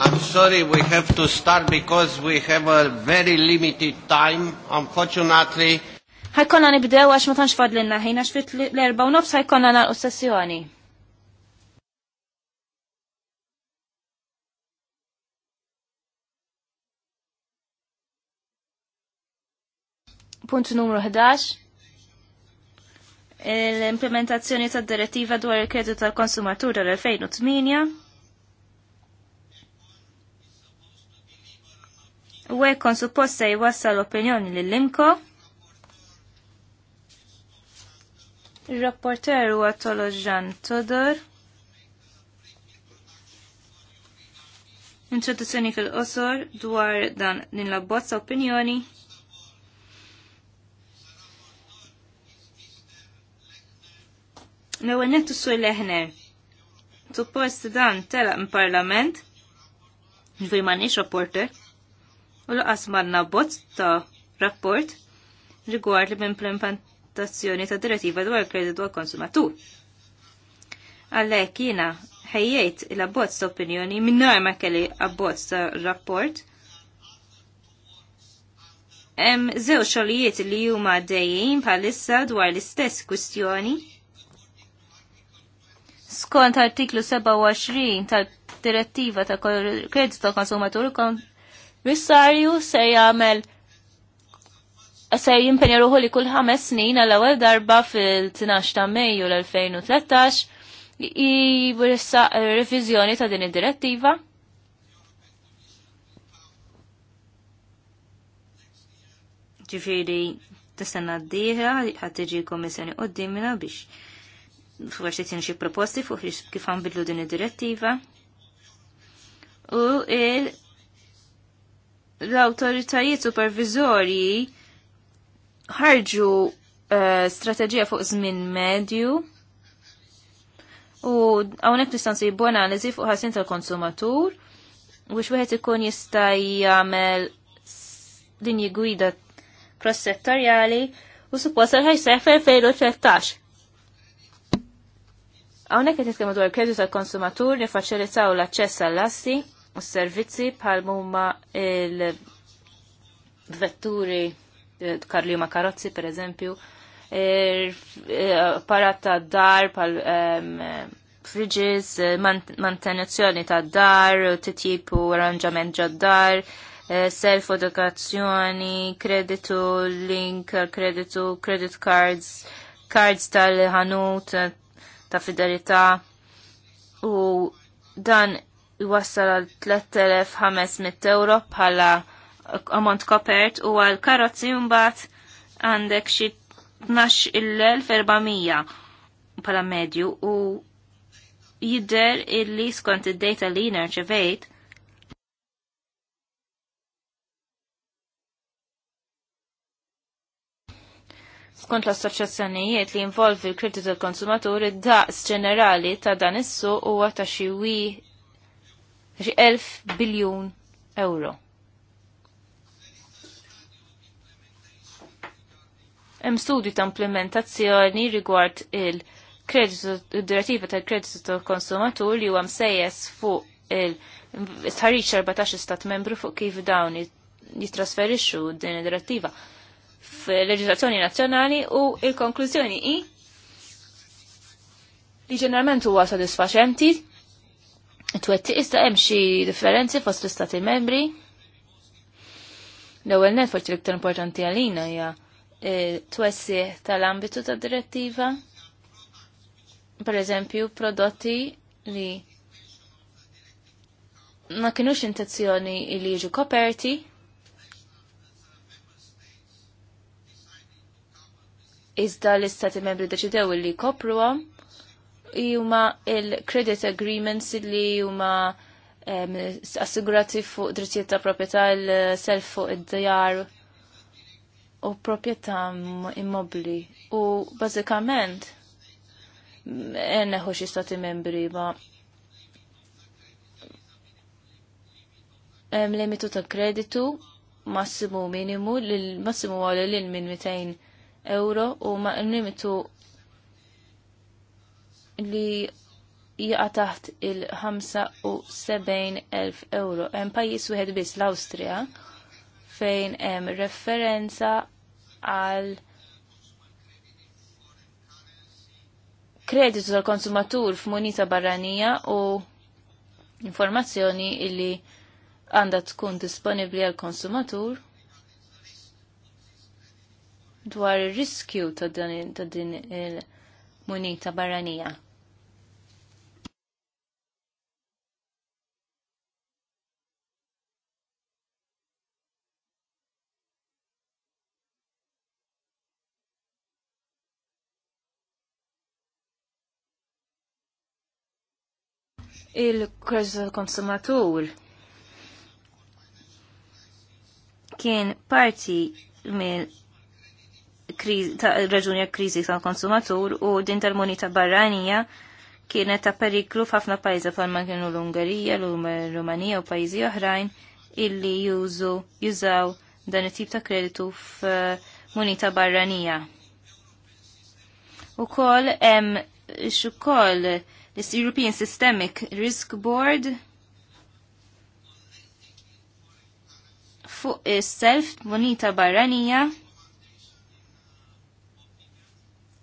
I'm sorry, we have to start because we have a very limited time, unfortunately. Ħajkonna nibdew għax ma tanx fadlinna ħina xfit l-erba' u nofs ħajkonna nagħlqu sessjoni. Punt numru 11 l-implementazzjoni tad direttiva dwar il-kredit tal-konsumatur tal-2008. U hekk kon supposta jwassal opinjoni l-limko. Il-rapporter huwa għatoloġan Todor. Introduzzjoni fil-qosor dwar dan din l-abbozza opinjoni L-ewwel nettu sur Tu Suppost dan telaq in parlament fej m'għandniex rapporter, u lo asmarna bot ta' rapport rigward li implementazzjoni ta' direttiva dwar kreditu għal konsumatur. Għallek jina ħejjejt il-abbozz ta' opinjoni minnar ma kelli abbozz ta' rapport Hemm żewġ xolijiet li huma dejjin bħalissa dwar l-istess kwistjoni skont artiklu 27 tal-direttiva ta' kreditu ta' konsumatur komissarju se jagħmel se jimpenja ruħu li kull ħames snin għal ewwel darba fil-12 ta' Mejju l-2013 jibwissa reviżjoni ta' din id-direttiva. Ġifieri tistenna d-dieħla ħad tiġi kommissjoni qoddimna biex forsi tieni xi proposti fuq kif bidlu din id-direttiva. U l-awtoritajiet supervizorji ħarġu eh, strateġija fuq żmien medju u hawnhekk nista' nsibu analiżi fuq ħasin tal-konsumatur u wieħed ikun jista' jagħmel jigwida gwida cross-settorjali u suppost ħajseħ fil-2013. Hawnhekk qed nitkellmu dwar kredit tal-konsumatur nifaċilitaw l-aċċess għall-assi u s-servizzi bħal huma il-vetturi eh, karli ma karozzi per eżempju, eh, parat ta' dar bħal ehm, fridges, eh, mantenazzjoni ta' dar, titjib u arranġament ġad-dar, self-edukazzjoni, kreditu, link, kreditu, credit cards, cards tal-ħanut, ta' fidelità u dan jwassal għal 3500 euro bħala amont kopert u għal karozzi mbagħad għandek xi 12,400 bħala medju u jidder illi skont id-data li nerċevejt skont l-assoċjazzjonijiet li involvi l-kreditu tal-konsumatur id-daqs ġenerali ta' dan is-suq huwa ta' xi elf biljun euro. Hemm studju ta' implementazzjoni rigward il-kreditu direttiva tal-kreditu tal-konsumatur li huwa msejjes fuq il-tħarriċ 14 stat membru fuq kif dawn jitrasferixxu din id-direttiva fil-leġislazzjoni nazzjonali u il-konklużjoni i li ġeneralment huwa sodisfaċenti Twetti issa hemm xi differenzi fost l-istati membri. L-ewwel net forsi l-iktar importanti għalina hija e, twessi tal-ambitu tad-direttiva. Per eżempju, prodotti li ma kienux intenzjoni li jiġu koperti iżda l-istati membri deċidew li kopruhom juma il-credit agreements li huma assigurati fuq drittijiet ta' proprjetà l-self fuq id-djar u proprjetà immobli. U bażikament enneħu xi stati membri ma limitu ta' kreditu massimu minimu, l-massimu għal l-min 200 euro u ma' limitu li jaqa taħt il-75,000 euro. Hemm pajjiż wieħed biss l-Awstrija fejn hemm referenza għal kreditu tal-konsumatur f'munita barranija u informazzjoni illi għandha tkun disponibbli għal konsumatur dwar ir-riskju ta' din il-munita barranija. il-kwerz tal-konsumatur kien parti mill raġuni kriżi tal-konsumatur u din tal-monita barranija kienet ta' periklu f'ħafna pajjiżi bħalma kienu l-Ungerija, l-Rumanija u pajjiżi oħrajn illi jużu jużaw dan it-tip ta' kreditu f'munita barranija. U koll hemm xukoll l-European Systemic Risk Board fuq is-self monita barranija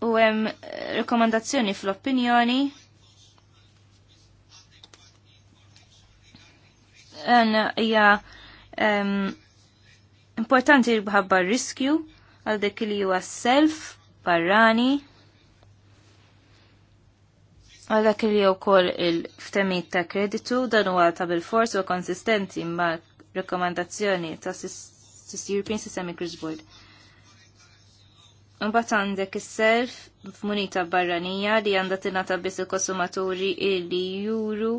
u hemm rekomandazzjoni fl-opinjoni hija um, importanti bħabba riskju għal dik li huwa self barrani għal dak li wkoll il ftemijiet ta' kreditu dan huwa ta' bil u konsistenti ma' rekomandazzjoni ta' European Systemic Risk Board. Mbagħad għandek is-self f'munita barranija li għandha tingħata biss il-konsumaturi li juru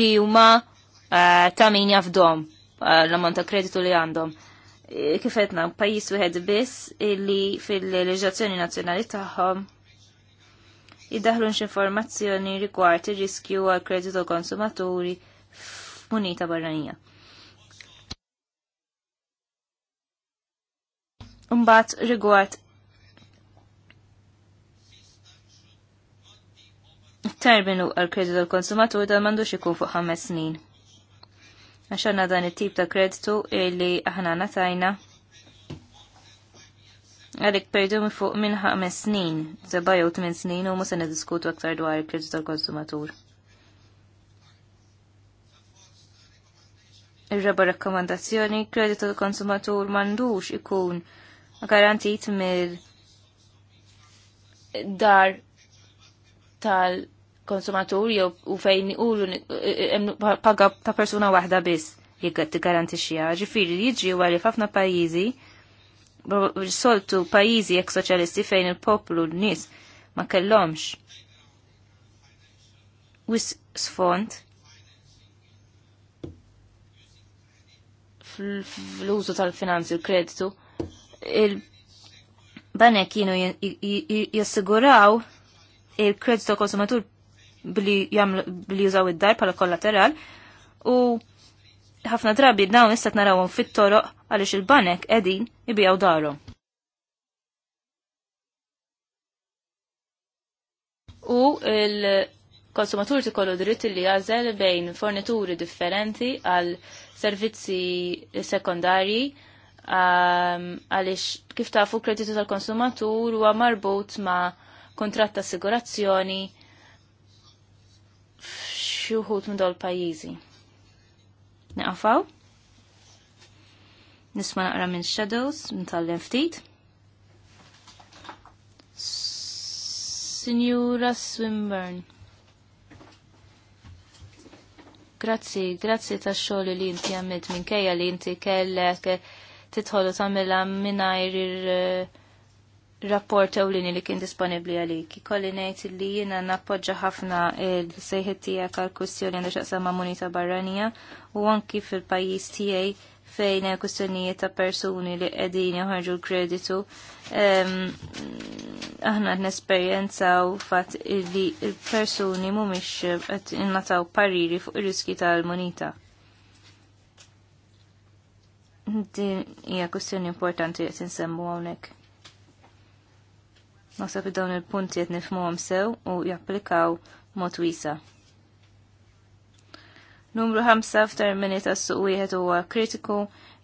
li huma eh, ta' min jafdom eh, l-ammont ta' kreditu li għandhom. Eh, kif qedna pajjiż wieħed biss li fil-leġazzjoni nazzjonali tagħhom iddaħlunx informazzjoni rigward ir-riskju għal kreditu konsumaturi f'munita barranija. Mbagħad rigward terminu għal kredit tal konsumatur dan m'għandux ikun fuq ħames snin. Għaxanna għandna dan it-tip ta' kreditu illi aħna natajna għalik perdu minn fuq minn ħames snin, seba' jew tmien snin u musa se niddiskutu aktar dwar il-kreditu tal-konsumatur. ir raba rakkomandazzjoni kreditu tal-konsumatur m'għandux ikun garantit mill dar tal-konsumatur jew u fejn iqulu paga ta' persuna waħda biss jekk tigarantixxiha. Ġifieri jiġi jiġri wara f'ħafna pajjiżi soltu pajjiżi jekk soċjalisti fejn il-poplu n-nies ma kellhomx wis sfond fl-użu tal-finanzi u kreditu il-banek kienu jassiguraw il kredit ta' konsumatur billi jużaw id-dar pala kollateral u ħafna drabi dawn istat narawhom fit-toroq għaliex il-banek qegħdin ibijaw darhom. U il-konsumatur kollu dritt li jażel bejn fornituri differenti għal servizzi sekondarji Ehm, għaliex kif tafu kreditu tal-konsumatur huwa marbut ma' kontratta ta' assigurazzjoni xuħut minn dol pajjiżi. Neqafaw? Nisma' naqra minn Shadows, minn tal-ftit. Signora Swinburne. Grazzi, grazzi ta' xogħol li inti għamilt minkejja li inti kellek titħolu u tagħmilha mingħajr ir-rapport eh, ewlini li kien disponibbli għalik. kolli ngħid li jiena nappoġġa ħafna l-sejħiet tiegħek għal kwistjoni għandha x'aqsam ma' munita barranija u anki fil-pajjiż tiegħi fejn kustjonijiet ta' persuni li qegħdin joħarġu l-kreditu. Ehm, aħna esperienza nesperjenzaw fatt li l-persuni mhumiex qed innataw pariri fuq ir-riski tal-munita. Din hija kwestjoni importanti qed nsemmu hawnhekk. Naħseb li dawn il-punti qed nifhmuhom sew u japplikaw mod wiesa. Numru 5 f'termini tas-suq wieħed huwa kritiku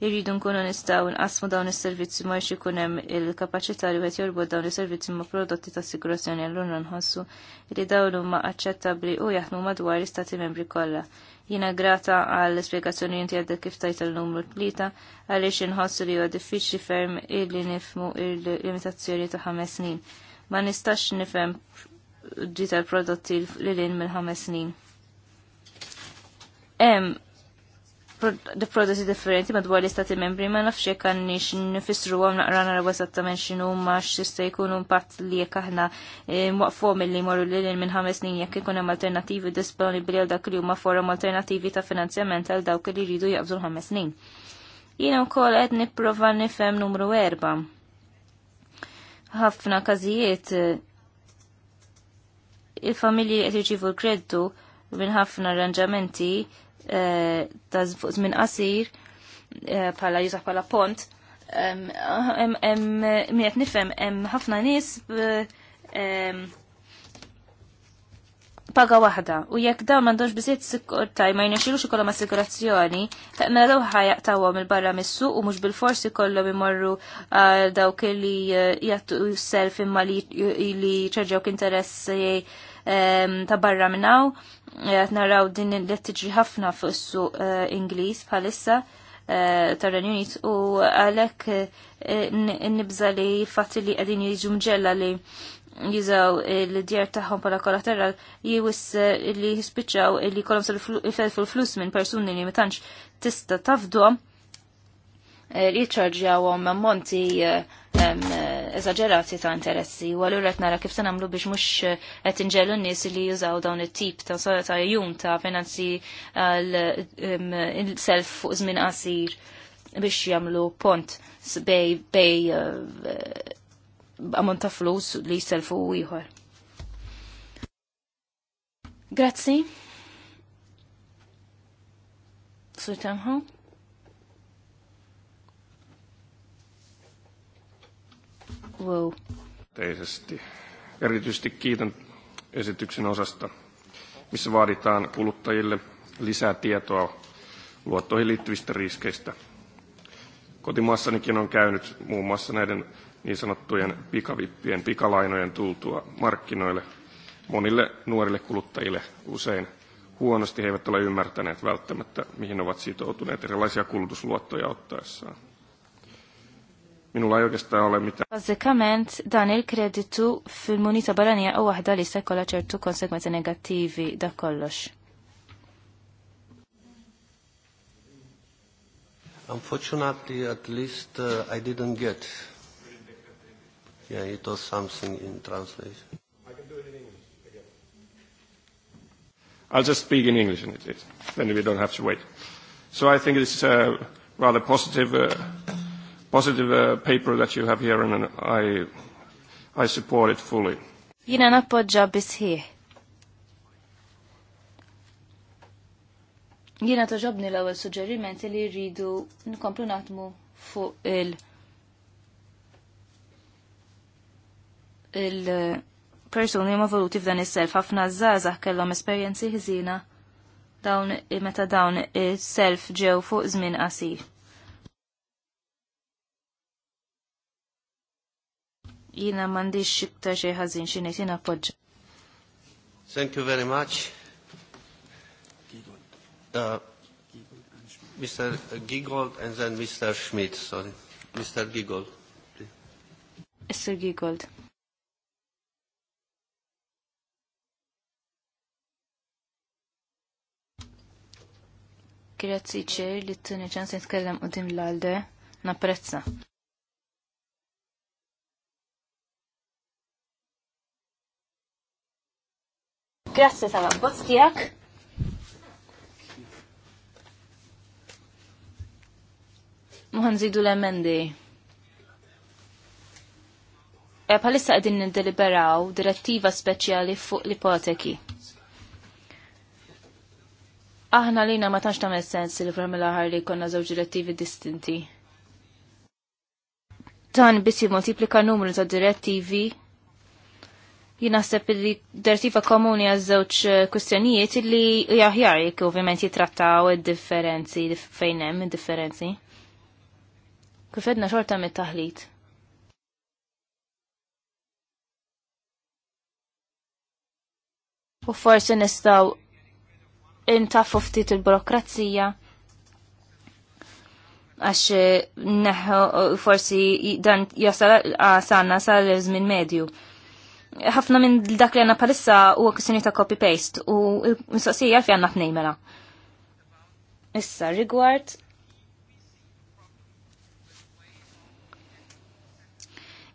irridu nkunu nistgħu nqasmu dawn is-servizzi ma jx ikun hemm il-kapaċità li wieħed jorbod dawn is-servizzi ma' prodotti ta' sigurazzjoni allura nħossu li dawn huma aċċettabbli u jaħdmu madwar l-istati membri kollha. Jina grata għall spiegazzjoni jinti għadda kif tajt l-numru tlita għaliex inħossu li huwa diffiċli ferm illi nifmu il-limitazzjoni ta' ħames snin. Ma nistax nifhem dita l-prodotti li l-in mill ħames snin. Hemm prodotti differenti madwar l-istati membri ma nafx jekk għandix nifissru għam naqra naraw eżattament x'inhu ma x'jista' jkun impatt li jekk aħna eh, waqfhom milli jmorru lil minn ħames snin jekk ikun hemm alternattivi disponibbli għal dak li huma forum alternattivi ta' finanzjament għal dawk li jridu jaqbżu ħames snin. Jiena wkoll qed nipprova nifhem numru erba'. Ħafna każijiet eh, il-familji qed jirċievu l-kreditu minn ħafna arranġamenti Eh, ta'ż fuq żmien qasir eh, bħala jużaħ bħala pont, min qed nifhem hemm ħafna nies eh, paga waħda u jekk dawn m'għandhomx biżiet sikurtaj ma jnexxilux ikollhom assigurazzjoni, mela daw ħajaqtawhom il-barra mis-suq u mhux bil-fors ikollhom imorru dawk li jattu self imma li ċerġawk interessi ta' barra minnaw, eh, għat naraw din l tiġri ħafna fuq is-suq eh, Ingliż bħalissa eh, tar-Renju Unit u għalhekk nibza li fatt li qegħdin jiġu mġella li jizaw l-djar taħħom pala kollateral jiwis li jispiċaw li kolom sal-flus minn persuni li metanx tista tafdom Eh, li jiċċarġjawhom monti eżaġerati eh, eh, ta' interessi u għallura qed nara kif se nagħmlu biex mhux qed inġelu n-nies li jużaw dawn it-tip ta' ta' jum ta' finanzi għal self fuq żmien qasir biex jagħmlu pont bej bej għamont ta' flus li jselfu ieħor. Grazzi. Sur Tamħu. Wow. Teisesti. Erityisesti kiitän esityksen osasta, missä vaaditaan kuluttajille lisää tietoa luottoihin liittyvistä riskeistä. Kotimaassanikin on käynyt muun muassa näiden niin sanottujen pikavippien pikalainojen tultua markkinoille. Monille nuorille kuluttajille usein huonosti he eivät ole ymmärtäneet välttämättä, mihin ovat sitoutuneet erilaisia kulutusluottoja ottaessaan. Minulla ei oikeastaan ole mitään. Bazzikament dan il-kreditu fil-munita barranija u waħda li sekkola ċertu konsekwenzi negativi da kollox. Unfortunately, at least uh, I didn't get. Yeah, it was something in translation. I'll just speak in English, and it is. Then we don't have to wait. So I think it's a uh, rather positive uh, positive uh, paper that you have here and I, I support it fully. Jina nappoġġa bisħiħ. Jina toġobni l ewel suġġeriment li rridu nkomplu naħdmu fuq il- il-persuni eh, ma voluti f'dan is-self ħafna żgħażagħ kellhom esperjenzi ħżina dawn meta dawn is-self ġew fuq żmien qasir. jina mandiċ xikta xej ħażin xi ngħid jina appoġġa. Thank you very much. Uh, Mr. Gigold and then Mr. Schmidt, sorry. Mr. Gigold. Mr. Gigold. Grazie ċer li t-tuni ċans nitkellem u din l-għalde, naprezza. Grazzi tal-abbozz tiegħek. Muħanżidu l-emendi. E palissa għedin nindeliberaw direttiva speċjali fuq l-ipoteki. Aħna lina ma tanċta me sens li fram laħar aħar li konna żewġ direttivi distinti. Dan biss multiplika numru ta' direttivi jinaħseb li dertifa komuni għaż-żewġ eh, kustjonijiet li jaħjar jek ovvjament jitrattaw id-differenzi fejn hemm id-differenzi. Kif edna xorta mit-taħlit. U forsi nistgħu intaffu ftit il-burokrazija għax eh, neħu forsi dan jasal għasanna sal-żmien medju ħafna minn dak li għanna palissa u kwestjoni ta' copy-paste u mistoqsija għalfi għanna t-nejmela. Issa, rigward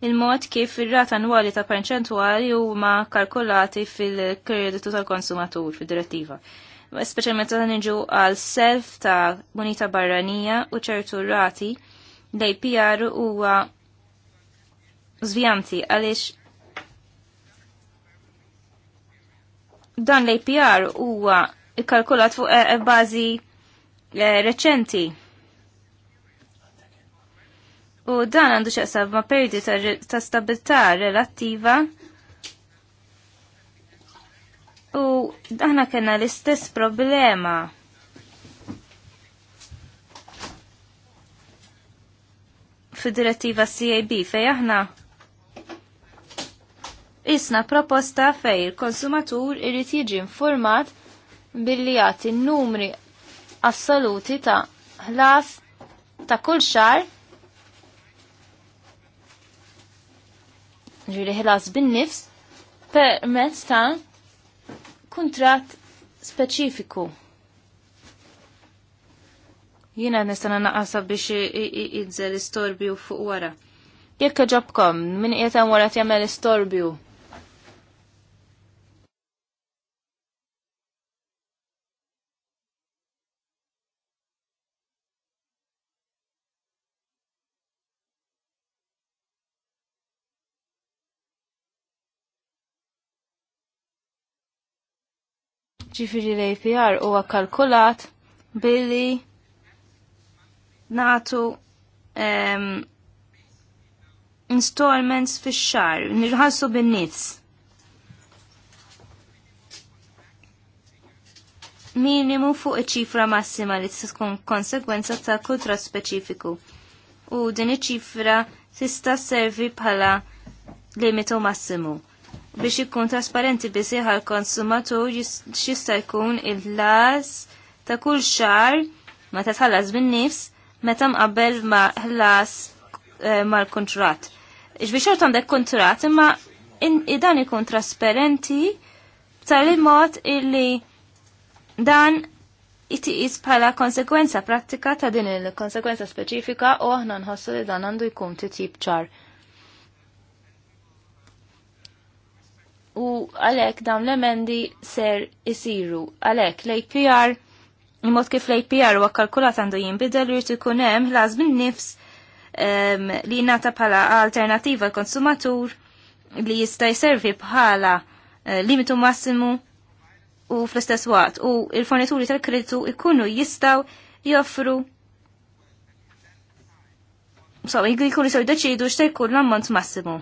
il-mod kif ir-rata annwali ta' perċentwali huma kalkulati fil-kreditu tal-konsumatur fid-direttiva. Speċjalment meta niġu għal self ta' munita barranija u ċertu rati l-APR huwa żvijanti għaliex dan l-APR huwa ikkalkulat fuq eh, bażi eh, reċenti. U dan għandu xaqsab ma' perdi ta', stabilità relattiva u daħna kena l-istess problema. Fid-direttiva CAB fej aħna isna proposta fej il-konsumatur irrit jiġi informat billi jagħti numri assoluti ta' ħlas ta' kull xar ġiri ħlas bin-nifs permezz ta' kuntratt speċifiku. Jiena nistana naqasa biex idżel istorbju fuq wara. Jekk ġobkom, min qiegħed wara jagħmel istorbju. Ġifiri l-APR huwa kalkulat billi natu um, installments fi xar, nirħassu bin-nits. Minimu fuq iċifra massima li tkun konsekwenza ta' kutra speċifiku. U din iċ-ċifra tista' servi bħala limitu massimu biex ikun trasparenti bisih għal konsumatur xista jkun il-las ta' kull xar ma ta' tħallas bin-nifs meta mqabbel ma' ħlas eh, mal-kontrat. Iġbiex xort għandek kontrat imma dan ikun trasparenti tal-mod illi dan jitqis bħala konsekwenza pratika ta' din il-konsekwenza speċifika u aħna nħossu li dan għandu jkun titjib ċar. u għalek dawn l-emendi ser isiru. Għalek l-APR, imot kif l-APR u għakalkulat għandu jimbidel u jirtu kunem lazmin nifs um, li nata bħala alternativa l-konsumatur li jista jservi bħala uh, limitu massimu u fl-istess waqt u il-fornituri tal-kreditu ikunu jistaw joffru so jkunu jistaw jdeċidu xta jkun l-ammont massimu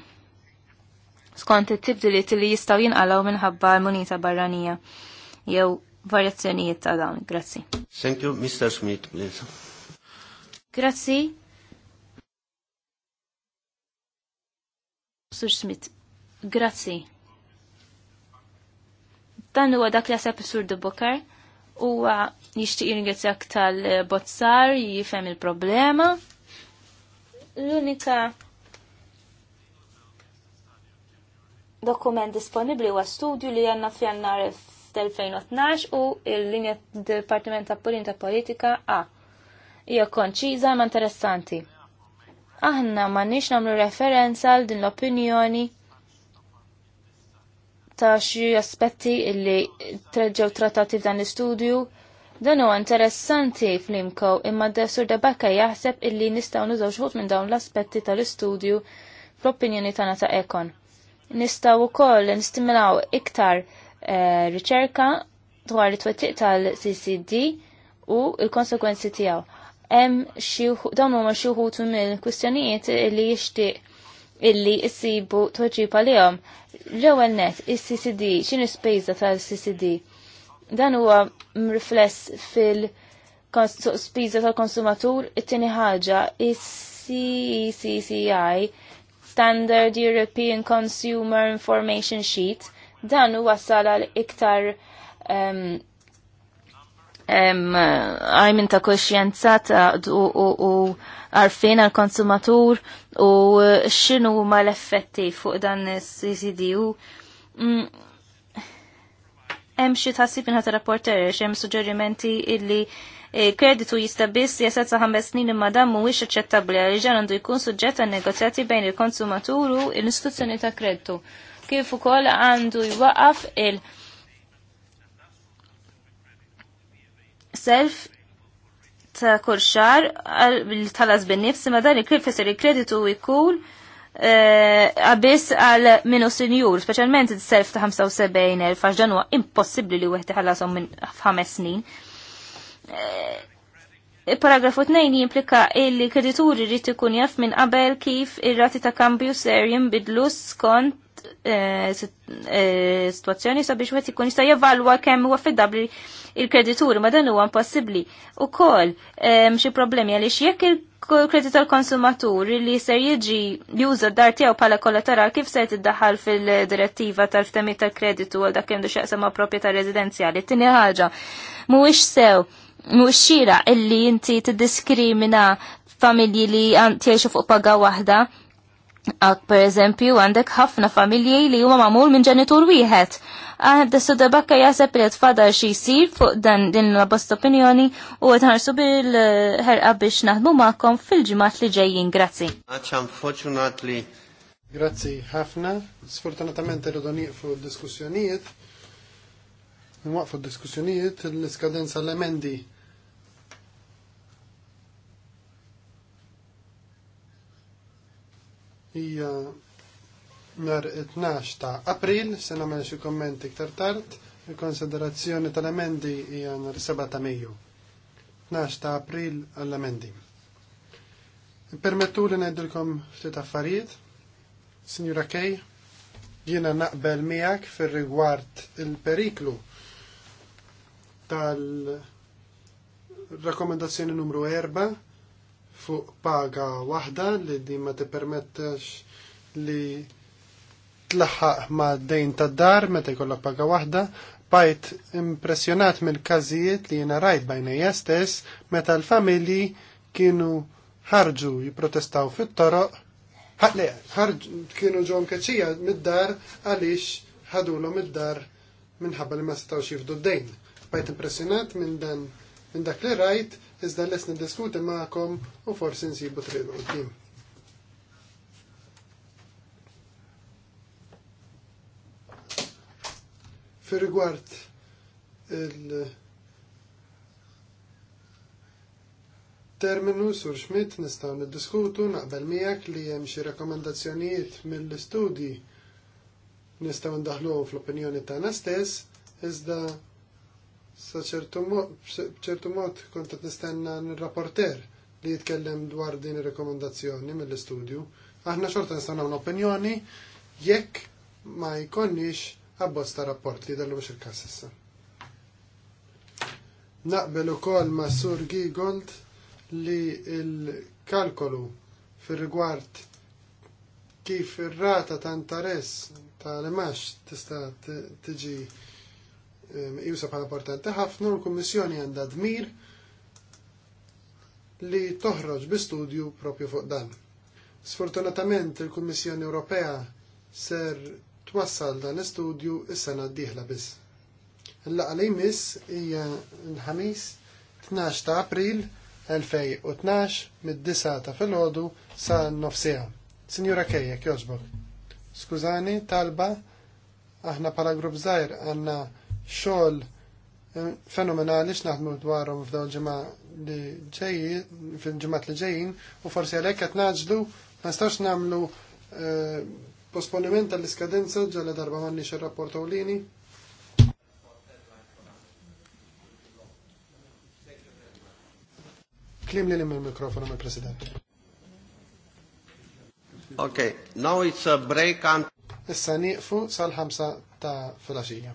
skont it-tibdiliet li jistgħu jinqalgħu minħabba l-munita barranija jew varjazzjonijiet ta' dawn. Grazzi. Thank you, Mr. Smith, please. Grazzi. Sur Smith, grazzi. Dan huwa dak li għasab Sur de Boker huwa jixtieq jingrazzjak tal-bozzar jifhem il-problema. L-unika dokument disponibli huwa studju li għanna f'jannar 2012 u il-linja Departiment ta' Polin Politika A. Hija konċiża ma' interessanti. Aħna ma nix namlu referenza għal din l-opinjoni ta' xi aspetti illi treġġew trattati f'dan l-istudju Dan huwa interessanti flimko, imma d-dessur debakka jaħseb illi nistgħu nużaw xħut minn dawn l-aspetti tal-istudju fl-opinjoni tagħna ta' Ekon nistaw ukoll nistimilaw iktar eh, riċerka dwar it-twettiq tal-CCD u il-konsekwenzi tiegħu. Hemm xi dawn huma xi wħud mill-kwistjonijiet li jixtieq illi jsibu tweġiba lihom. L-ewwel net, is-CCD, x'inhi spejża tal-CCD? Dan huwa rifless fil- spiża tal-konsumatur, it-tieni ħaġa, is-CCCI e standard European Consumer Information Sheet dan huwa sal għal iktar um, għajmin ta' koxjenza u għarfin għal-konsumatur u xinu ma l-effetti fuq dan CCDU. Mm. Hemm xi tħassib minħat rapporter hemm suġġerimenti illi Eh, kreditu jista' biss jasat sa' ħames snin imma dan mhuwiex aċċettabbli għal għandu jkun suġġett għan negozjati bejn il-konsumatur u l-istituzzjoni ta' kreditu. Kif ukoll għandu jwaqaf il- self ta' kull xar tal-as bin-nifs ma dan il-krifisser il-kreditu jkun eh, għabis għal minu senjur, specialment il-self ta' 75.000, għax dan huwa impossibli li wieħed iħallasom minn 5 snin. Eh, paragrafu 2 jimplika illi kredituri rrit ikun jaf minn qabel kif ir-rati ta' kambju ser jimbidlu skont eh, eh, situazzjoni sabiex wieħed ikun jista' jevalwa kemm huwa fidabli il kredituri ma dan huwa impossibbli. Ukoll xi problemi għaliex jekk il-kredit tal li ser jiġi juża d-dar tiegħu bħala kollateral kif se tiddaħħal fil-direttiva tal-ftemi tal-kreditu għal dak kemm xaqsam ma' proprjetà residenzjali. Tieni ħaġa mhuwiex sew mux illi inti t-diskrimina familji li tiexu fuq paga wahda. Ak per eżempju għandek ħafna familji li huma mamul minn ġenitur wieħed. Għad ah, dessu debakka jaseb li tfadar xie jisir fuq dan din la bost opinjoni u għadħarsu bil-ħerqa biex naħdmu ma'kom fil-ġimat li ġejjin. Grazzi. Għadċan fortunatli. Grazzi ħafna. Sfortunatamente rridu nieqfu diskussjonijiet nwaqfu d-diskussjonijiet l-iskadenza l-emendi Ija nar 12 ta' april, se nagħmel xie kommenti ktar tard, il-konsiderazzjoni tal-emendi ija nar 7 ta' meju. 12 ta' april l emendi Permettu li ngħidilkom ftit affarijiet. signora Kej, jiena naqbel miegħek fir-rigward il-periklu tal-rakkomendazzjoni numru 4 fuq paga waħda li di ma tippermettax li tlaħħaq ma dejn tad dar meta jkollok paga waħda, bajt impressjonat mill-każijiet li jena rajt bajnejja stess meta l-familji kienu ħarġu jipprotestaw fit-toroq ħatle, kienu ġon kaċija mid-dar għaliex ħadulhom id-dar minħabba li ma setgħux jifdu d-dejn bajt impressionat minn dan minn dak li rajt, iżda les niddiskuti ma'kom u forsi nsibu tridu qudiem. Fir rigward il terminu sur Schmidt nistgħu niddiskutu naqbel miegħek li hemm xi rakkomandazzjonijiet mill-istudji nistgħu ndaħluhom fl-opinjoni tagħna stess, iżda Sa ċertu mod kont qed nistenna n-rapporter li jitkellem dwar din ir-rekomendazzjoni mill-istudju. Aħna xorta nistgħu nagħmlu opinjoni jekk ma jkollniex abbozz ta' rapport li dallu mhux il-każ issa. Naqbel ukoll ma' Sur Gigold li l-kalkolu fir-rigward kif ir-rata ta' interess ta' l-imax tista' tiġi jusa bħala portanti ħafna u l-Kummissjoni għandha dmir li toħroġ bi studju propju fuq dan. Sfortunatament il-Kummissjoni Ewropea ser twassal dan l-studju is-sena d-dieħla biss. Il-laqa li jmiss hija l-ħamis 12 ta' April 2012 mid-9 ta' filgħodu sa' nofsija. Sinjura Kejjek, jogħġbok. Skużani, talba, aħna pala grupp żgħir għandna xogħol eh, fenomenali x'naħdmu dwarhom f'daw ġimgħa li ġejjin fil-ġimgħat li ġejjin u forsi għalhekk qed naġlu ma nistax nagħmlu eh, posponiment tal-iskadenza ġalla darba m'għandniex ir-rapport Ewlieni. Klim li lim il-mikrofonu mal president Okay, now it's a break and... Issa nieqfu sal-ħamsa ta' filaxija.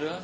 wurde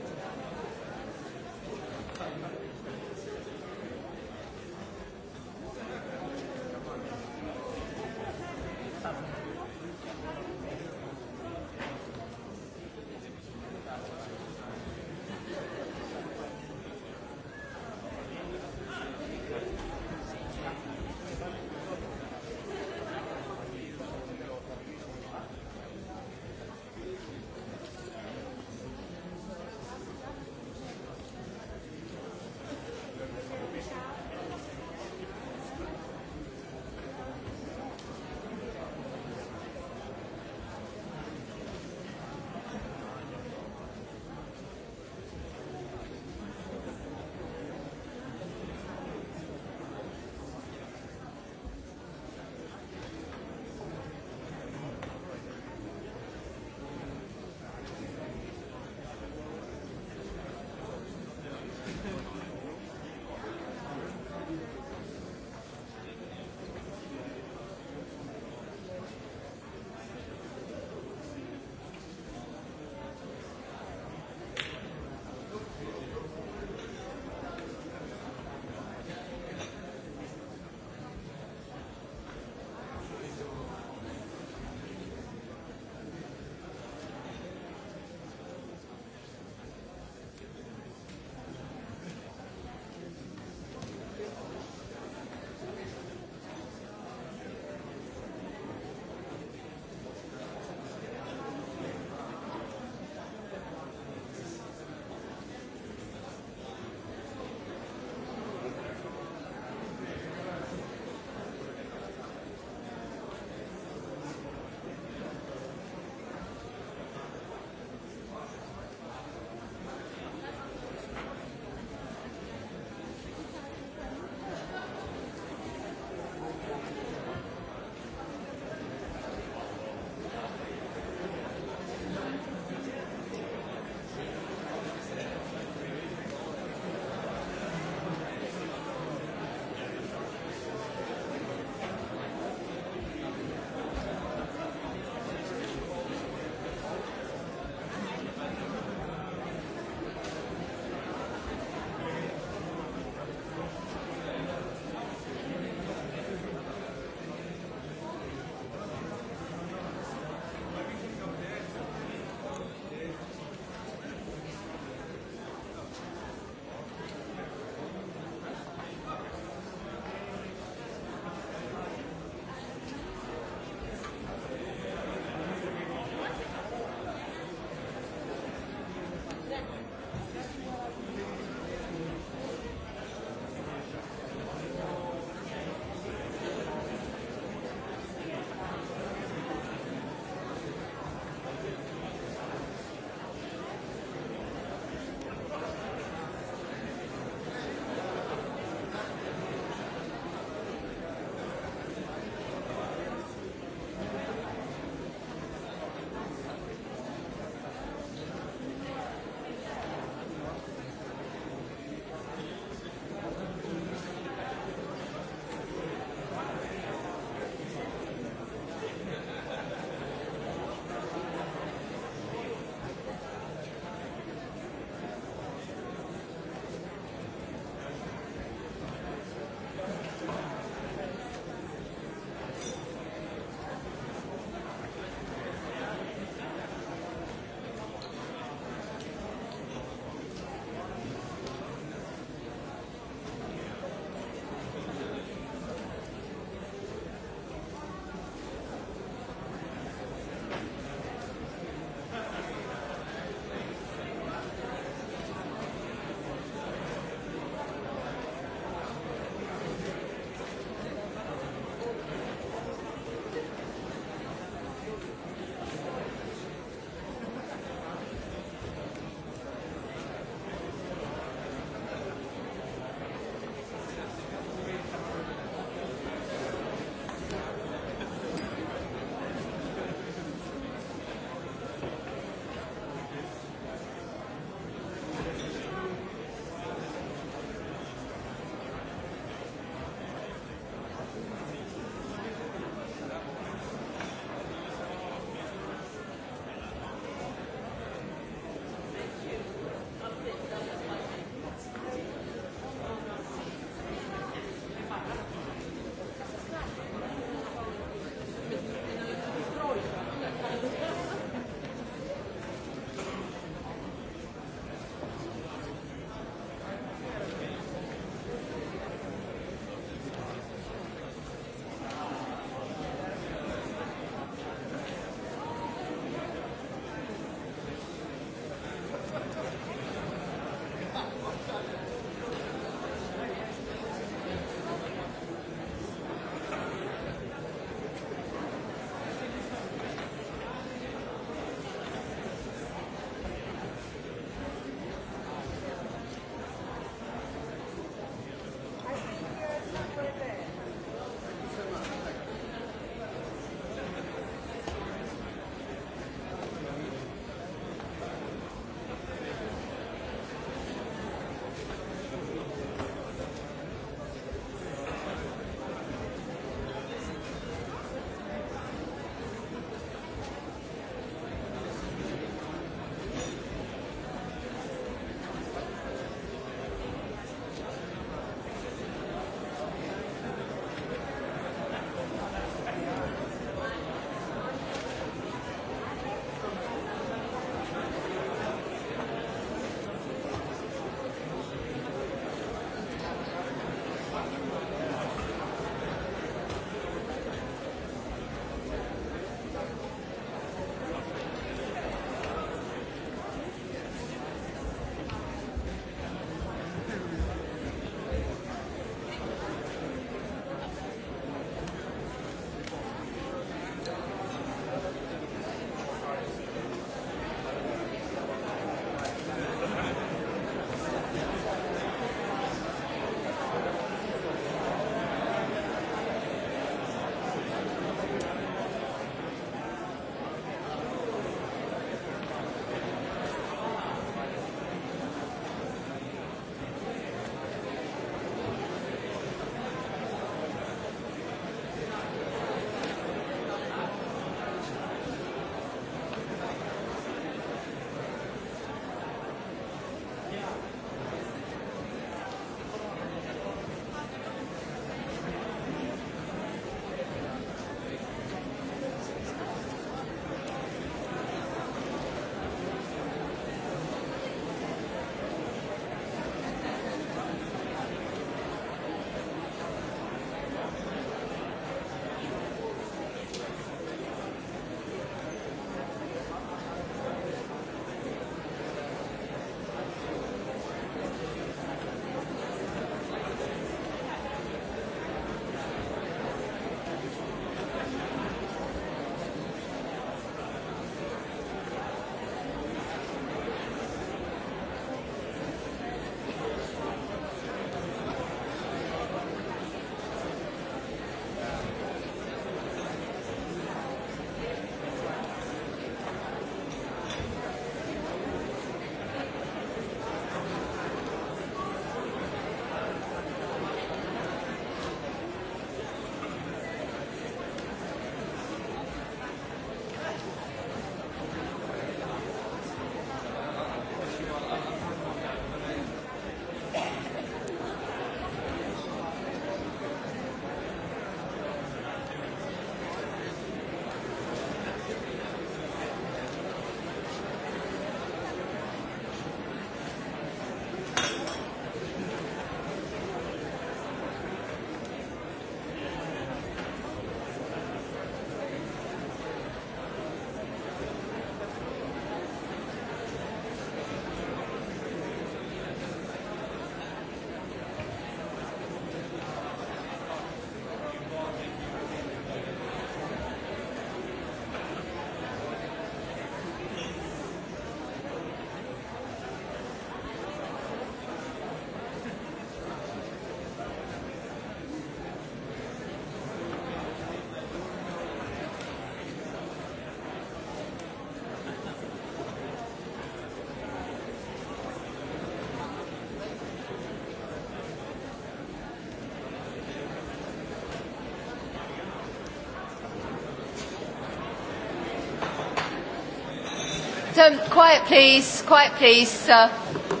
um, quiet please, quiet please.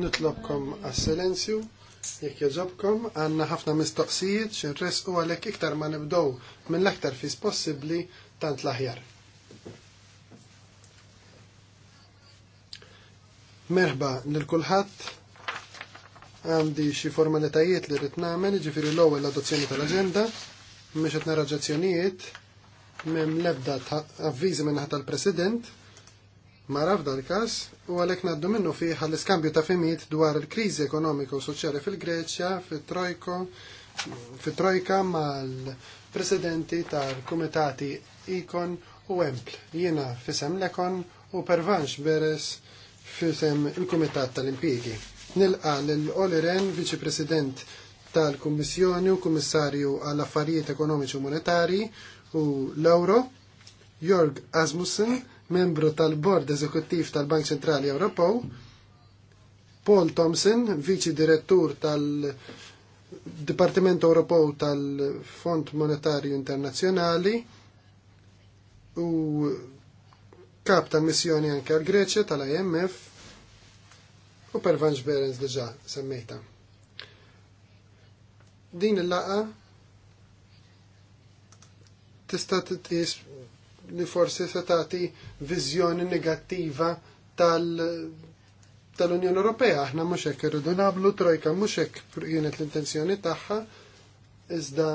Nitlobkom għas-silenzju, jekk jogħġobkom, għandna ħafna mistoqsijiet x'inres u għalhekk iktar ma nibdow minn l-aktar fis possibbli tant laħjar. Merħba lil kulħadd għandi xi formalitajiet li rrid nagħmel, ġifiri l-ewwel l-adozzjoni tal-aġenda, mhux qed nara m'hemm l-ebda avviżi tal-President, Mara dan kas, u għalhekk naddu minnu fi l-iskambju ta' femit dwar il-kriżi ekonomiku u soċjali fil-Greċja, fil trojko fil trojka mal-presidenti tal-Kumitati Ikon u Empl. Jiena fisem l-Ekon u Pervanx Beres fisem il-Kumitat tal-Impjiegi. Nilqa l-Oliren, viċi-president tal-Kummissjoni u Kommissarju għall affarijiet Ekonomiċi u Monetari u l-Euro, Jörg Asmussen, membru tal-Bord Eżekuttiv tal-Bank Centrali Ewropew, Paul Thompson, viċi direttur tal-Dipartiment Ewropew tal-Fond Monetarju Internazzjonali u kap ta' missjoni anke għal Greċja tal-IMF u Pervanġ Berens diġa semmejta. Din il-laqa tista' li forsi se tagħti viżjoni negattiva tal-Unjoni tal Ewropea. Aħna mhux hekk irridu nagħmlu trojka mhux hekk kienet l-intenzjoni tagħha iżda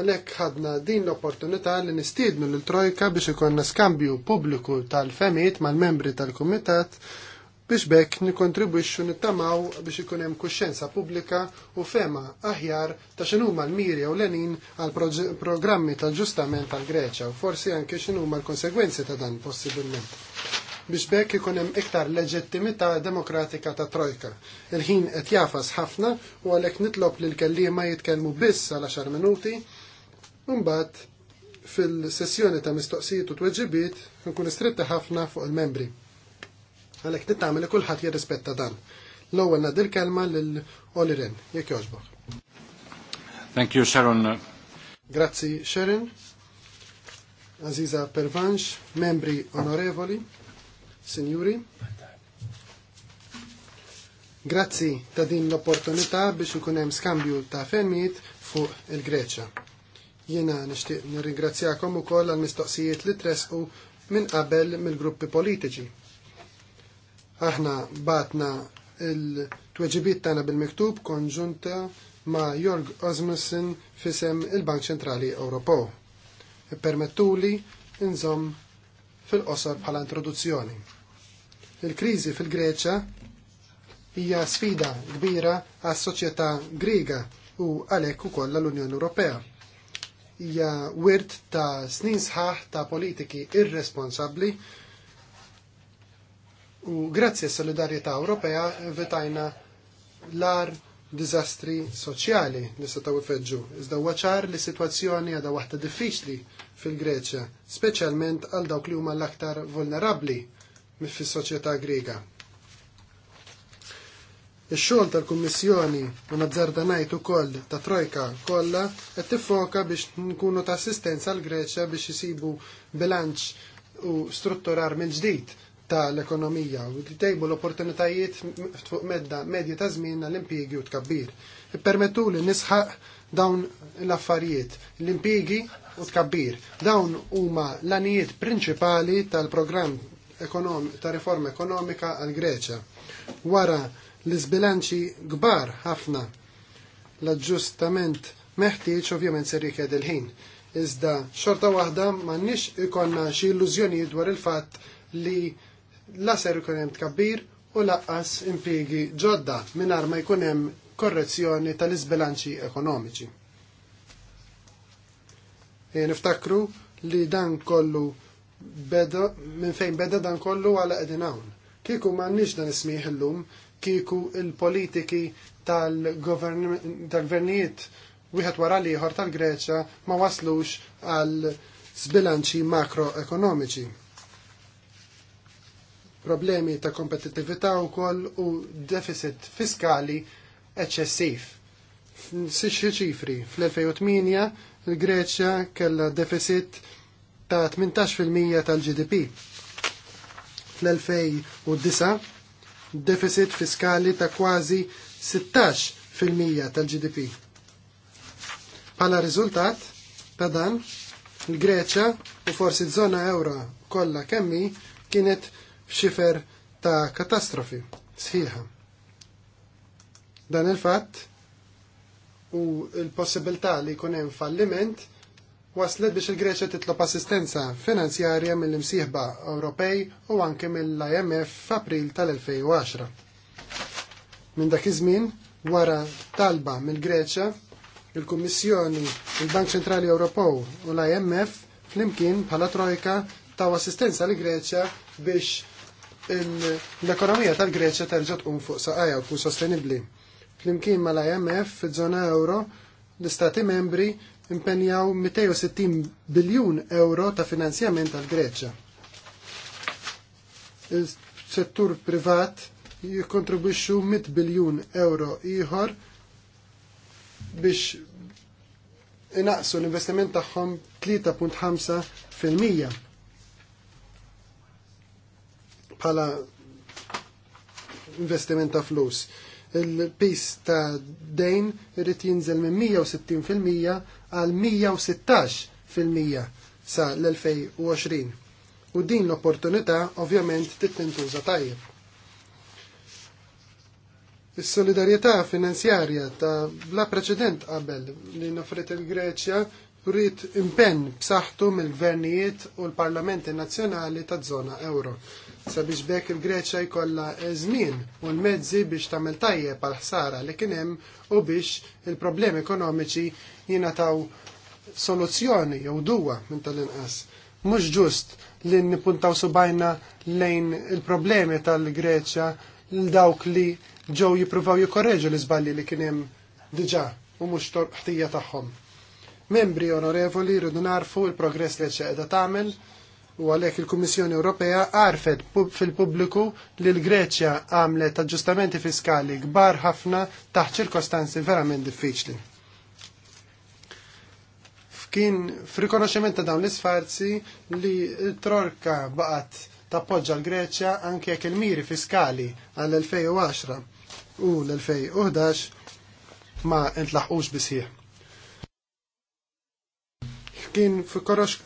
għalhekk ħadna din l-opportunità li nistiednu l trojka biex ikonna skambju pubbliku tal-femijiet mal-membri tal-kumitat biex bekk nikontribwixxu nittamaw biex ikun hemm kuxjenza pubblika u fema aħjar ta' x'inhuma l mirja u lenin għal programmi tal-ġustament tal greċja u forsi anke x'inhuma l-konsegwenzi ta' dan possibilment. Biex bekk ikun hemm iktar leġittimità demokratika ta' trojka. Il-ħin qed jafas ħafna u għalhekk nitlob l kelliema jitkellmu biss għal 10 minuti u mbagħad fil-sessjoni ta' mistoqsijiet u tweġibiet nkun istritti ħafna fuq il-membri. Għalhekk nittamel li kulħadd jirrispetta dan. L-ewwel nagħdi l-kelma lil Oliren, jekk jogħġbok. Thank you, Sharon. Grazzi, Sharon. Aziza Pervanx, membri onorevoli, signori. Grazzi ta' din l-opportunità biex ikun hemm skambju ta' fermijiet fuq il-Greċja. Jiena nixtieq nirringrazzjakom ukoll għall mistoqsijiet li tresqu minn qabel mill-gruppi politiċi Aħna batna il-tweġibiet tagħna bil-miktub konġunta ma' Jorg Osmussen fisem il-Bank Ċentrali Ewropew. Permettuli inżomm fil-qosor bħala introduzzjoni. Il-kriżi fil-Greċja hija sfida kbira għas soċjetà Griega u għalhekk ukoll l-Unjoni Ewropea. Hija wirt ta' snin sħaħ ta' politiki irresponsabbli U grazzi s solidarjetà Ewropea vetajna l-ar dizastri soċjali li se ta' ifeġġu. Iżda waċar li situazzjoni għada waħda diffiċli fil-Greċja, speċjalment għal dawk li huma l-aktar vulnerabli fis soċjetà Griega. Ix-xogħol tal-Kummissjoni u nazzarda ngħid ukoll ta' Trojka kollha qed tiffoka biex nkunu ta' assistenza għal Greċja biex isibu bilanċ u strutturar minn ġdid tal-ekonomija u tejbu l-opportunitajiet fuq medda medja ta' żmien għall impjegi u tkabbir. Ippermettu li nisħaq dawn l-affarijiet, l-impjegi u tkabbir. Dawn huma l-anijiet prinċipali tal-programm ta' riforma ekonomika għal Greċa. Wara l-izbilanċi gbar ħafna l-aġġustament meħtieġ ovvjament ser jiked il-ħin. Iżda xorta waħda ma nix ikonna xi illużjonijiet dwar il-fatt li la ser ikun hemm tkabbir u laqqas impjiegi ġodda mingħajr ma jkun hemm korrezzjoni tal-isbilanċi ekonomiċi. E niftakru li dan kollu beda, minn fejn beda dan kollu għala qegħdin hawn. Kieku m'għandniex dan ismih illum, kieku il-politiki tal-gvernijiet wieħed wara liħor tal-Greċja ma waslux għal sbilanċi makroekonomiċi problemi ta' kompetittività wkoll u deficit fiskali eċċessiv. Sixi ċifri, fl-2008 il-Greċja kellha deficit ta' 18% tal-GDP. Fl-2009 deficit fiskali ta' kważi 16% tal-GDP. Pala riżultat ta' dan, il-Greċja u forsi żona euro kollha kemmi kienet xifer ta' katastrofi sħiħa. Dan il-fatt u l-possibilità li jkun hemm falliment waslet biex il-Greċja titlob assistenza finanzjarja mill-imsieħba Ewropej u anke mill-IMF f'April tal-2010. Minn dak iż-żmien, wara talba mill-Greċja, il-Kummissjoni, il-Bank Ċentrali Ewropew u l-IMF flimkien bħala trojka taw assistenza l greċja biex l-ekonomija tal-Greċja terġa' tqum fuq saqajja u sostenibbli. Flimkien mal-IMF fiż-żona euro l-Istati membri impenjaw 260 biljun euro ta' finanzjament tal-Greċja. Il-settur privat jikkontribwixxu 100 biljun euro ieħor biex inaqsu l-investiment tagħhom 3.5 fil-mija bħala investiment ta' flus. Il-pis ta' dejn irrid jinżel minn 160% għal 116% sa' l-2020. U din l-opportunità ovvjament tittintuża tajjeb. Is-solidarjetà finanzjarja ta' bla preċedent qabel li nofret il-Greċja rrit impenn b'saħħtu mill-gvernijiet u l-parlamenti nazzjonali ta' zona euro sabiex bekk il-Greċja jkollha żmien u l-mezzi biex tagħmel tajjeb għal ħsara li kien hemm u biex il-problemi ekonomiċi jingħataw soluzzjoni jew duwa minn tal-inqas. Mhux ġust li nippuntaw subajna lejn il-problemi tal-Greċja l dawk li ġew jippruvaw jikorreġu l-iżbalji li kien hemm diġà u mhux torqħtija tagħhom. Membri onorevoli rridu narfu il-progress li ċeqda tagħmel u għalhekk il-Kummissjoni Ewropea għarfet fil-pubbliku li l-Greċja għamlet aġġustamenti fiskali kbar ħafna taħt ċirkostanzi verament diffiċli. F'kien f'rikonoxximent ta' dawn l-isfarzi li t-trorka baqgħet tappoġġa l-Greċja anke jekk il-miri fiskali għall-2010 u l-2011 ma intlaħqux bisħieħ kien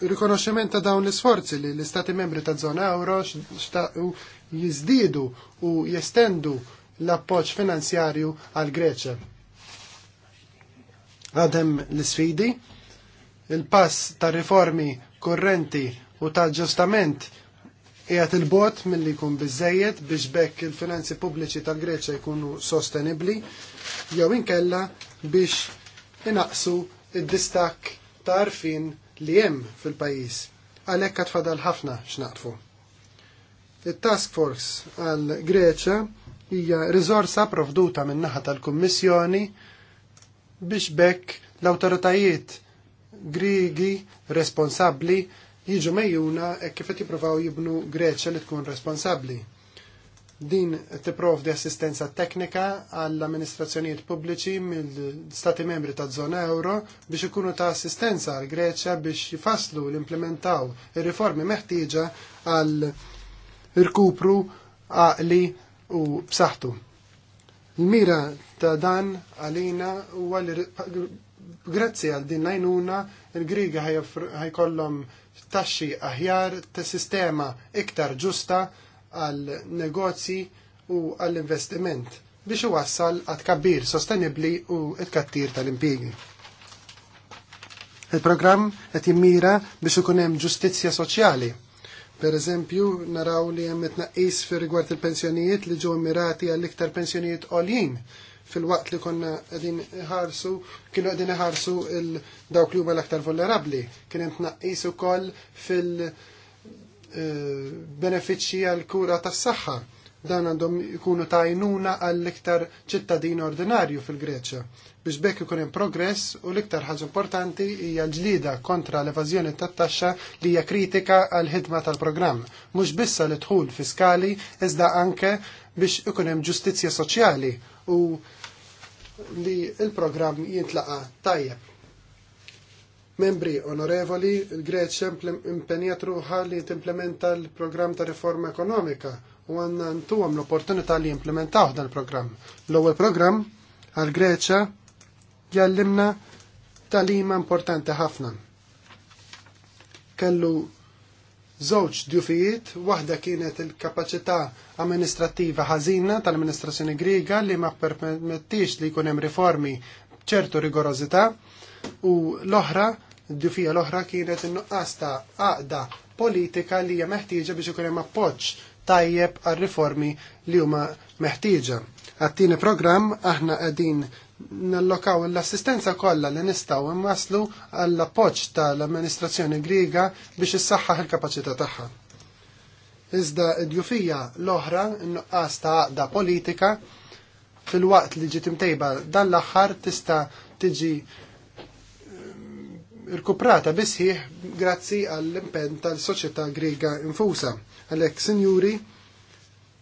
rikonoxximent ta' dawn l-isforzi li l-Istati membri ta' zona euro xtaqu jizdidu u jestendu l-appoċ finanzjarju għal Greċa. Għadem l-sfidi, il-pass ta' riformi kurrenti u ta' ġustament jgħat il-bot mill-li jkun bizzejiet biex bekk il-finanzi pubbliċi tal-Greċa jkunu sostenibli, jew inkella biex inaqsu id-distak tarfin li hemm fil-pajjiż. Għalhekk qed fadal ħafna x'naqfu. Il-Task Force għal Greċa hija rizorsa provduta min naħa tal-Kummissjoni biex bekk l-awtoritajiet Grigi responsabbli jiġu mejjuna e kif qed jippruvaw jibnu Greċa li tkun responsabbli. Din tipprovdi assistenza teknika għall-amministrazzjonijiet pubbliċi mill-Stati membri ta' zona euro biex ikunu ta' assistenza għal Greċja biex jifaslu l-implementaw ir-riformi meħtieġa għal irkupru għaqli u b'saħħtu. l mira ta' dan għalina u li grazzi għal din najnuna il-Griga ħajkollhom taxxi aħjar ta' sistema iktar ġusta għal negozji u għall investiment biex iwassal għad kabbir sostenibli u it-kattir tal-impjegi. Il-programm qed jimmira biex ikun hemm ġustizzja soċjali. Per eżempju, naraw li hemm itnaqqis fir rigward il-pensjonijiet li ġew mirati għall iktar pensjonijiet għoljin fil-waqt li konna qegħdin iħarsu, kienu qegħdin iħarsu il dawk li huma l-aktar vulnerabbli. Kien hemm tnaqqis ukoll fil- benefiċċji għal kura tas-saħħa dan għandhom ikunu tajnuna għall-iktar ċittadin ordinarju fil-Greċja. Biex bekk ikun hemm progress u l-iktar ħaġa importanti hija ġlida kontra l-evażjoni tat-taxxa li hija kritika għall-ħidma tal-programm. Mhux bissa li dħul fiskali iżda anke biex ikun hemm ġustizzja soċjali u li l-programm jintlaqa tajjeb. Membri onorevoli, il-Greċja impenjat ruħa li timplementa l-programm ta' riforma ekonomika u għanna ntu għam l-opportunità li implementaw dan l-program. L-ewel programm L-ewwel programm għal Greċja jallimna talima importanti ħafna. Kellu żewġ djufijiet, waħda kienet il-kapaċità amministrattiva ħażina tal-amministrazzjoni Griega li ma permettix li jkun hemm riformi b'ċertu rigorozità u l-oħra, d-dufija l-oħra kienet in-nuqqas ta' għaqda politika li hija meħtieġa biex ikun hemm appoġġ tajjeb għal-riformi li huma meħtieġa. Għattini programm aħna qegħdin nallokaw l-assistenza kollha li nistgħu imwaslu għall-appoġġ tal-amministrazzjoni Griega biex issaħħaħ il-kapaċità tagħha. Iżda id-jufija l-oħra n-nuqqas ta' għaqda politika fil-waqt li ġiet imtejba dan l-aħħar tista' tiġi rkuprata bisħiħ grazzi għall-impenn tal-soċjetà Griega infusa. Għalhekk, sinjuri,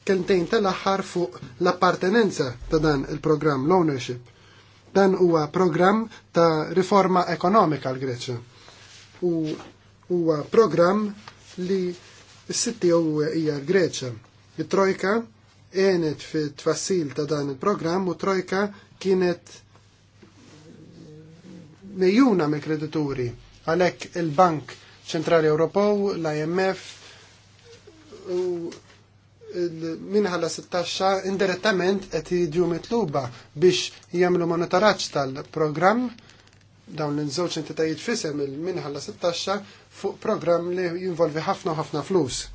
kentejn tal-aħħar fuq l-appartenenza ta' dan il-programm l-ownership. Dan huwa programm ta' riforma ekonomika għal Greċja. U huwa programm li s-sitti hija l-Greċja. Il-Trojka enet fit tfassil ta' dan il-programm u Trojka kienet mejjuna mill-kredituri għalhekk il-Bank Ċentrali Ewropew, l-IMF u minħalla 16 indirettament qed jidju mitluba biex jagħmlu monitoraġġ tal-programm dawn l-żewġ entitajiet fisem il-minħalla 16 fuq programm li jinvolvi ħafna u ħafna flus.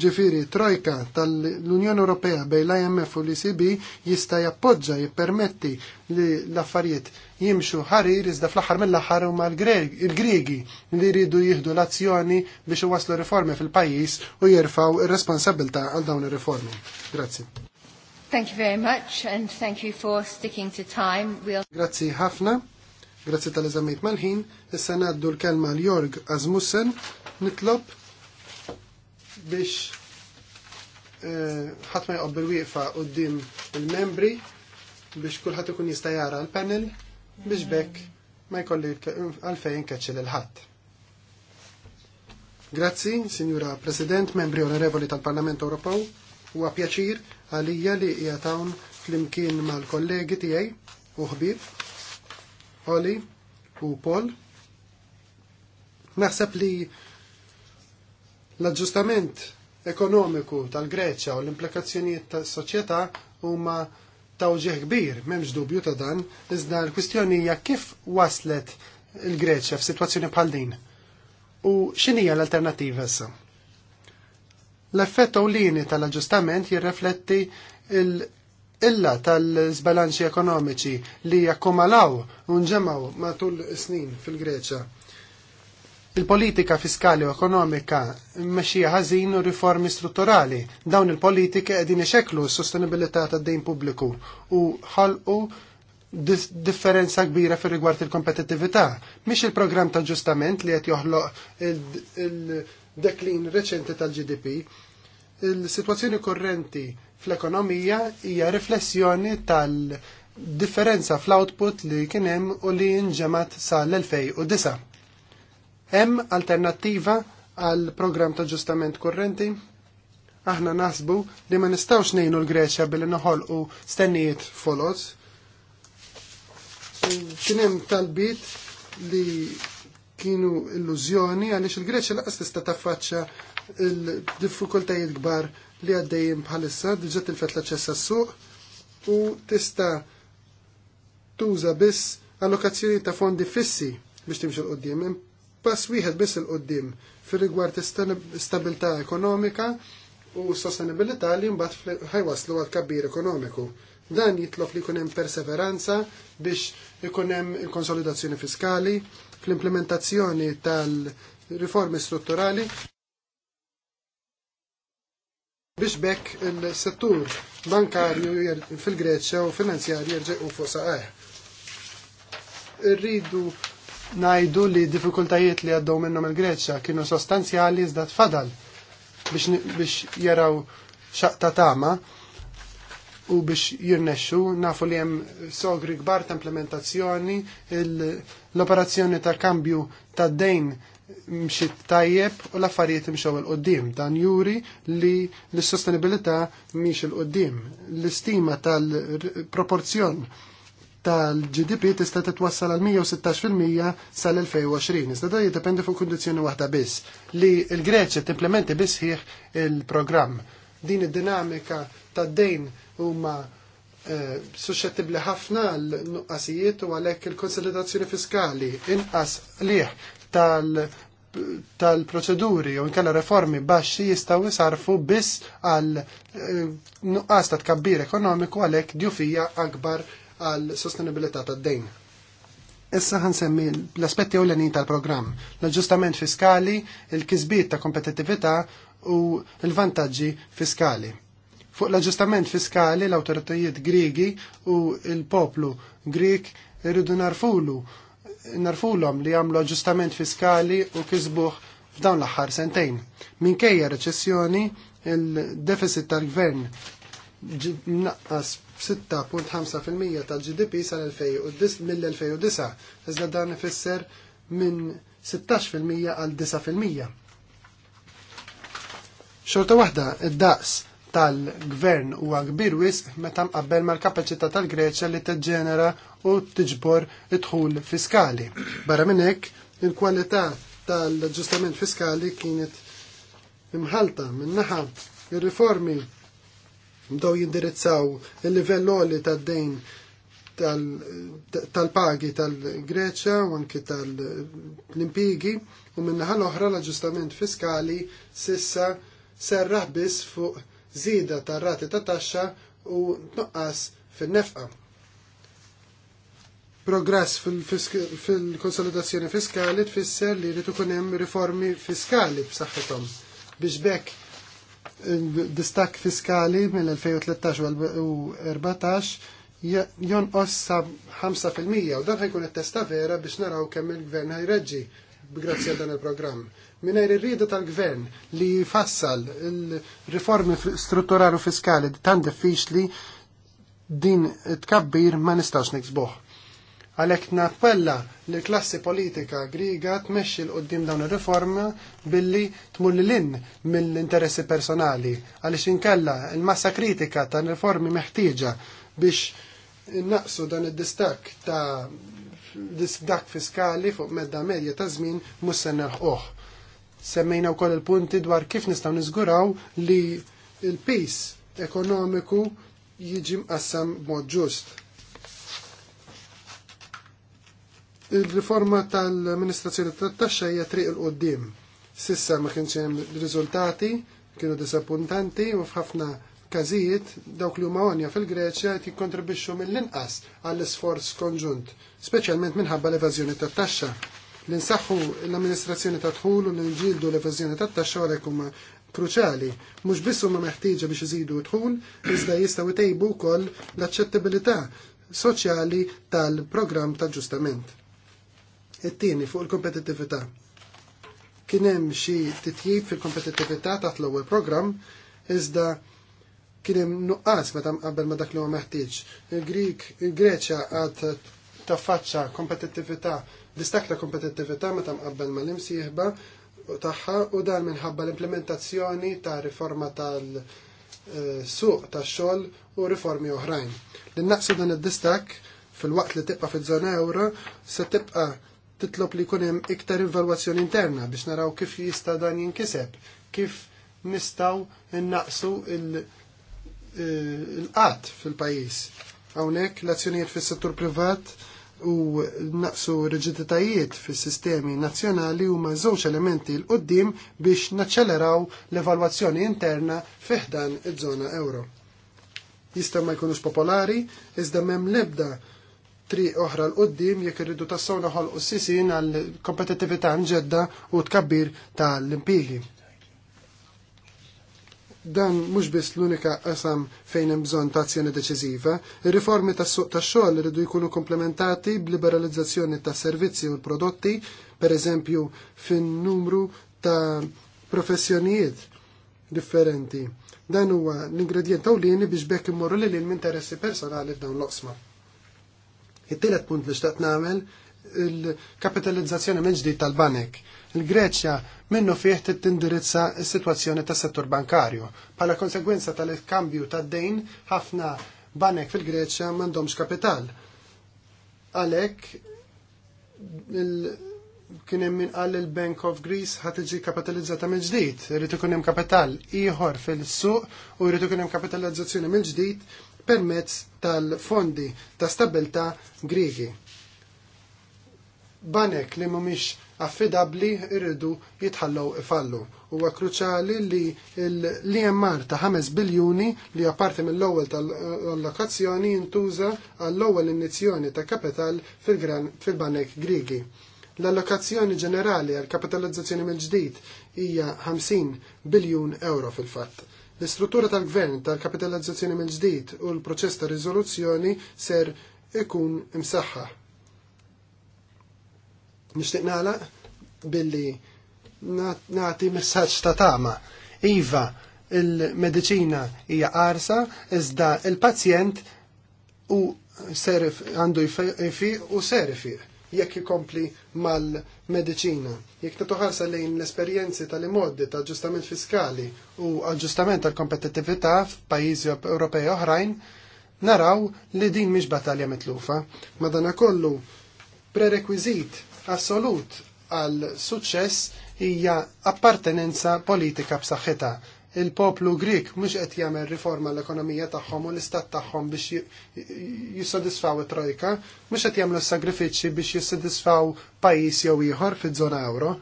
Ġifiri, trojka tal-Unjoni Ewropea bej l-IMF u l-ECB jista' jappoġġa jippermetti li l-affarijiet jimxu ħarir iżda fl-aħħar mill-aħħar huma l-Griegi li jridu jieħdu l-azzjoni biex iwasslu riformi fil-pajjiż u jirfaw ir-responsabilità għal dawn ir-riformi. Grazzi. Thank you very much and thank you for sticking to time. We'll... Grazzi ħafna. Grazzi tal-eżamiet mal-ħin. Issa ngħaddu l-kelma l-Jorg Azmussen nitlob biex eh, ħadd ma jqobbel wieqfa qudiem il-membri biex kulħadd ikun jista' jara l-panel biex bekk ma jkolli għalfejn keċċel il-ħadd. Grazzi, Sinjura President, membri onorevoli tal-Parlament Ewropew, huwa pjaċir għalija li hija hawn flimkien mal-kollegi tiegħi u ħbib, Oli u Paul. Naħseb li L-aġġustament ekonomiku tal-Greċja u l-implikazzjonijiet tas-soċjetà huma tawġieħ kbir, m'hemmx dubju ta' dan, iżda l-kwistjoni hija kif waslet il-Greċja f'sitwazzjoni bħal din. U x'inhija l-alternattiva issa? L-effett ewlieni tal-aġġustament jirrefletti il- illa tal-sbalanċi ekonomiċi li jakkumalaw unġemaw matul snin fil-Greċja Il-politika fiskali u ekonomika meċxija ħażin u riformi strutturali. Dawn il-politika qegħdin ixekklu s-sostenibilità tad-dejn pubbliku u ħalqu differenza kbira fil rigward il kompetitività Mhix il-programm ta' ġustament li qed joħloq il-deklin reċenti tal-GDP. Il-sitwazzjoni korrenti fl-ekonomija hija riflessjoni tal- differenza fl-output li kienem u li nġemat sa l-2009. Hemm alternattiva għal programm ta' ġustament kurrenti? Aħna nasbu li ma nistawx nejnu l-Greċja billi noħolqu stennijiet folos. Kienem talbit li kienu illużjoni għaliex il-Greċja laqas tista' taffaċċja il-diffikultajiet kbar li għaddejjem bħalissa diġà tilfet l-aċċess għas-suq u tista' tuża biss allokazzjoni ta' fondi fissi biex timxil qudiem pass wieħed biss il-qoddim fir-rigward stabilità ekonomika u sostenibilità li mbagħad ħajwaslu għal kabbir ekonomiku. Dan jitlob li jkun hemm perseveranza biex ikun hemm il-konsolidazzjoni fiskali fl-implementazzjoni tal-riformi strutturali biex bekk il-settur bankarju fil-Greċja u finanzjarju jerġequ fuq saqajh. Irridu najdu li diffikultajiet li għaddew minnhom il-Greċja kienu sostanzjali iżda tfadal biex jaraw xaqta tama u biex jirnexxu nafu li hemm sogri kbar ta' implementazzjoni l-operazzjoni ta' kambju ta' dejn mxit tajjeb u l-affarijiet imxew il-qoddim. Dan juri li l-sostenibilità mhix il-qoddim. L-istima tal-proporzjon tal-GDP tista' titwassal għal 116% sal-2020. Iżda da jiddependi fuq kundizzjoni waħda biss li l-Greċja timplementi biss ħieħ il-programm. Din id-dinamika tad-dejn huma eh, suscettibli ħafna l-nuqqasijiet u għalhekk il-konsolidazzjoni fiskali inqas liħ tal- tal-proċeduri u nkella reformi baxxi jistgħu jisarfu biss għal eh, nuqqas ta' tkabbir ekonomiku għalhekk djufija akbar għal sostenibilità tad-dejn. Issa ħansemmi l-aspetti l-għanin tal-programm, l-aġġustament fiskali, il-kisbiet ta' kompetittività u l-vantaġġi fiskali. Fuq l-aġġustament fiskali l-awtoritajiet gregi u l-poplu grek irridu narfulu narfulhom li jagħmlu aġġustament fiskali u kisbuh f'dawn l-aħħar sentejn. Minkejja reċessjoni il-deficit tal-gvern naqqas 6.5% tal-GDP sal mill-2009, iżda dan ifisser minn 16% għal 9%. Xorta waħda, id-daqs tal-gvern huwa kbir wisq meta ma mal-kapaċità tal-Greċja li tiġġenera u tiġbor id-dħul fiskali. Barra minn hekk il-kwalità tal-ġustament fiskali kienet imħalta minnaħa ir-riformi bdew jindirizzaw il-livell oli tad-dejn tal-pagi tal-Greċja u anki tal-impigi u minnaħa l-oħra l-aġustament fiskali sissa serraħ biss fuq zida tar-rati ta' taxxa u tnuqqas fin-nefqa. Progress fil-konsolidazzjoni fiskali tfisser li rrid ikun hemm riformi fiskali b'saħħithom biex bekk distak fiskali mill-2013 u 2014 jonqos sa 5% u dan ħajkun it-testa vera biex naraw kemm il-gvern ħajreġġi grazzi għal dan il-programm. Minajr ir-rieda tal-gvern li jfassal il-riformi strutturali u fiskali tan diffiċli din tkabbir ma nistax niksbuħ. Għalhekk nappella li klassi politika griga tmexxi l qudiem dawn ir-riforma billi tmur lin mill-interessi personali għaliex inkella il-massa kritika ta' riformi meħtieġa biex naqsu dan id-distak ta' distak fiskali fuq medda medja ta' żmien mhux se nerħuh. Semmejna wkoll il-punti dwar kif nistgħu niżguraw li l-pis ekonomiku jiġi mqassam b'mod ġust Il-riforma tal-amministrazzjoni tat-taxxa hija triq il qoddim Sissa ma kienx hemm riżultati, kienu disappuntanti u f'ħafna każijiet dawk li huma għonja fil-Greċja qed jikkontribwixxu mill-inqas għall-isforz konġunt, speċjalment minħabba l-evażjoni tat-taxxa. L-insaħħu l-amministrazzjoni ta' dħul u l-inġildu l-evażjoni tat-taxxa għalhekk huma kruċali, mhux biss huma meħtieġa biex iżidu dħul, iżda jistgħu jtejbu wkoll l-aċċettabilità soċjali tal-programm ta' ġustament. It-tieni fuq il-kompetittività. Kien hemm xi titjib fil-kompetittività taħt l-ewwel programm iżda kien hemm nuqqas meta qabel ma dak li huwa meħtieġ. Il-Grik, il-Greċja għad taffaċċa kompetittività, distakta ta' kompetittività meta mqabbel ma' l-imsieħba tagħha u dan minħabba l-implementazzjoni ta' riforma tal- suq ta' xogħol u riformi oħrajn. L-naqsu dan id-distak fil-waqt li tibqa fil-żona euro se tibqa titlob li jkun hemm iktar evalwazzjoni interna biex naraw kif jista' dan jinkiseb, kif nistaw innaqsu eh, il-qat fil-pajis. Hawnhekk l-azzjonijiet fis-settur privat u naqsu reġiditajiet fis-sistemi nazzjonali huma żewġ elementi l qoddim biex naċċeleraw l-evalwazzjoni interna fiħdan id żona euro. Jista' ma jkunux popolari, iżda m'hemm l-ebda triq oħra l-qoddim jekk irridu tassaw naħolqu sisin għal kompetitivita ġedda u tkabbir tal-impigi. Dan mhux biss l-unika qasam fejn hemm bżonn ta' azzjoni deċiżiva, ir-riformi tas-suq tax-xogħol iridu jkunu komplementati b'liberalizzazzjoni tas servizzi u l-prodotti, pereżempju fin-numru ta' professjonijiet differenti. Dan huwa l ingredient awlieni biex bekk immorru lil l-interessi personali f'dawn l-oqsma. Il-tielet punt li xtaqt nagħmel il-kapitalizzazzjoni minn ġdid tal-banek. Il-Greċja minnu fih tindirizza s-sitwazzjoni tas-settur bankarju. Pala konsegwenza tal-kambju tad-dejn ħafna banek fil-Greċja m'għandhomx kapital. Għalhekk kien hemm minqal il-Bank of Greece ħad tiġi kapitalizzata mill ġdid, irid ikun hemm kapital ieħor fil-suq u jrid ikun hemm kapitalizzazzjoni mill ġdid permezz tal-fondi ta' stabilta Grigi. Banek li mhumiex affidabli irridu jitħallew ifallu. Huwa kruċali li l-IMR ta' 5 biljuni li apparti mill-ewwel tal-allokazzjoni jintuża għall-ewwel inizjoni ta' kapital fil-Banek Griegi. L-allokazzjoni ġenerali għal kapitalizzazzjoni mill-ġdid hija 50 biljun euro fil-fatt L-istruttura tal-gvern tal-kapitalizzazzjoni mill-ġdid u l-proċess ta' riżoluzzjoni ser ikun imsaħħa. Nixtieq nagħlaq billi nagħti messaġġ ta' tama. Iva, il-medicina hija qarsa, iżda il-pazjent u serif għandu jfi u serifiq jekk ikompli mal-medicina. Jekk titoħarsa lejn l-esperjenzi tal-imoddi ta' ġustament fiskali u aġġustament tal-kompetittività f'pajjiżi Ewropej oħrajn, naraw li din mhix battalja mitlufa. Madanakollu prerekwiżit assolut għal suċċess hija appartenenza politika b'saħħitha il-poplu Grik mhux qed jagħmel riforma l-ekonomija tagħhom u l-istat tagħhom biex jissodisfaw it-trojka, mhux qed jagħmlu s-sagrifiċċji biex jissodisfaw pajjiż jew ieħor fiż-żona euro.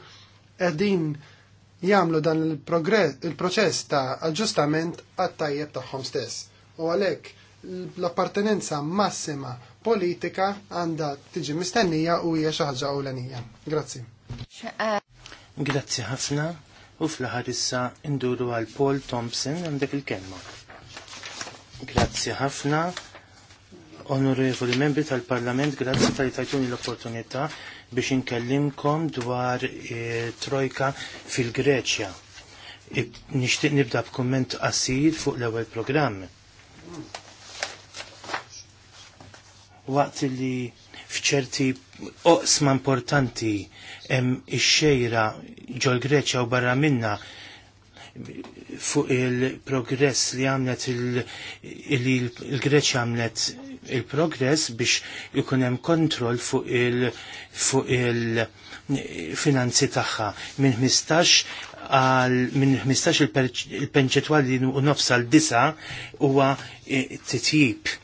Qegħdin jagħmlu dan il-proċess ta' aġġustament għat-tajjeb tagħhom stess. U għalhekk l-appartenenza massima politika għandha tiġi mistennija u hija xi ħaġa ewlenija. Grazzi. Grazzi ħafna u fl-ħar issa induru għal Paul Thompson għandek il-kelma. Grazzi ħafna, onorevoli membri tal-Parlament, grazzi tal tajtuni l-opportunità biex inkellimkom dwar e, trojka fil-Greċja. E, Nishtiq nibda b'komment qasir fuq l-ewwel programm. Waqt li fċerti oqsma importanti ix-xejra ġol Greċja u barra minna fuq il-progress li għamlet il-Greċja għamlet il-progress biex ikun hemm kontroll fuq il- fuq il-finanzi tagħha minn 15 għal minn 15 il-perċentwal li nofsa l-disa huwa titjib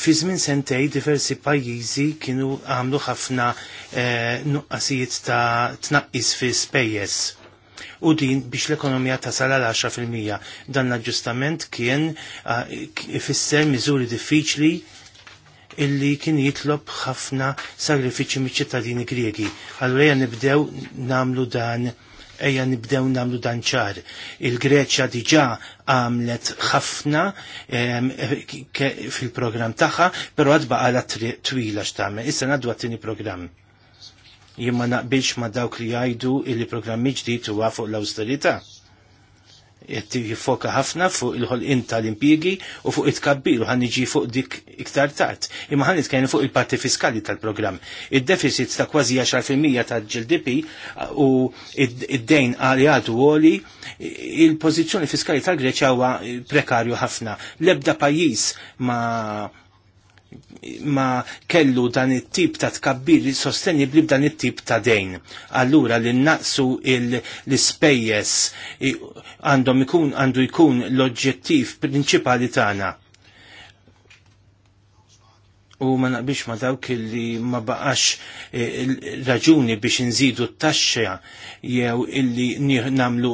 Fi żmien sentej diversi pajjiżi kienu għamlu ħafna eh, nuqqasijiet ta' tnaqqis fi spejjeż. U din biex l-ekonomija tasal għal 10%. Dan l-aġġustament kien eh, ifisser miżuri diffiċli illi kien jitlob ħafna sagrifiċi miċ-ċittadini Griegi. Allura nibdew namlu dan Ejja nibdew namlu danċar. Il-Greċja diġa għamlet ħafna fil-program taħħa, pero għadba għala twila xtame. Issa naddu għattini program. Jimma naqbilx ma dawk li jgħidu il-programmi ġdijtu huwa fuq l-austerita qed jiffoka ħafna fuq il-ħolqien tal-impjiegi u fuq it-kabbir u ħan iġi fuq dik iktar tard. Imma ħan nitkellem fuq il-parti fiskali tal-programm. il deficit ta' kważi 10% ta' gdp u id-dejn għali għadu għoli il-pożizzjoni fiskali tal-Greċja huwa prekarju ħafna. L-ebda pajjiż ma' ma kellu dan it-tip ta' tkabbir sostenibli b'dan it-tip ta' dejn. Allura li naqsu l spejjes għandhom ikun għandu jkun l-oġġettiv prinċipali tagħna u ma naqbix ma dawk li ma baqax eh, raġuni biex nżidu t-taxxa jew illi namlu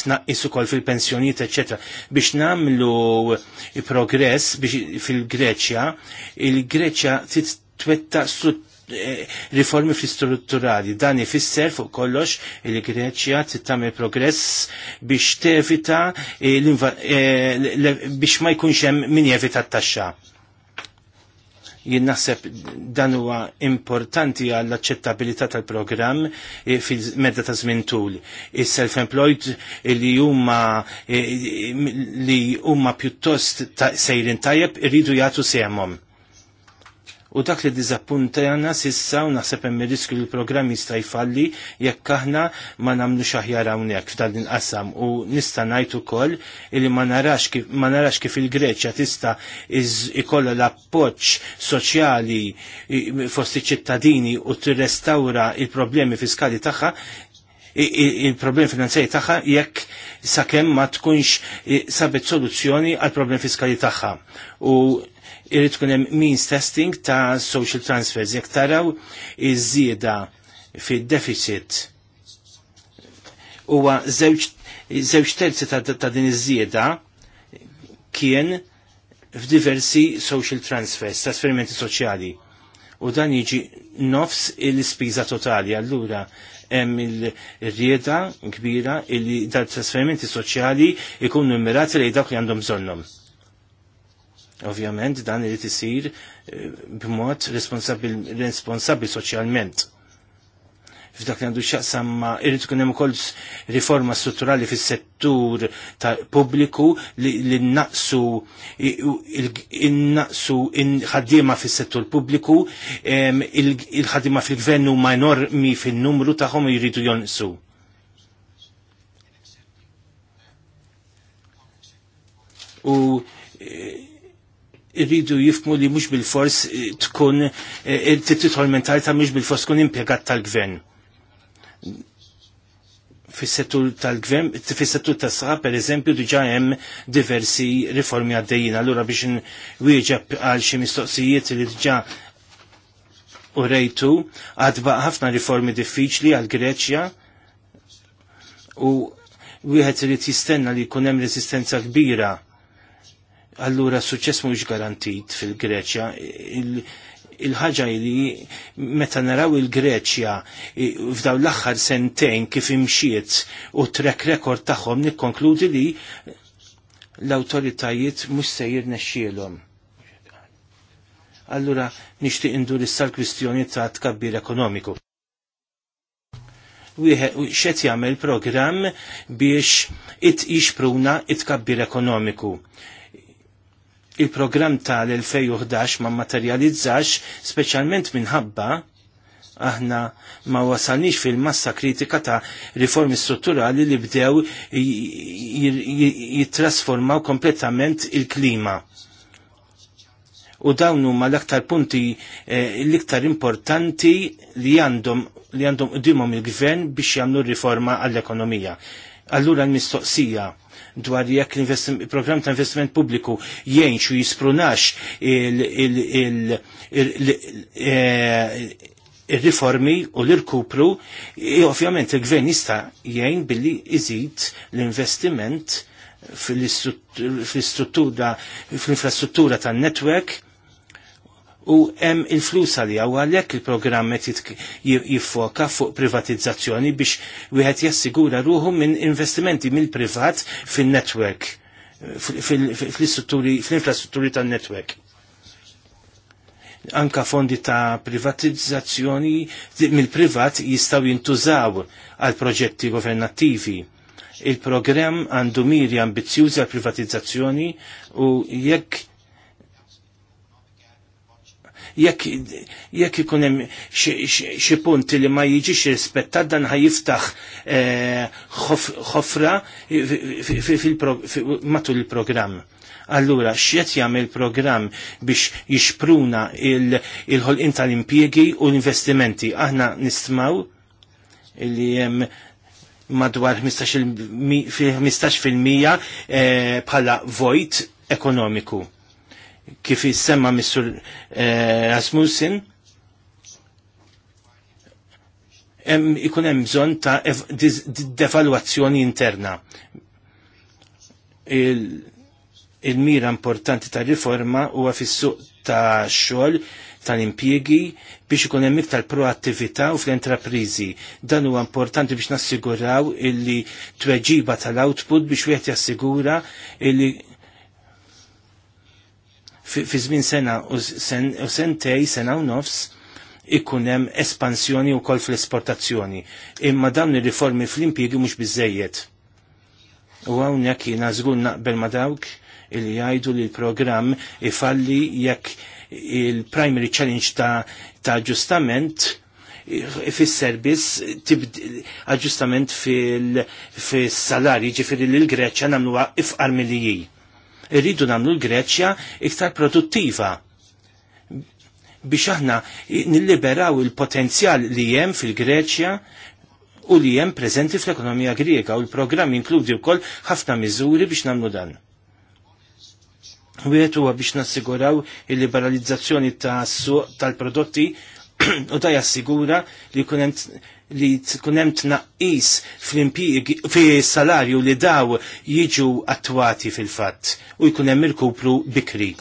tnaqqis ukoll fil-pensjonijiet eċetera. Biex namlu eh, progress biex fil-Greċja, il-Greċja titwetta eh, riformi strutturali. Dan ifisser fuq kollox il-Greċja tagħmel progress biex tevita biex ma jkunx hemm min jevita t-taxxa jien naħseb dan huwa importanti għall aċċettabilità tal-programm e, fil-medda ta' żmien tul. Is-self-employed li huma e, li huma pjuttost sejrin tajjeb iridu jagħtu semhom. U dak li jana sissa u naħseb hemm riskju li l-programm jista' jfalli jekk aħna ma nagħmlux aħjar hawnhekk f'dan il-qasam u nista' ngħid ukoll li ma narax kif ma narax kif il-Greċja tista' ikolla l-appoġġ soċjali fost iċ-ċittadini u tirrestawra il-problemi fiskali tagħha il-problem finanzjari tagħha jekk sakemm ma tkunx sabet soluzzjoni għal problem fiskali tagħha. U irrid tkun hemm means testing ta' social transfers jekk taraw iż-żieda fid-deficit huwa żewġ terzi ta', ta din iż-żieda kien f'diversi social transfers, trasferimenti soċjali. U dan jiġi nofs il-spiża totali. Allura, hemm il-rieda kbira il trasferimenti soċjali ikun immirati li dawk li għandhom bżonnhom. Ovvjament dan irid isir eh, b'mod responsabbli soċjalment. F'dak li għandu xaqsam ma irrid tkun hemm ukoll riforma strutturali fis-settur ta' pubbliku li nnaqsu innaqsu ħaddiema fis-settur pubbliku il-ħaddiema fil-gvern huma enormi fin-numru tagħhom jridu jonqsu. U eh, irridu jifmu li mhux bil-fors eh, tkun il-titolmentar eh, ta' mhux bil-fors tkun impjegat tal-gvern. Fis-settur tal-gvern, fis-settur tas-saħħa pereżempju diġà hemm diversi riformi għaddejjin. Allura biex nwieġeb għal xi mistoqsijiet li diġà u rejtu għadba ħafna riformi diffiċli għal Greċja u wieħed irid jistenna li jkun hemm resistenza kbira allura s-suċċess mhuwiex garantit fil-Greċja. Il-ħaġa il li meta naraw il-Greċja f'daw l-aħħar sentejn kif imxiet u trek rekord tagħhom nikkonkludi li l-awtoritajiet mhux se jirnexxielhom. Allura nixtieq indur issa l-kwistjoni ta' tkabbir ekonomiku. X'qed jagħmel programm biex it pruna it-tkabbir ekonomiku il-programm tal-2011 ma materializzax, specialment minħabba aħna ma wasalniex fil-massa kritika ta' riformi strutturali li bdew jittrasformaw kompletament il-klima. U dawn huma l-aktar punti eh, l-iktar importanti li għandhom li għandhom il-gvern biex jagħmlu riforma għall-ekonomija. Allura l-mistoqsija dwar jekk il-programm ta' investiment pubbliku jgħinx u jisprunax eh, il-riformi u l-irkupru, eh, ovvjament il-gvern jista' jgħin billi iżid l-investiment fil-istruttura fl-infrastruttura tan-netwerk u hemm il-flus għalija u għalhekk il-programm qed jiffoka fuq privatizzazzjoni biex wieħed jassigura ruħu minn investimenti mill-privat fin-network fl-infrastrutturi tan-network. Anka fondi ta' privatizzazzjoni mill-privat jistaw jintużaw għal proġetti governattivi il-programm għandu miri ambizzjużi għal privatizzazzjoni u jekk jekk ikun hemm xi punti li ma jiġix rispettat dan ħajiftaħ ħofra eh, matul il-programm. Allura, x'qed jagħmel programm biex jixpruna il-ħolqien tal-impjiegi u l-investimenti. Aħna nistmaw li hemm madwar 15% eh, bħala vojt ekonomiku kif jissemma Mr. Eh, Rasmussen, ikun hemm bżonn ta' devalwazzjoni interna. Il-mira importanti ta' riforma huwa fis-suq ta' xogħol tal-impjiegi biex ikun hemm iktar proattività u fl entrapriżi Dan huwa importanti biex nassiguraw illi tweġiba tal-output biex wieħed jassigura illi fi żmien sena u sentej, sena u nofs, ikun hemm espansjoni wkoll fl-esportazzjoni. Imma dawn ir-riformi fl impiegi mhux biżejjed. U hawnhekk jiena żgur naqbel ma dawk il jgħidu li l-programm ifalli jekk il-primary challenge ta', ta aġġustament fis aġustament aġġustament s salari ġifiri l-Greċa namlu ifqar mill Irridu nagħmlu l-Greċja iktar produttiva biex aħna nilliberaw il-potenzjal li hemm fil-Greċja u li hemm preżenti fl-ekonomija Griega u l-programm u wkoll ħafna miżuri biex nagħmlu dan. Wieħed huwa biex nassiguraw il-liberalizzazzjoni ta' suq tal-prodotti u da jassigura li jkun hemm li tkun hemm tnaqqis fil-salarju li daw jiġu attwati fil-fatt u jkun hemm il-kupru bikri.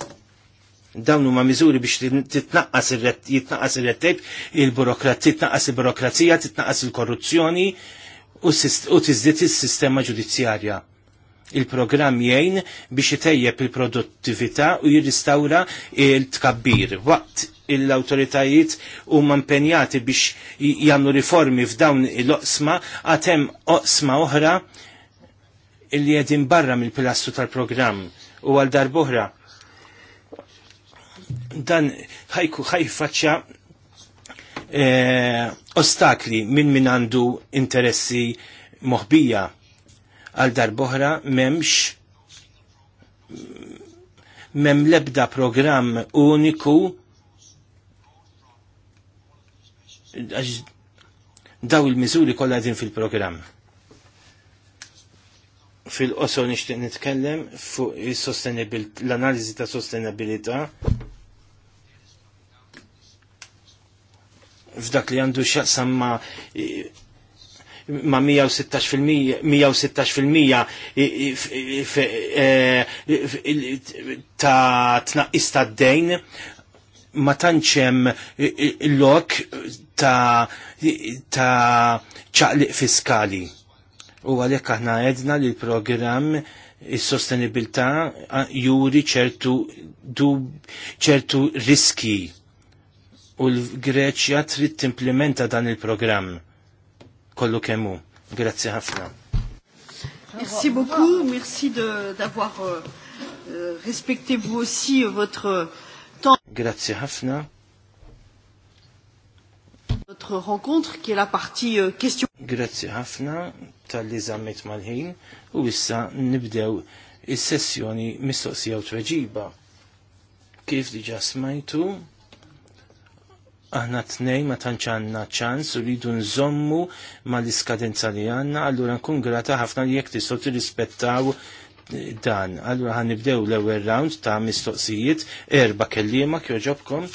Dawn huma miżuri biex titnaqqas jitnaqqas ir-retteb, il-burokrazija, titnaqqas il-burokrazija, titnaqqas il-korruzzjoni u tiżdiet is-sistema ġudizzjarja. Il-programm jgħin biex itejjeb il-produttività u jirristawra il-tkabbir waqt l-autoritajiet u mampenjati biex jannu riformi f'dawn il-oqsma, għatem oqsma oħra illi jedin barra mill-pilastru tal-programm u għal darboħra. Dan ħajku ħajfaċċa eh, ostakli minn min għandu interessi moħbija għal darboħra memx mem lebda program uniku għax daw il-miżuri kollha din fil-programm. Fil-qosor nixtieq nitkellem fuq l-analiżi ta' sostenibilità f'dak li għandu xaqsam ma ma 116% e- ta' tnaqqis ta' d-dejn ma tanċem l-lok ta' ta' ċaqliq fiskali. U għalhekk aħna għedna li l-programm is-sostenibilità juri ċertu ċertu riski u l-Greċja trid timplementa dan il-programm kollu kemmu. Grazzi ħafna. Merci beaucoup, merci d'avoir euh, euh, respecté vous aussi euh, votre temps. Grazzi ħafna Notre rencontre qui est la partie euh, question. Grazzi ħafna tal-li mal-ħin u issa nibdew is-sessjoni mistoqsija u tweġiba. Kif diġa smajtu, aħna t-nej ma tanċanna ċans u rridu nżommu ma l-iskadenza li għanna, allura nkun grata ħafna li jek tistgħu tirrispettaw dan. Allura ħan nibdew l-ewwel round ta' mistoqsijiet erba' kelliema kjoġobkom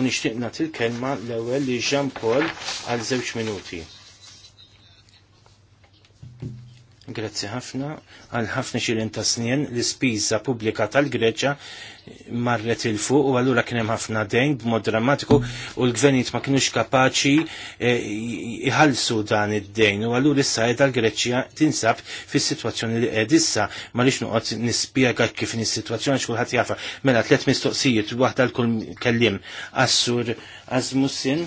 u nixtieq til kelma l-ewwel li Jean Paul għal żewġ minuti. Grazzi ħafna għal ħafna xirin ta' snien l-ispiża pubblika tal-Greċja marret il fuq u allura kien hemm ħafna dejn b'mod drammatiku u l-gvernijiet ma kinux kapaċi eh, iħallsu dan id-dejn u allura issa qiegħda l-Greċja tinsab fis-sitwazzjoni li qed issa li noqgħod nispjega kif ni is-sitwazzjoni għax jafa. Mela tliet mistoqsijiet waħda l-kull kellim għassur sur Azmusin.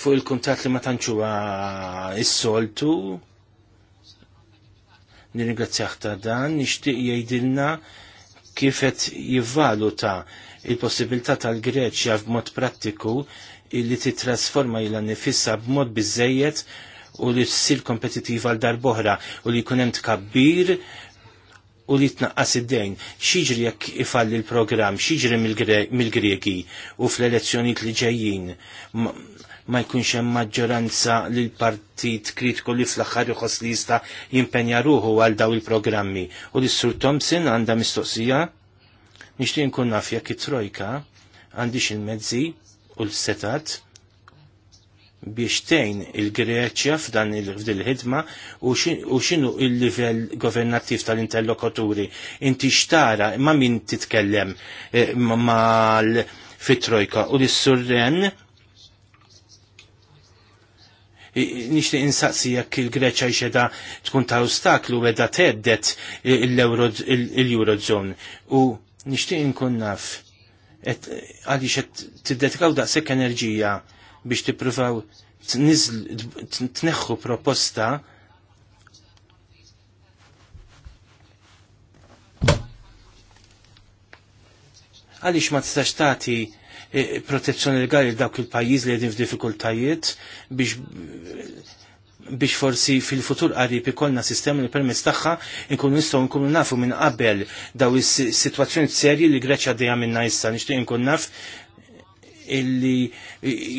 fuq il-kuntat li ma tanċuwa is-soltu. Nirringrazzjaħ ta' dan, nixtieq jgħidilna kif qed jivvaluta il-possibilità tal-Greċja b'mod prattiku illi titrasforma ila nifissa b'mod biżejjed u li tsir kompetitiva għal darboħra u li jkun hemm tkabbir u li tnaqqas id-dejn. Xiġri jekk ifalli l-programm, xiġri mill-Greki u fl-elezzjonijiet li ġejjin ma jkunx hemm maġġoranza li l-partit kritiku li fl-aħħar jħoss li jista' jimpenja ruħu għal daw il-programmi. U l sur Thompson għandha mistoqsija nixtieq nkun naf jekk it-trojka għandix il-mezzi u l-setat biex tgħin il-Greċja f'dan il-ħidma u x'inhu il-livell governattiv tal-interlokuturi. Inti xtara ma' min titkellem eh, ma' fit-trojka u l-surren nixtieq insaqsi jekk il-Greċa jxeda tkun ta' ostaklu edha teddet l-Eurozone u nixtieq inkun naf għaliex qed tiddedikaw daqshekk enerġija biex tippruvaw tneħħu proposta għaliex ma tistax tagħti E, protezzjoni legali dawk il-pajjiż li qegħdin f'diffikultajiet biex biex forsi fil-futur qarib ikollna sistema li permezz tagħha inkunu nistgħu nkunu nafu minn qabel daw is-sitwazzjoni serji li Greċja dejja minna issa nixtieq inkun naf illi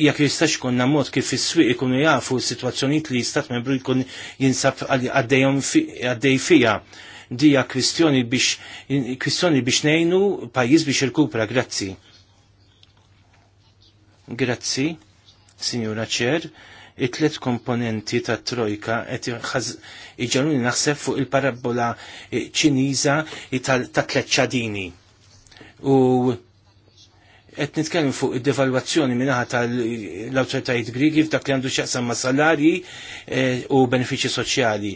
jekk jistax konna mod kif is-swieq ikunu jafu situazzjonijiet li jistat membru jkun jinsab għaddej fija. Dija kwistjoni biex kwistjoni biex nejnu pajjiż biex irkupra, grazzi. Grazzi, Signora Cher, it-tlet komponenti ta' trojka qed iġġaluni naħseb fuq il-parabola eh, ċiniża ta' tliet ċadini. U qed nitkellem fuq id-devalwazzjoni minaħa tal-awtoritajiet Grigi f'dak li għandu x'jaqsam ma' salarji eh, u benefiċċji soċjali.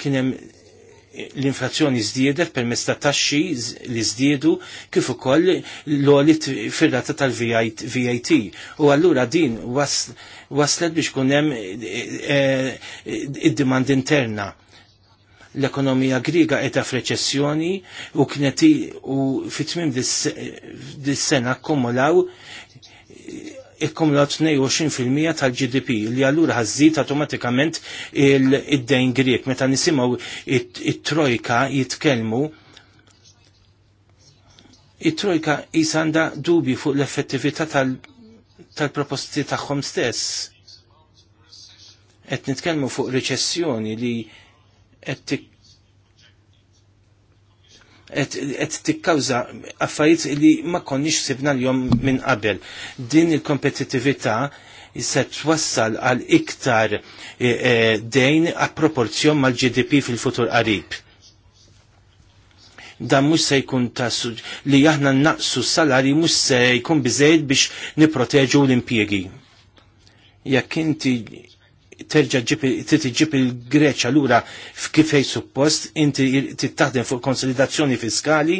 Kien hemm l-inflazzjoni zdiedet permezz ta' taxxi li zdiedu kif ukoll l-għolit fir-rata tal-VAT. U allura din waslet biex kunem hemm eh, eh, id-demand interna. L-ekonomija griga qiegħda f'reċessjoni u kneti u fit-tmiem dis-sena akkumulaw ikkomla 22% tal-GDP li allura għazzit automatikament id-dejn Grek. Meta nisimgħu it-trojka jitkellmu it-trojka jisanda dubi fuq l-effettività tal-proposti tal tagħhom stess. Qed nitkellmu fuq riċessjoni li qed qed tikkawża affarijiet li ma konniex sibna l-jom minn qabel. Din il-kompetittività se twassal għal iktar eh, eh, dejn a proporzjon mal-GDP fil-futur qarib dan mux se jkun ta' li jahna naqsu salari mux se jkun bizzejt biex niproteġu l-impiegi. Jekk inti terġa ġib il-Greċa l-ura f'kifej suppost, inti tittaħdem fuq konsolidazzjoni fiskali,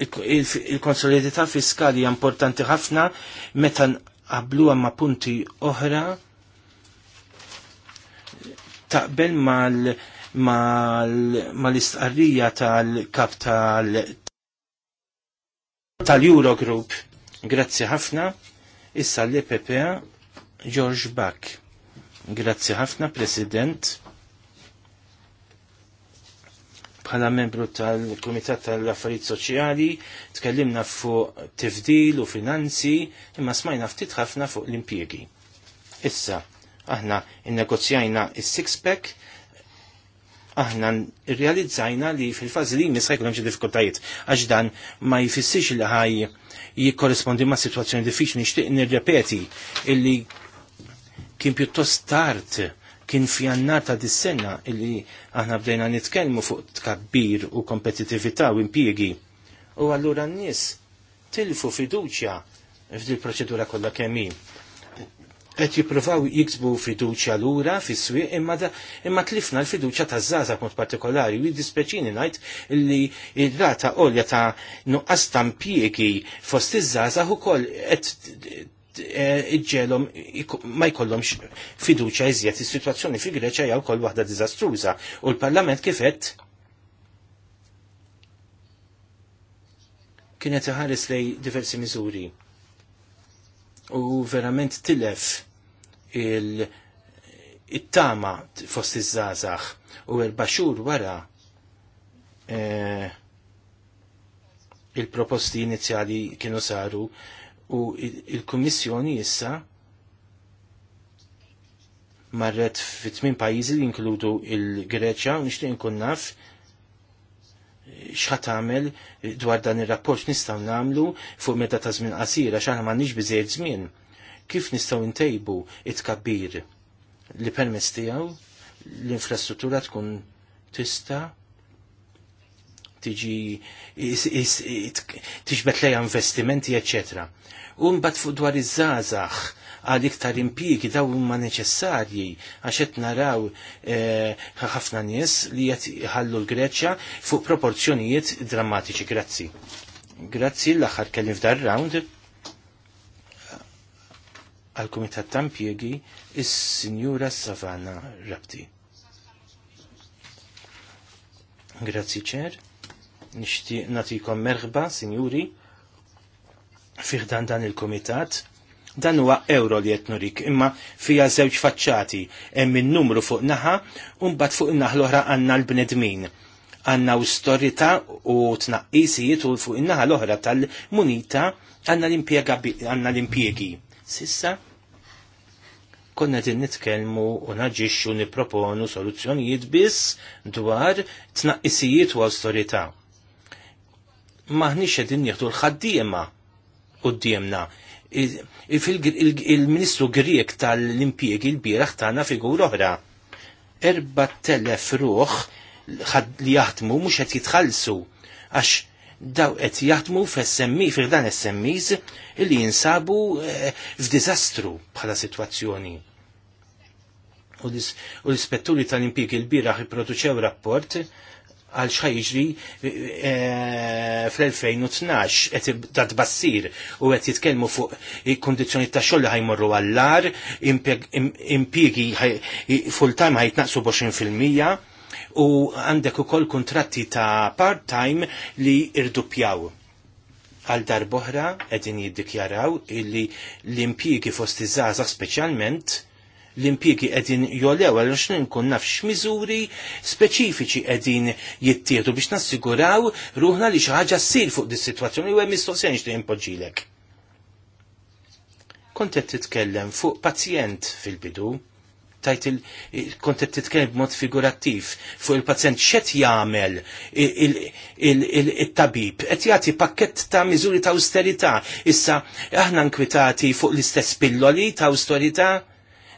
il-konsolidità fiskali hija importanti ħafna meta nqablu ma' punti oħra taqbel mal-istqarrija tal-kap tal-Eurogroup. Grazzi ħafna. Issa l-EPP George Bach. Grazzi ħafna, President. Bħala membru tal-Komitat tal-Affarijiet Soċjali, tkellimna fuq tifdil u finanzi, imma smajna ftit ħafna fuq l-impjiegi. Issa, aħna innegozjajna is-six-pack, aħna realizzajna li fil-fazi li jmissa jkun hemm xi diffikultajiet għax dan ma jfissirx li ħaj jikkorrespondi ma' situazzjoni diffiċli nixtieq nirrepeti illi kien pjuttost tard kien fjannata dis-sena illi aħna bdejna nitkellmu fuq tkabbir u kompetitività u impjiegi. U allura n-nies tilfu fiduċja f'dil proċedura kollha kemm qed jippruvaw jiksbu fiduċja lura fis-swieq imma imma tlifna l-fiduċja taż-żgħażagħ mod partikolari u jiddispeċini ngħid li r-rata għolja ta' nuqqas tampjiegi fost iż-żgħażagħ ukoll għet iġġelom ma jkollhomx fiduċja iżjed. Is-sitwazzjoni fi Greċja jgħal koll waħda diżastruża u l-Parlament kifet kienet iħares lej diversi miżuri u verament tilef il-tama fost iż-żazax u il baxur wara e, il-proposti inizjali kienu saru u il-Kummissjoni issa marret fit tmien pajjiżi li jinkludu il-Greċja u nixtieq nkun naf xħat għamil eh, dwar dan il-rapport nistaw namlu fuq meta ta' żmien qasira xaħna m'għandniex biżejjed żmien. Kif nistaw intejbu it-kabbir li permezz tiegħu l-infrastruttura tkun tista' tiġi tiġbet lejja investimenti, eccetera. U mbagħad fuq dwar iż-żgħażagħ għal iktar impjiegi daw huma neċessarji għax qed naraw eh, ħafna e, nies li qed ħallu l-Greċja fuq proporzjonijiet drammatiċi. Grazzi. Grazzi l-aħħar kelli f'dar round għal kumitat ta' impjiegi is-Sinjura Savana Rabti. Grazzi ċer. Nixtieq natikom merħba, Sinjuri fiħdan dan il-komitat, dan huwa euro li qed nurik, imma fija żewġ faċċati, hemm in-numru fuq naħa u mbagħad fuq in-naħa l-oħra għandna l-bnedmin. u storita u tnaqqisijiet u fuq in-naħa l-oħra tal-munita għandna l impiegi Sissa, konna din nitkellmu u naġixxu nipproponu soluzzjonijiet biss dwar tnaqqisijiet u awtorità. Maħniex qegħdin nieħdu l-ħaddiema qoddiemna. Il-Ministru Grieg tal-Impjegi l-bieraħ tagħna figur oħra. 4000 ruħ li jaħdmu mhux qed jitħallsu għax daw qed jaħdmu f'SMI f'dan SMIs li jinsabu eh, f'diżastru bħala sitwazzjoni. U l-ispetturi tal-impjeg il-biraħ ipproduċew rapport għal x'ħajġri eh, fl-2012 qed dat bassir u qed jitkellmu fuq kondizjoni ta' xogħol ħajmorru għall-lar, impjiegi full-time ħajtnaqsu fil-mija u għandek ukoll kontratti ta' part-time li irdupjaw għal darboħra għedin jiddikjaraw illi l-impjiegi fost iż-żaza speċjalment l-impjiegi qegħdin jolew għal x'nin nkun naf x'miżuri speċifiċi qegħdin jittieħdu biex nassiguraw ruħna li xi ħaġa ssir fuq dis-sitwazzjoni u hemm mistoqsija li impoġġilek. Kont qed titkellem fuq pazjent fil-bidu, tajt kont qed titkellem b'mod figurattiv fuq il-pazjent x'qed jagħmel it-tabib qed jagħti pakkett ta' miżuri ta' austerità. Issa aħna nkwitati fuq l-istess pilloli ta' austerità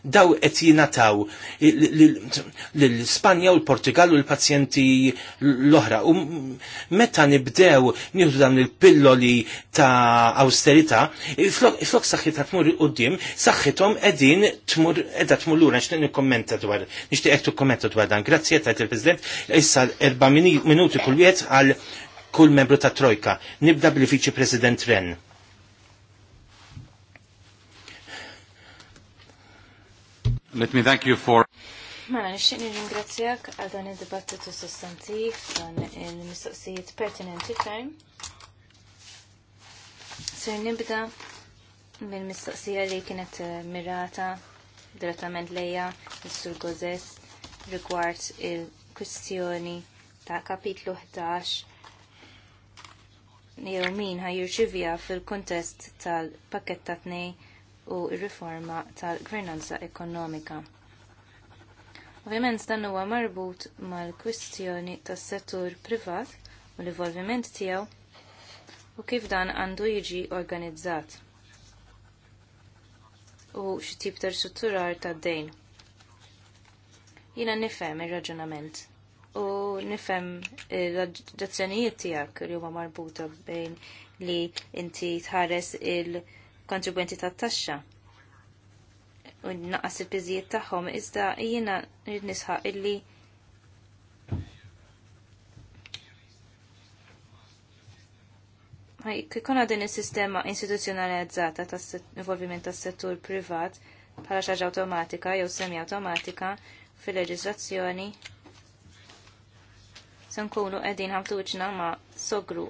daw qed jingħataw l-Spanja u l-Portugal u l-pazjenti l-oħra. U meta nibdew nieħdu dan il-pilloli ta' austerità, flok ta' tmur qudiem, saħħithom qegħdin tmur qiegħda tmur lura nixtieq nikkommenta dwar nixtieq qed tikkommenta dwar dan. Grazzi tajt il-President issa erba' minuti kull wieħed għal kull membru ta' Trojka. Nibda bil-Viċi President Ren. Let me thank you for... Mela, nixtieq nirringrazzjak għal dan id-dibattitu sostantiv dan il-mistoqsijiet pertinenti ferm. Ser nibda mill-mistoqsija li kienet eh, mirata direttament lejja mis sur Gozes rigward il-kwistjoni ta' kapitlu 11 jew min ħajjirċivija fil-kontest tal-pakket ta' tnejn u r-riforma tal-gvernanza ekonomika. Ovvjament dan huwa marbut mal-kwistjoni tas-settur privat u l-involviment tiegħu u kif dan għandu jiġi organizzat u x'tip ta' strutturar tad-dejn. Jiena nifhem ir-raġunament u nifhem l-azzjonijiet tiegħek li huma marbuta bejn li inti tħares il- kontribwenti tat-taxxa u naqas il-biżijiet tagħhom iżda jiena rrid nisħaq illi kikona din is-sistema istituzzjonalizzata tas-involviment tas-settur privat bħala xaġa awtomatika jew semi awtomatika fil-leġiżlazzjoni se nkunu qegħdin ħamtuċna ma' sogru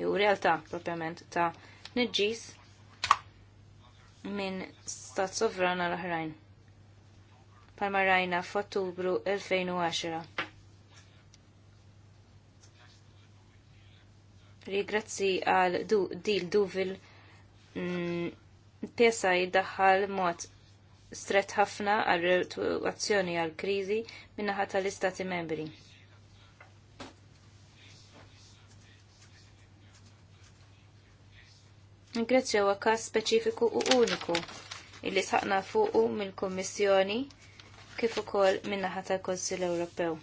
jew realtà propjament ta' niġġis minn stat sovran għal oħrajn. Palma rajna f'Ottubru 2010. Rigrazzi għal dil duvil mm, pjesa jiddaħħal mod stret ħafna għal azzjoni għal krizi minnaħat tal-istati membri. Grezzja huwa każ speċifiku u uniku illi saqna fuqu mill-Kummissjoni kif ukoll min-naħa tal-Kunsill Ewropew.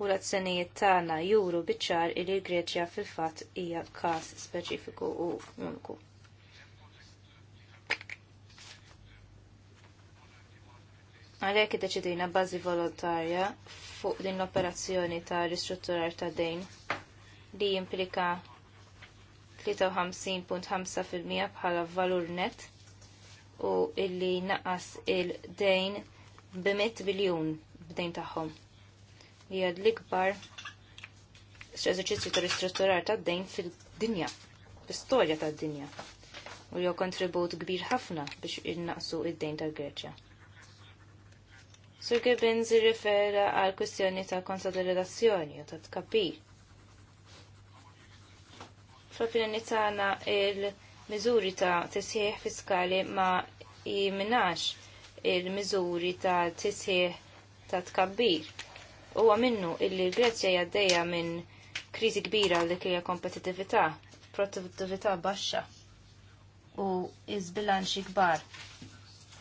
U l-azzjonijiet tagħna juru biċ-ċar l-Greċja fil-fatt hija każ speċifiku u uniku. Għalhekk iddeċidina bażi volontarja fuq din l-operazzjoni ta' ristrutturar ta' dejn li jimplika 53.5% bħala valur net u illi naqas il-dejn b-100 biljun b'dejn tagħhom. Li għad l-ikbar eżerċizzju ta' ristrutturar ta' dejn fil-dinja, fil-storja ta' dinja. U jo kontribut kbir ħafna biex innaqsu id-dejn ta' Greċja. Sur Gibbons jirrifera għal kwistjoni ta' konsolidazzjoni u ta' tkapir fl nitana il-miżuri ta' tisħiħ fiskali ma jiminax il-miżuri ta' tisħiħ ta' tkabbir. Huwa minnu illi l-Grezja jaddeja minn kriżi kbira li kija kompetittività, produttivita baxxa u izbilanċi kbar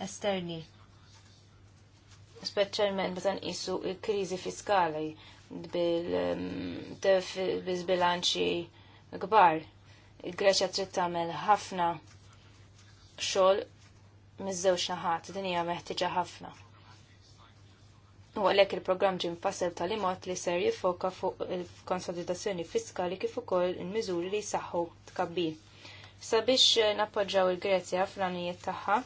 esterni. Speċjalment meta nqisu l kriżi fiskali bil-bilanċi mm, kbar. Il-Greċja trid tagħmel ħafna xogħol miż-żewġ naħat, din hija meħtieġa ħafna. U għalhekk il-programm ġie mfassel tal-imot li ser jiffoka fuq il-konsolidazzjoni fiskali kif ukoll il-miżuri li jsaħħu tkabbi. Sabiex eh, nappoġġaw il-Grezja fl-għanijiet tagħha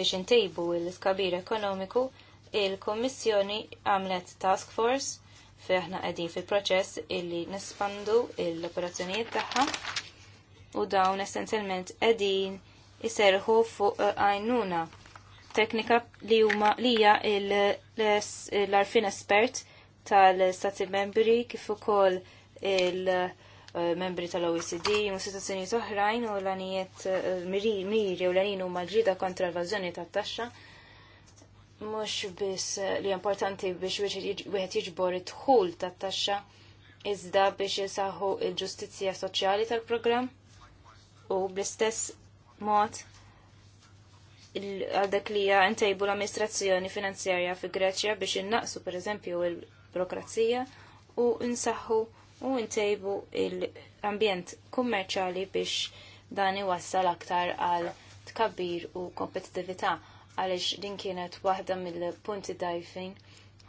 biex intejbu l-iskabir ekonomiku, il-Kommissjoni għamlet task force Feħna għedin qegħdin fil-proċess illi nespandu l-operazzjonijiet tagħha u dawn essenzjalment qegħdin iserħu fuq għajnuna teknika li huma lija l-arfin espert tal-stati membri kif ukoll il-membri tal-OECD u situazzjoni oħrajn u l-għanijiet eh, miri u l għanijiet huma ġrida kontra l-vażjoni tat-taxxa mhux biss li importanti biex wieħed jiġbor id-dħul tat-taxxa iżda biex jisaħħu il-ġustizzja soċjali tal-programm u bl-istess mod għal dak li hija ntejbu l-amministrazzjoni finanzjarja fi Greċja biex innaqsu pereżempju il-burokrazija u insaħħu u ntejbu l-ambjent kummerċali biex dan iwassal aktar għal tkabbir u kompetitività għaliex din kienet waħda mill-punti dajfin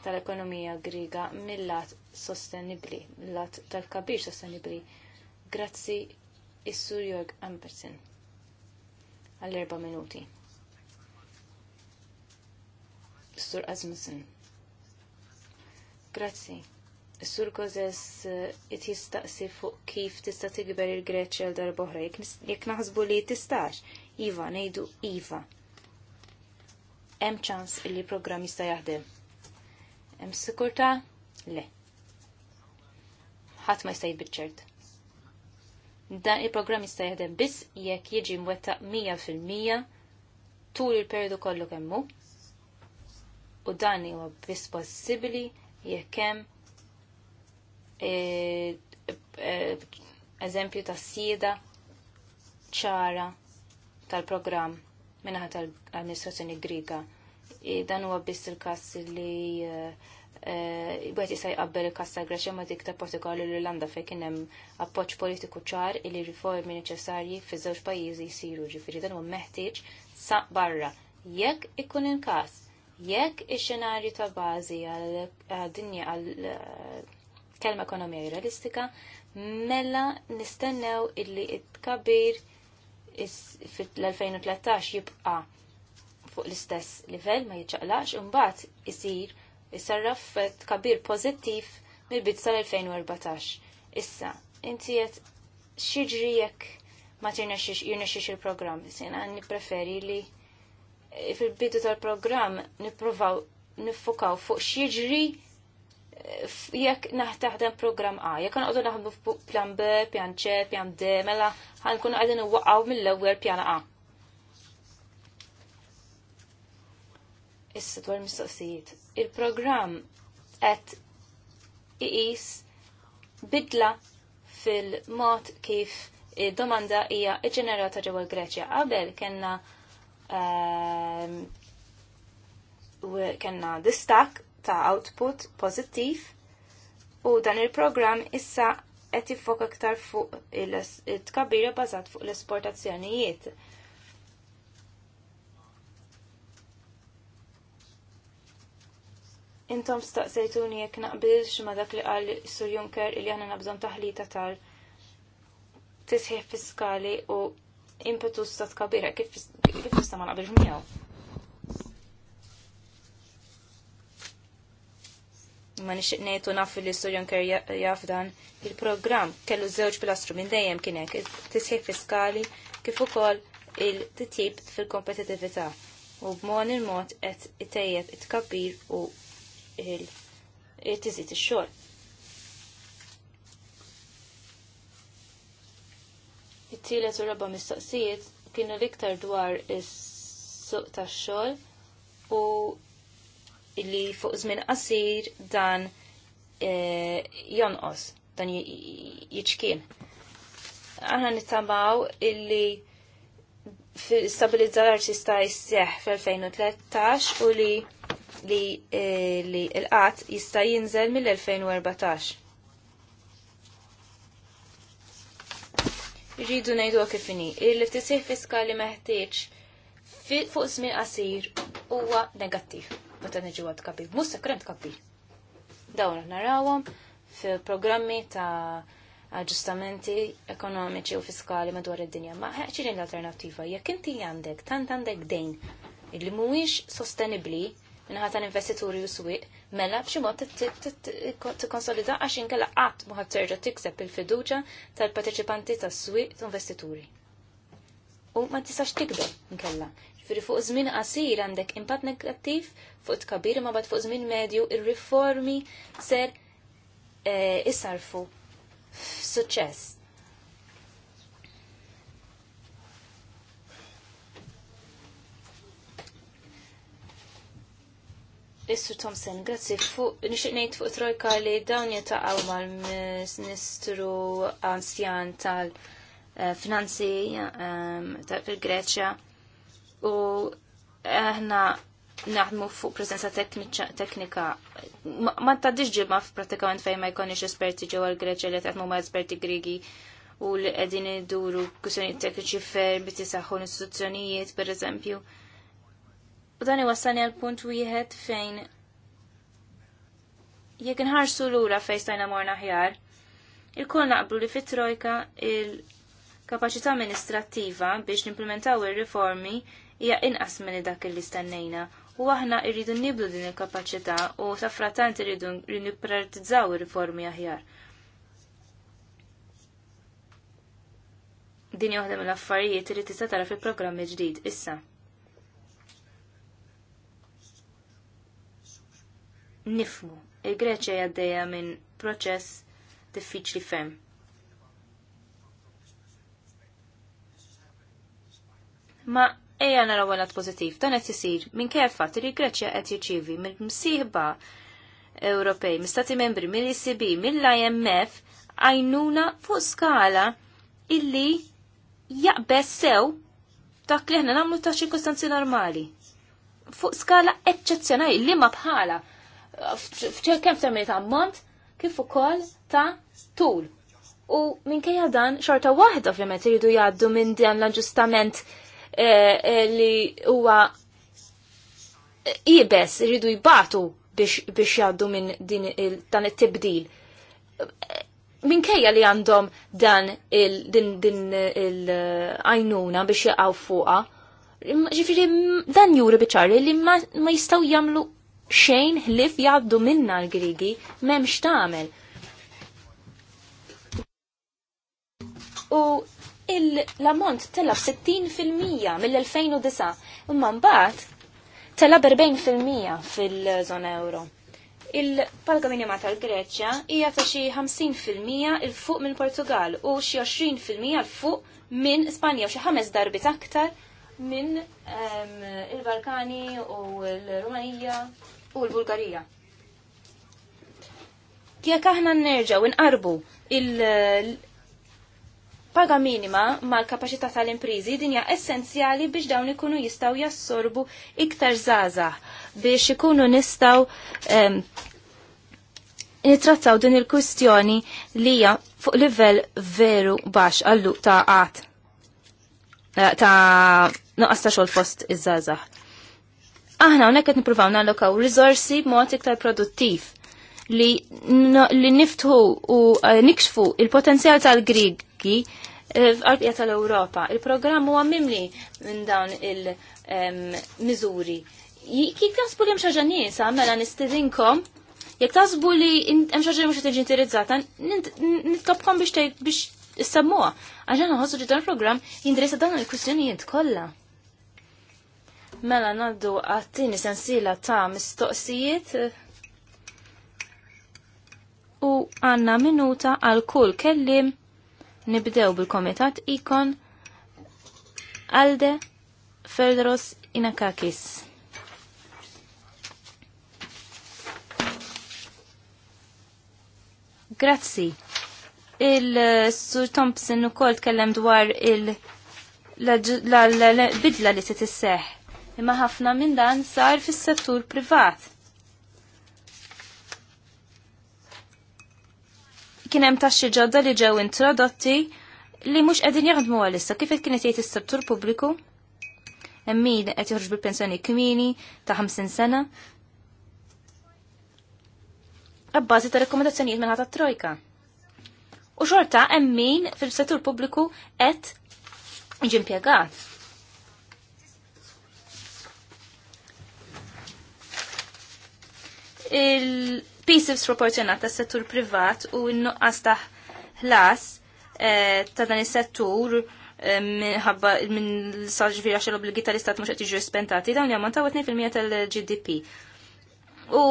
tal-ekonomija griga mill-lat sostenibli, mill-lat tal-kabir sostenibli. Grazzi is-Sur Jorg Ambersen għall-erba minuti. Sur Azmussen. Grazzi. Sur Gozes eh, it jistaqsi fuq kif tista tikber il-Greċja l darboħra jekk naħsbu li tistax. Iva, nejdu Iva hemm ċans li programm jista' jaħdem. Hemm sikurtà? Le. Ħadd ma jista' jitbiċċert. Dan il-programm jista' jaħdem biss jekk jiġi mwettaq 100% tul il perjodu kollu kemmu. U dan huwa biss possibbli jekk hemm eh, eh, eżempju ta' sieda ċara tal-programm minnaħat tal-amministrazzjoni Griga. Dan huwa biss il-kass li bħet eh, eh, jisaj qabbel il-kass ta' Greċja ma' dik ta' Portugal u l-Irlanda fej kien hemm appoġġ politiku ċar li riformi neċessarji fi żewġ pajjiżi jsiru ġifieri dan huwa meħtieġ sa' barra. Jekk ikun il-każ, jekk ix-xenarju ta' bażi għal-dinja għal eh, kelma ekonomija realistika, mela nistennew illi it-kabir fil-2013 jibqa fuq l-istess livell ma jiċċaqlax, imbagħad isir isarraf kabir pożittiv mill bit sal-2014. Issa, inti qed xiġri jekk ma tirnexxix il-programm, Sina nippreferi li fil-bidu tal-programm nippruvaw nifukaw fuq xiġri jekk naħtaħdem program A, jekk għanqodu naħdmu plan B, pjan C, pjan D, mela ħankunu għadin waqgħu mill-ewwel pjan A. Issa dwar mistoqsijiet. Il-programm qed iqis bidla fil-mod kif domanda hija ġenerata ġewwa Greċja. Qabel kellna ehm, kellna distak ta' output pozittiv u dan il-programm issa qed jiffoka aktar fuq il tkabbira bażat fuq l-esportazzjonijiet. Intom staqsejtuni jekk naqbilx ma dak li qal Sur Juncker li aħna nabżon taħlita tal tisħiħ fiskali u impetus ta' tkabira kif tista' ma naqbilx miegħu. ma nixtieq ngħidu naf l-istorjon ker jaf dan il-programm kellu żewġ pilastru minn dejjem kien hekk it-tisħib fiskali kif ukoll il-titjib fil-kompetitività u b'mod il-mod qed itejjeb it-tkabbir u il-tiżid ix-xogħol. it-tielet u rebba mistoqsijiet kienu l-iktar dwar is-suq tax-xogħol u li fuq żmien qasir dan e, jonqos, dan jiċkien. Aħna nittamaw illi stabilizzar sista jisseħ fl-2013 u li li e, li l-qatt jista' jinżel mill-2014. Rridu ngħidu kif inhi, il-ftisih fiskali meħtieġ fuq żmien qasir huwa negattiv meta niġu għad kabbi. Musa krent kabbi. Dawn narawhom fil-programmi ta' aġġustamenti ekonomiċi u fiskali madwar id-dinja. Ma ħeċin l-alternattiva, jekk inti għandek, tant għandek dejn illi mhuwiex sostenibbli l investituri u swieq, mela b'ximot t-konsolida għax inkella qatt muħat terġa tikseb il-fiduċa tal-parteċipanti tas swieq investituri. U ma tistax tikber inkella. Fri fuq żmien qasir għandek impatt negattiv fuq tkabir ma bad fuq żmien medju ir-riformi ser eh, isarfu f'suċċess. Issu Thompson, grazzi. Fuq, nixiq nejt fuq trojka li dawn jitaqaw mal-ministru anzjan tal-finanzi eh, eh, fil-Greċja u aħna naħdmu fuq presenza teknika. Ma taddix ġibma f'pratikament fejn ma jkonix esperti ġewwa l-Greċja li qed ma esperti Grigi u li qegħdin iduru kwistjoni tekniċi fer biex tisaħħu l-istituzzjonijiet pereżempju. U dan iwassani għal punt wieħed fejn jekk inħarsu lura fejn stajna morna ħjar, il-kol naqblu li fit-trojka il-kapaċità amministrattiva biex nimplementaw ir-riformi hija inqas minn dak li stennejna u aħna irridu niblu din il-kapacità u saffratant irridu niprioritizzaw ir-riformi aħjar. Din waħda mill-affarijiet irrid tista' tara fil-programm ġdid issa. Nifmu, il-Greċja għaddejja minn proċess diffiċli fem. Ma ejja nara għalat pozittiv. Dan qed isir minn fatt li Greċja qed jirċievi mill-msieħba Ewropej, stati membri, mill-ECB, mill-IMF għajnuna fuq skala illi jaqbess sew dak li ħna nagħmlu ta' ċirkostanzi normali. Fuq skala eċċezzjonali li ma bħala f'kemm ta' ammont kif ukoll ta' tul. U minkejja dan xorta waħda ovvjament iridu jgħaddu minn dan l-aġġustament Eh, eh, li huwa ibes rridu jibatu biex jaddu minn din dan it-tibdil. Minkejja li għandhom dan din il-għajnuna eh, biex jaqaw fuqa, ġifiri dan juri biċarri li ma jistaw jamlu xejn ħlif jaddu minna l-Grigi memx tamel. U l-ammont tela 60 mill-2009 imma mbagħad tela 40 fil-żona euro. Il-palga minima tal-Greċja hija ta' xi 50% il fuq minn Portugal u xi 20% il fuq minn Spanja u xi ħames darbit aktar minn ehm, il-Balkani u l-Rumanija u l-Bulgarija. Kiek aħna nerġa' u nqarbu paga minima mal-kapacità tal-imprizi hija essenzjali biex dawn ikunu jistgħu jassorbu iktar zaza biex ikunu nistgħu um, din il kwistjoni li hija fuq livell veru baxx għallu ta' qat eh, ta' nuqqas ta' xogħol fost iż-żgħażagħ. Aħna hawnhekk qed nippruvaw nallokaw riżorsi b'mod iktar produttiv li, niftħu u eh, nikxfu il-potenzjal tal-Grig riski eh, f'qarbija tal-Ewropa. Il-programm huwa mimli minn dawn il-miżuri. Kif taħsbu li hemm xaġa niesa mela nistidinkom jekk tasbu li hemm xaġa mhux tiġi interizzata, nitkabkom biex biex issammuha. Għax aħna ħossu li dan il-programm jindirissa dawn il-kwistjonijiet kollha. Mela naddu għattini sensila ta' mistoqsijiet u għanna minuta għal kull kellim Nibdew bil-komitat ikon Alde Feldros Inakakis. Grazzi. Il-Sur Thompson u kol tkellem dwar il-bidla li se tisseħ. Imma ħafna minn dan sar fis-settur privat kien hemm taxxi ġodda li ġew introdotti li mhux qegħdin jaħdmu għalissa kif qed kienet jgħid is-settur pubbliku hemm min qed joħroġ bil-pensjoni kmini ta' 50 sena Abbażi ta' rekomendazzjonijiet minn ħata trojka. U xorta hemm min fil-settur pubbliku qed jiġi impjegat. Il tisib sproporzjonat ta' settur privat u n-nuqqas ta' ħlas eh, ta' dan is-settur eh, minħabba minn saġvira xel obligi tal-istat mux għetiġu spentati, dawn jammontaw 2% tal-GDP. U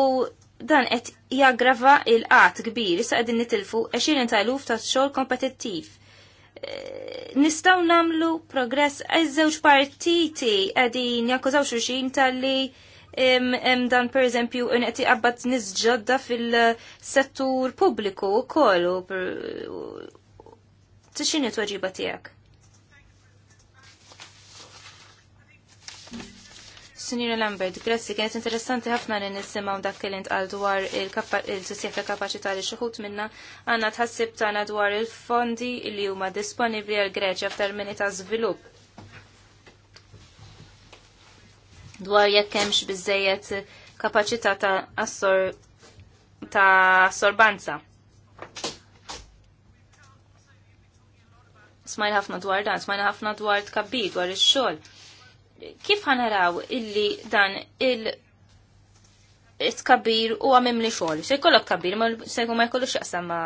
dan qed jaggrava il-qat kbir, issa qegħdin nitilfu 20,000 ta' xogħol kompetittiv. Eh, nistgħu namlu progress għaż żewġ partiti qegħdin jakkużaw xulxin tal-li Em dan in qed iqabbad nies ġodda fil-settur pubbliku wkoll u x'inhi twaġiba tiegħek. Sinjura Lambert, grazzi, kienet interessanti ħafna li nisimgħu dak li ntqal dwar il-sistema ta' kapaċità li xuħut minna għandna tħassib tagħna dwar il-fondi li huma disponibbli għal Greċja f'termini ta' żvilupp dwar jekk hemmx biżejjed kapaċità ta' assor ta' assorbanza. Smajna ħafna dwar dan, smajna ħafna dwar tkabbi, dwar ix-xogħol. Kif ħanaraw illi dan il- tkabbir u għamim li xol. Se jkollok tkabbir, ma se ma jkollok xaqsa ma,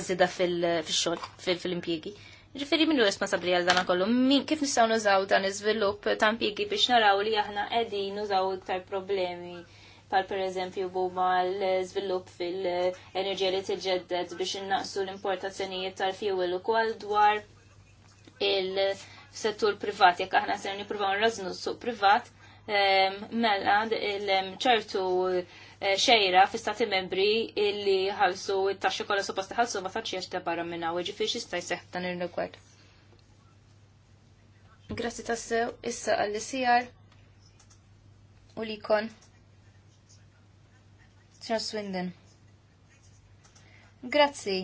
zida fil-xol, fil-impjegi. fil xol fil impiegi fil Ġifiri minn responsabli għal dan kollu, min kif nistgħu nużaw dan iżvilupp ta' impjiegi biex naraw li aħna qegħdin nużaw iktar problemi pal per eżempju buma l-svilup fil-enerġija li tiġġedded biex innaqsu l-importazzjonijiet tal-fuel u kol dwar il-settur privat, jekk aħna ser nippruvaw nrażnu suq privat, mela ċertu Eh, xejra fi stati membri illi ħalsu it-taxxi kollha suppost ħalsu ma tantx jaċta barra minn hawn, ġifiex jista' jseħħ dan il rigward Grazzi tassew, issa għalli sijar u li kon. Swindon. Grazzi.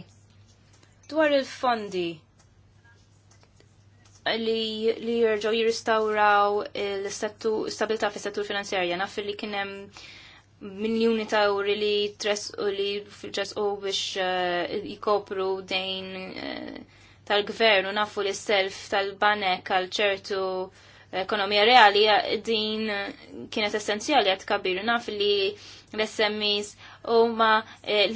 Dwar il-fondi li li jirġgħu jiristawraw l-istabilta fis-settur finanzjarja naf li kien hemm miljoni ta' uri li tres u li fil-ċas u biex eh, jikopru dejn eh, tal-gvern u nafu li self tal-banek għal ċertu ekonomija reali eh, din kienet essenzjali għat kabir. Naf li l-SMEs u ma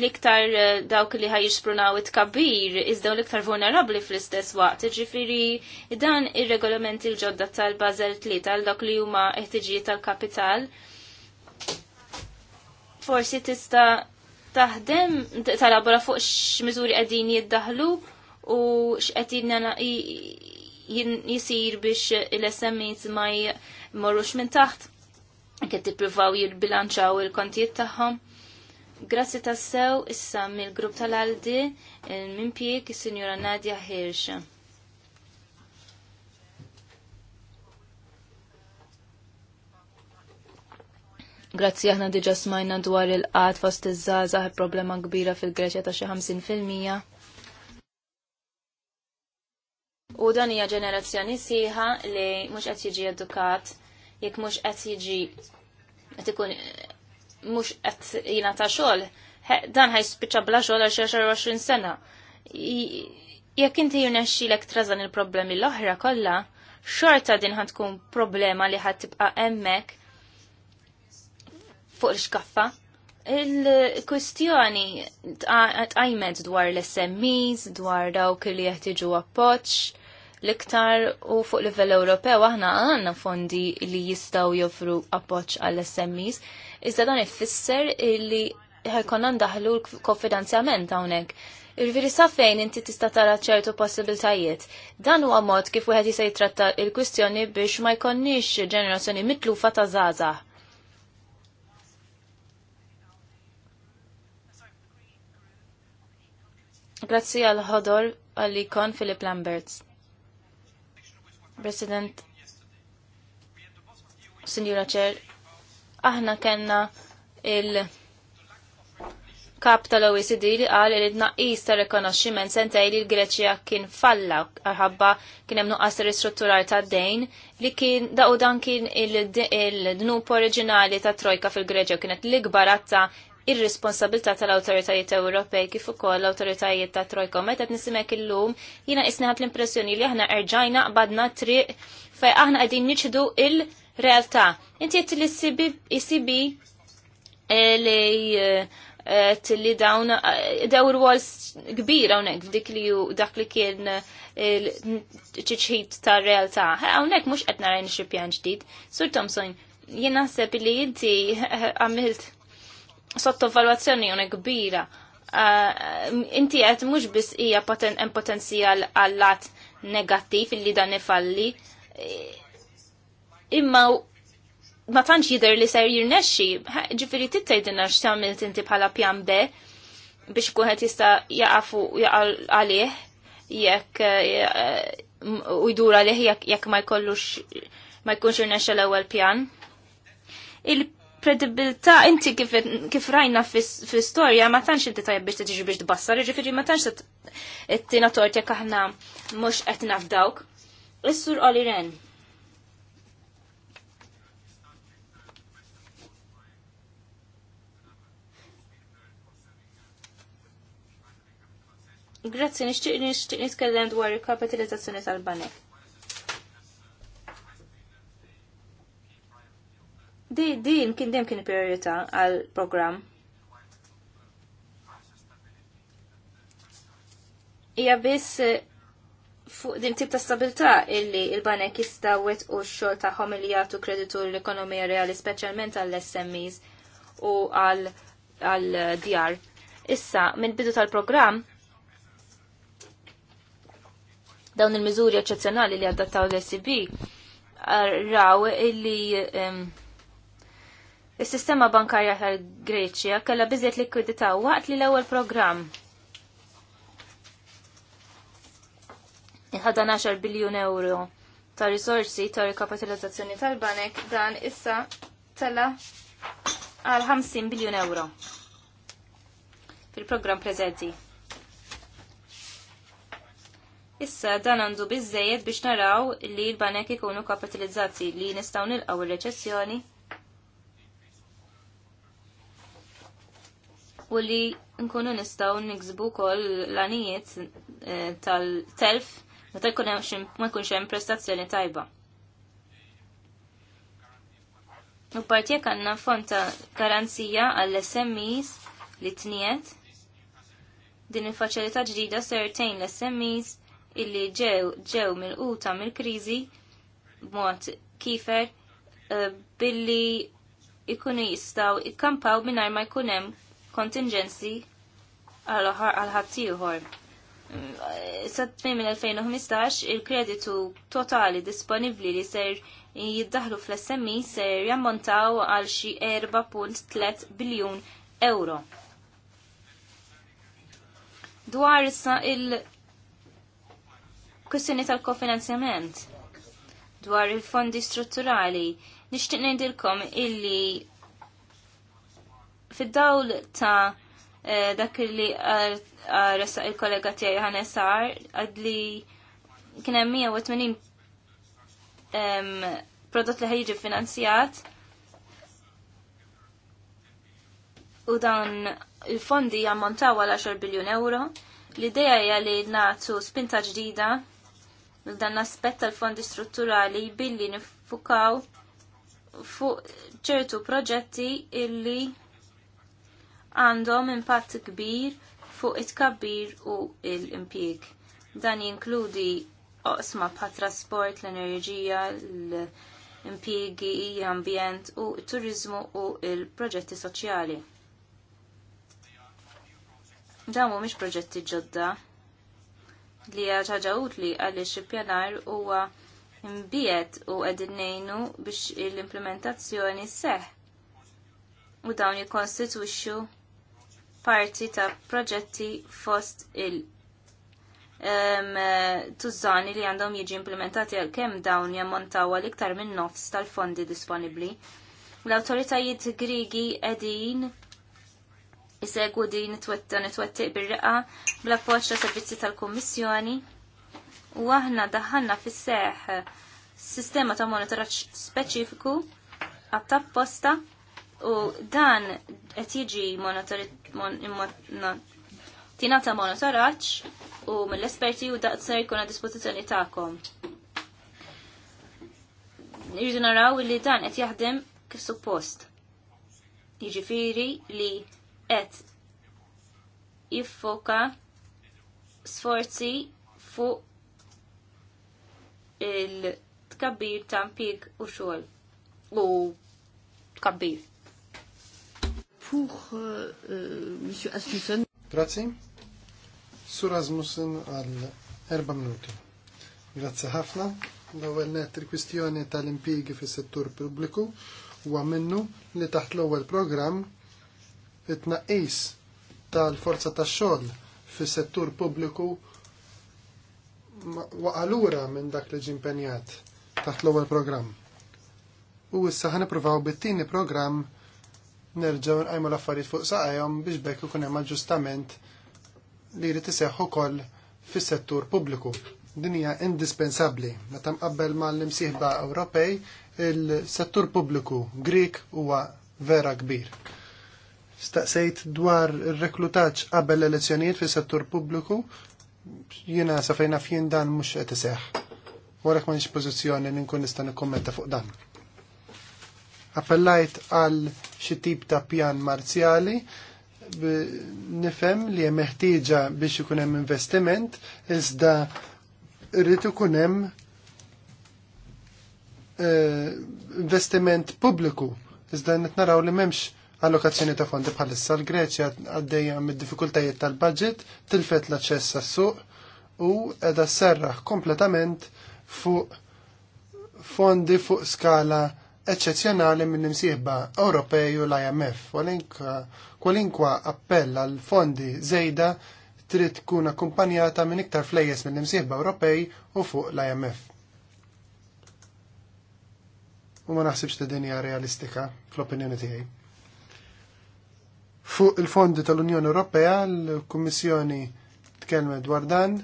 liktar dawk li jisprunaw it-kabir izdaw liktar vulnerabli fl-istess waqt. Ġifiri, dan il-regolament il-ġodda tal-Bazel 3 tal dawk li huma ħtiġijiet tal-kapital forsi tista' taħdem talabora fuq x'miżuri qegħdin jiddaħlu u x'qegħdin jisir biex il smes ma jmorrux minn taħt qed tippruvaw bilanċaw il-kontijiet taħħom. Grazzi tassew issa mill-grupp tal-Aldi minn pjek is signora Nadja Hirsch. Grazzi aħna diġa smajna dwar il-qad fost iż-żgħażagħ problema kbira fil-Greċja ta' xi 50%. U dan hija ġenerazzjoni sieħa li mhux qed jiġi edukat, jekk mhux qed jiġi qed ikun mhux qed jingħata xogħol, dan ħajspiċċa bla xogħol għal xi sena. Jekk inti jirnexxilek trażan il-problemi l-oħra kollha, xorta din ħad tkun problema li ħad tibqa' hemmhekk fuq l-xkaffa. Il-kwistjoni tqajmet dwar l-SMEs, dwar dawk li jeħtiġu appoġġ l-iktar u fuq livell Ewropew aħna għandna fondi li jistgħu joffru appoġġ għall-SMEs, iżda dan ifisser li ħajkonna ndaħlu l-konfidanzjament hawnhekk. Irviri sa fejn inti tista' tara ċertu possibiltajiet. Dan huwa mod kif wieħed jista' jitratta l-kwistjoni biex ma jkonniex ġenerazzjoni mitlufa ta' żgħażagħ Grazzi għal ħodor għalli kon Philip Lamberts. President, Signora Cher, aħna kenna il- kap tal-OECD li qal li tnaqqis ta' rekonoxximent sentaj li l-Greċja kien falla ħabba kien hemm nuqqas ristrutturar ta' dejn li kien u dan kien il-dnub oriġinali ta' Trojka fil-Greċja kienet l-ikbar ir-responsabilità tal-awtoritajiet Ewropej kif ukoll l-awtoritajiet ta' Trojka. Meta qed nisimek illum jiena isniħat l-impressjoni li aħna erġajna qbadna triq fej aħna qegħdin niċdu il-realtà. Inti qed l-ICB li tilli eh, eh, dawn daw eh, rwol kbir hawnhekk f'dik li dak li kien ċiċħid ta' realtà. Hawnhekk mhux qed nara xi pjan ġdid. Sur Thomson, jien naħseb li inti għamilt sottovalwazzjoni unek kbira. Eh, inti qed mhux biss hija poten, potenzjal għallat negattiv illi dan ifalli. Eh, imma ma tantx jidher li ser jirnexxi, dinna tittejdilna x'tagħmel inti bħala pjan B biex kuħet jista' jaqafu għalih jekk eh, u jdur għalih jekk ma jkollux ma jkunx irnexxa l-ewwel pjan. Il kredibilità inti kif, kif rajna fl storja ma tantx inti tajab biex tiġi biex tbassar, jiġifieri ma tantx tina tort jekk aħna mhux qed nafdawk. Is-sur Oli Ren. Grazzi, nixtieq nixtieq nitkellem dwar il-kapitalizzazzjoni tal-banek. Di din kien dem kien priorità għal program. Ija biss eh, fuq din tip ta' stabilità illi il-banek jista' wet u xol ta' li kreditu l-ekonomija reali speċjalment għall-SMEs u għall-DR. Issa, minn bidu tal-programm, dawn il-miżuri eccezzjonali li adattaw l-SB eh, raw illi Is-sistema bankarja tal-Greċja kellha biżiet likwidità waqt li l-ewwel programm. Iħadan 10 biljun euro ta' risorsi ta' rikapitalizzazzjoni tal-banek dan issa tella għal 50 biljun euro fil-programm preżenti. Issa dan għandu biżejjed biex naraw li l-banek ikunu kapitalizzati li nistgħu nilqgħu ir-reċessjoni u li nkunu nistaw nikzbu kol l-anijiet eh, tal-telf ma jkunx hemm prestazzjoni tajba. U partijek għanna ta' garanzija għall-SMEs li tniet. Din il-faċilità ġdida sertejn l-SMEs illi ġew ġew mill-quta mill-kriżi b'mod kifer eh, billi ikunu jistaw ikkampaw mingħajr ma jkun hemm kontingenzi għal ħaddieħor. Mm, sa tmiem 2015 il-kreditu totali disponibbli li ser jiddaħlu fl-SMI e ser jammontaw għal xi 4.3 biljun euro. Dwar issa il-kwistjoni tal-kofinanzjament, dwar il-fondi strutturali, nixtieq ngħidilkom illi fid-dawl ta' eh, dak li resa il-kollega tiegħi Johannes Sar għadli kien hemm 180 prodott li ħajġi finanzjat u dawn il-fondi jammontaw għal 10 biljun euro. L-ideja hija li nagħtu spinta ġdida dan l-aspett tal-fondi strutturali billi nifukaw fuq ċertu proġetti illi għandhom impatt kbir fuq it-kabbir u l-impjieg. Dan jinkludi oqsma pa' trasport, l-enerġija, l-impjiegi, ambjent u t-turiżmu u l-proġetti soċjali. Dawn mhumiex proġetti ġodda li ħaġa utli għaliex il-pjanar huwa imbiet u qegħdin ngħinu biex l-implementazzjoni seħ u dawn jikkonstitwixxu parti ta' proġetti fost il- um, tużani li għandhom jiġi implementati għal kem dawn jammontaw għal iktar minn nofs tal-fondi disponibli. L-autoritajiet Grigi edin isegwu din twetta nitwettiq bir riqa bl-appoġġ ta' servizzi tal-Kummissjoni u aħna daħanna fis-seħ sistema ta' monitoraġġ speċifiku għat-tapposta u dan qed jiġi monitorit mona saraċ u mill-esperti u daqser jkun għad dispozizjoni ta'kom. Irridu naraw li dan qed jaħdem kif suppost. Jiġifieri li qed jiffoka sforzi fuq il-tkabbir ta' impjieg u xogħol u tkabbir pour euh, euh, Monsieur Asmussen. Grazie. Sur Asmussen għal erba minuti. Grazie ħafna. L-ewwel net il-kwistjoni tal-impjiegi fis-settur pubbliku huwa minnu li taħt l-ewwel programm it-tnaqqis tal-forza tax-xogħol fis-settur pubbliku waqalura minn dak li ġimpenjat taħt l-ewwel programm. U issa ħan nippruvaw bit-tieni programm nerġaw nqajmu l-affarijiet fuq saqajhom biex bekk ikun hemm aġġustament li jrid iseħħ ukoll fis-settur pubbliku. Din hija indispensabbli meta mqabbel mal-imsieħba Ewropej il-settur pubbliku grek huwa vera kbir. Staqsejt dwar ir-reklutaġġ qabel l-elezzjonijiet fis-settur pubbliku jiena sa fejna fjien dan mhux qed iseħħ. Warek ma nix pożizzjoni li nkun nista' nikkummenta fuq dan. Appellajt għal xi tip ta' pjan marzjali nifhem li hemm meħtieġa biex ikun hemm investiment iżda rrid ikun hemm eh, investiment pubbliku iżda qed naraw li m'hemmx allokazzjoni ta' fondi bħalissa l-Greċja għaddejja mid-diffikultajiet tal-budget tilfet l-aċċess għas-suq u qiegħda sserraħ kompletament fuq fondi fuq skala eccezjonali minn imsieħba Ewropej u l-IMF. Kwalinkwa appell għal fondi zejda trid tkun akkumpanjata minn iktar flejjes minn imsieħba Ewropej u fuq l-IMF. U ma naħsibx ta' dinja realistika fl-opinjoni tiegħi. Fuq il-fondi tal-Unjoni Ewropea l-Kummissjoni tkellmet dwar dan,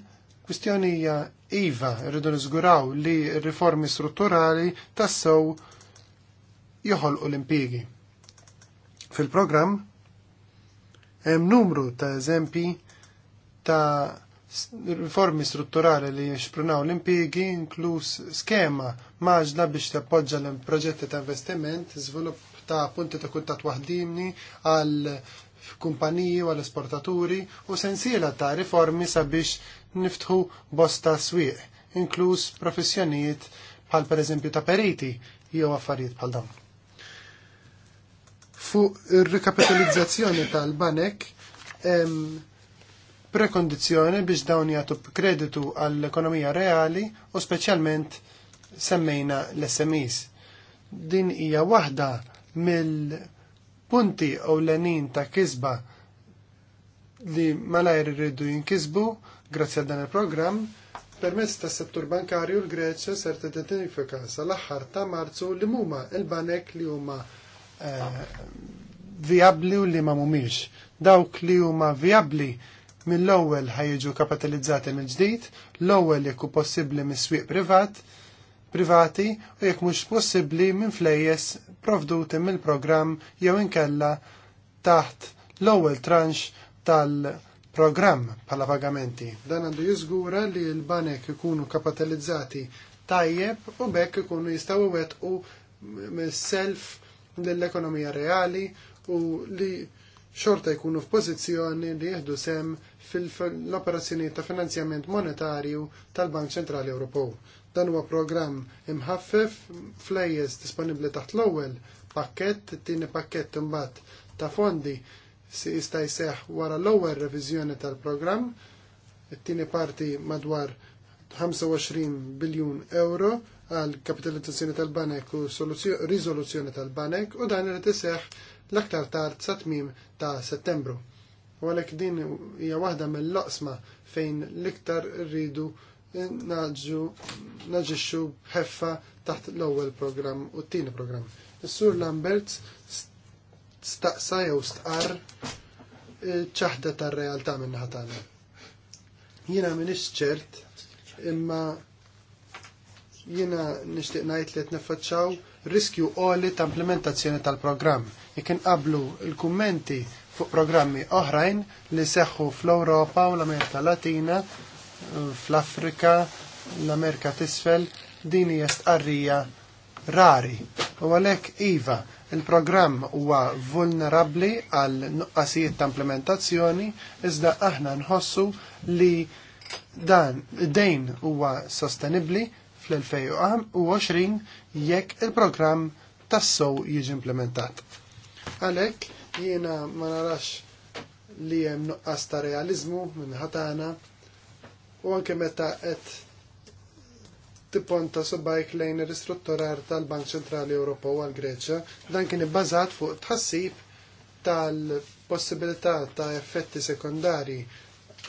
kwistjoni hija iva rridu niżguraw li r riformi strutturali tassew joħolqu l Fil-programm hemm numru ta' eżempji ta' riformi strutturali li xprunaw l-impjiegi inkluż skema maġna biex tappoġġa l-proġetti ta' investiment, żvilupp ta' punti ta' kuntat waħdini għal kumpaniji u għal-esportaturi u sensiela ta' riformi sabiex niftħu bosta swieq, inkluż professjonijiet bħal per eżempju ta' periti jew affarijiet bħal dawn. Fuq ir-rikapitalizzazzjoni tal-banek prekondizjoni biex dawn jagħtu kreditu għall-ekonomija reali u speċjalment semmejna l-SMEs. Din hija waħda mill-punti ewlenin ta' kisba li malajr irridu jinkisbu grazzi għal dan il-programm permezz tas settur bankarju l-Greċja ser tidentifika sal-aħħar ta' Marzu li muma il-banek li huma Eh, viabli u li ma mumiex. Dawk li huma viabli mill-ewwel ħajġu kapitalizzati mill-ġdid, l-ewwel jekk possibbli mis-swieq privat, privati u jekk mhux possibbli minn flejjes provduti mill-programm jew inkella taħt l-ewwel tranche tal-programm bħala pagamenti. Dan għandu jiżgura li l-banek ikunu kapitalizzati tajjeb u bekk ikunu jistgħu mis self lill-ekonomija reali u li xorta jkunu f'pożizzjoni li jieħdu sem fil-operazzjonijiet ta' finanzjament monetarju tal-Bank Ċentrali Ewropew. Dan huwa programm imħaffef flejjes disponibbli taħt l-ewwel pakkett, tieni pakkett imbagħad ta' fondi si jista' jseħħ wara l-ewwel reviżjoni tal-programm, it-tieni parti madwar 25 biljun euro għal kapitalizzazzjoni tal-banek u rizoluzzjoni tal-banek u dan irid iseħħ l-aktar tard sa tmim ta' Settembru. U għalhekk din hija waħda mill-loqsma fejn l-iktar rridu naġixxu ħeffa taħt l-ewwel programm u t-tieni programm. Is-Sur Lambert staqsa jew stqar ċaħda tar-realtà minn tagħna. Jiena m'iniex ċert imma Jiena nixtieq ngħid li qed niffaċċaw riskju qoli ta' implementazzjoni tal-programm. Jekk qablu l-kummenti fuq programmi oħrajn li seħħu fl-Ewropa u l-Amerika Latina, fl-Afrika, l-Amerika t'isfel, din hija stqarrija rari. U għalhekk iva, il-programm huwa vulnerabbli għal nuqqasijiet ta' implementazzjoni iżda aħna nħossu li dan dejn huwa sostenibbli fl-2020 jekk il-programm tassow jiġi implementat. Għalhekk jiena ma narax li hemm nuqqas ta' realiżmu minn ħatana u anke meta qed tipponta subajk lejn ir-ristrutturar tal-Bank Ċentrali Ewropew għal Greċja, dan kien ibbażat fuq tħassib tal-possibilità ta' effetti sekondari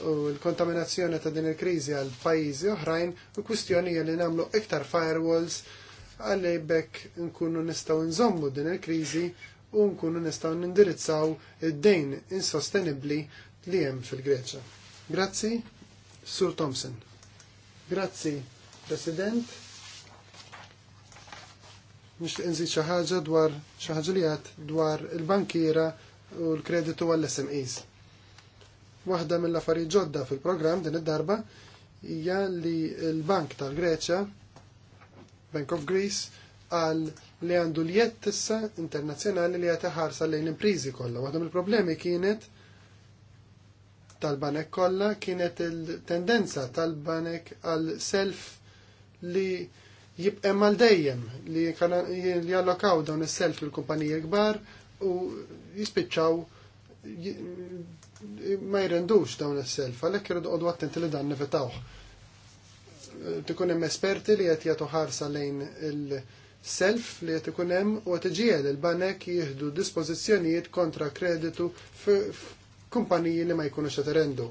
u l-kontaminazzjoni ta' din il-kriżi għal pajjiżi oħrajn u kwistjoni li nagħmlu iktar firewalls għalli bekk nkunu nistgħu nżommu din il-kriżi u nkunu nistgħu nindirizzaw id-dejn insostenibbli li hemm fil-Greċja. Grazzi, Sur Thompson. Grazzi, President. Nixtieq inżid xi ħaġa dwar xi ħaġa li dwar il-bankiera u l-kreditu għall-SMEs Waħda mill-affarijiet ġodda fil-programm din id-darba hija li l-Bank tal-Greċja, Bank of Greece, għal li għandu liet tissa internazjonali li għata ħarsa lejn imprizi kollha. Waħda mill-problemi kienet tal-banek kollha kienet il-tendenza tal-banek għal self li jibqem għal dejjem li jallokaw dawn is-self il-kumpaniji kbar u jispiċċaw ma jirrendux dawn is-self, għalhekk irridu qogħdu attenti li dan nivitawh. Eh, Tikun hemm esperti li qed jagħtu ħarsa lejn il-self li qed ikun hemm u qed iġiegħed il-banek jieħdu dispożizzjonijiet kontra kreditu f'kumpaniji li ma jkunux qed irendu.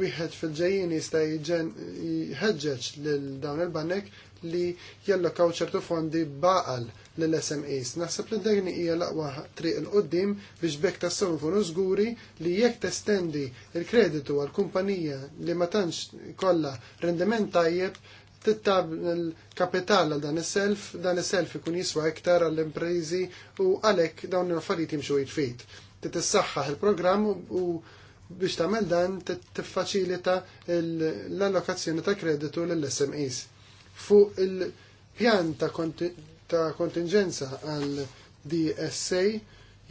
Wieħed fil-ġejjin jista' jħeġġeġ lil dawn il-banek li jallokaw ċertu fondi baqal l-SMEs. Naħseb li degni hija l-aqwa triq il-qoddim biex bekk tassum funu zguri li jekk testendi il-kreditu għal kumpanija li ma tantx kollha rendiment tajjeb tittab il-kapital għal dan is-self, dan is-self ikun jiswa iktar għall-imprezi u għalhekk dawn l-affarijiet imxu jitfit. Titissaħħaħ il-programm u biex tagħmel dan tiffaċilita l-allokazzjoni ta' kreditu lill smes Fuq il-pjan ta' ta' kontingenza għal DSA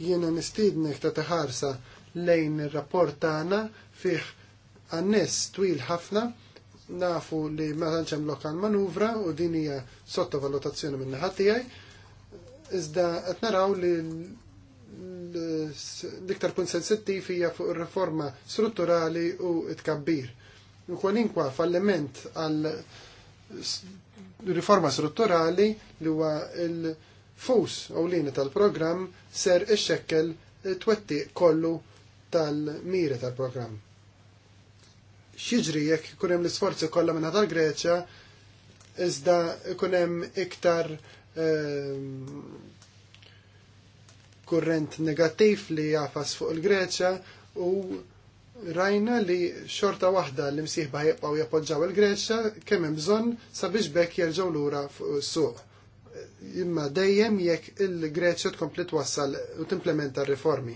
jiena nistidnek ta' taħarsa lejn ir-rapport tagħna fih għannis twil ħafna nafu li ma tanċem lokal manuvra u din hija sottovalutazzjoni minn naħa tiegħi. Iżda qed naraw li l-iktar punt sensittiv hija fuq ir-riforma strutturali u t tkabbir. Kwalinkwa falliment għal riforma strutturali li huwa il fus lini tal-programm ser ixxekkel twetti kollu tal-mira tal-programm. Xiġri jekk kunem l-isforzi kollha minn tal-Greċja iżda kunem hemm iktar ehm, kurrent negattiv li jafas fuq il-Greċja u rajna li xorta waħda li msieħba jibqaw jappoġġaw il greċa kemm hemm bżonn sabiex bekk jerġgħu lura fuq suq. Imma dejjem jekk il-Greċja tkompli twassal u timplementa r-riformi.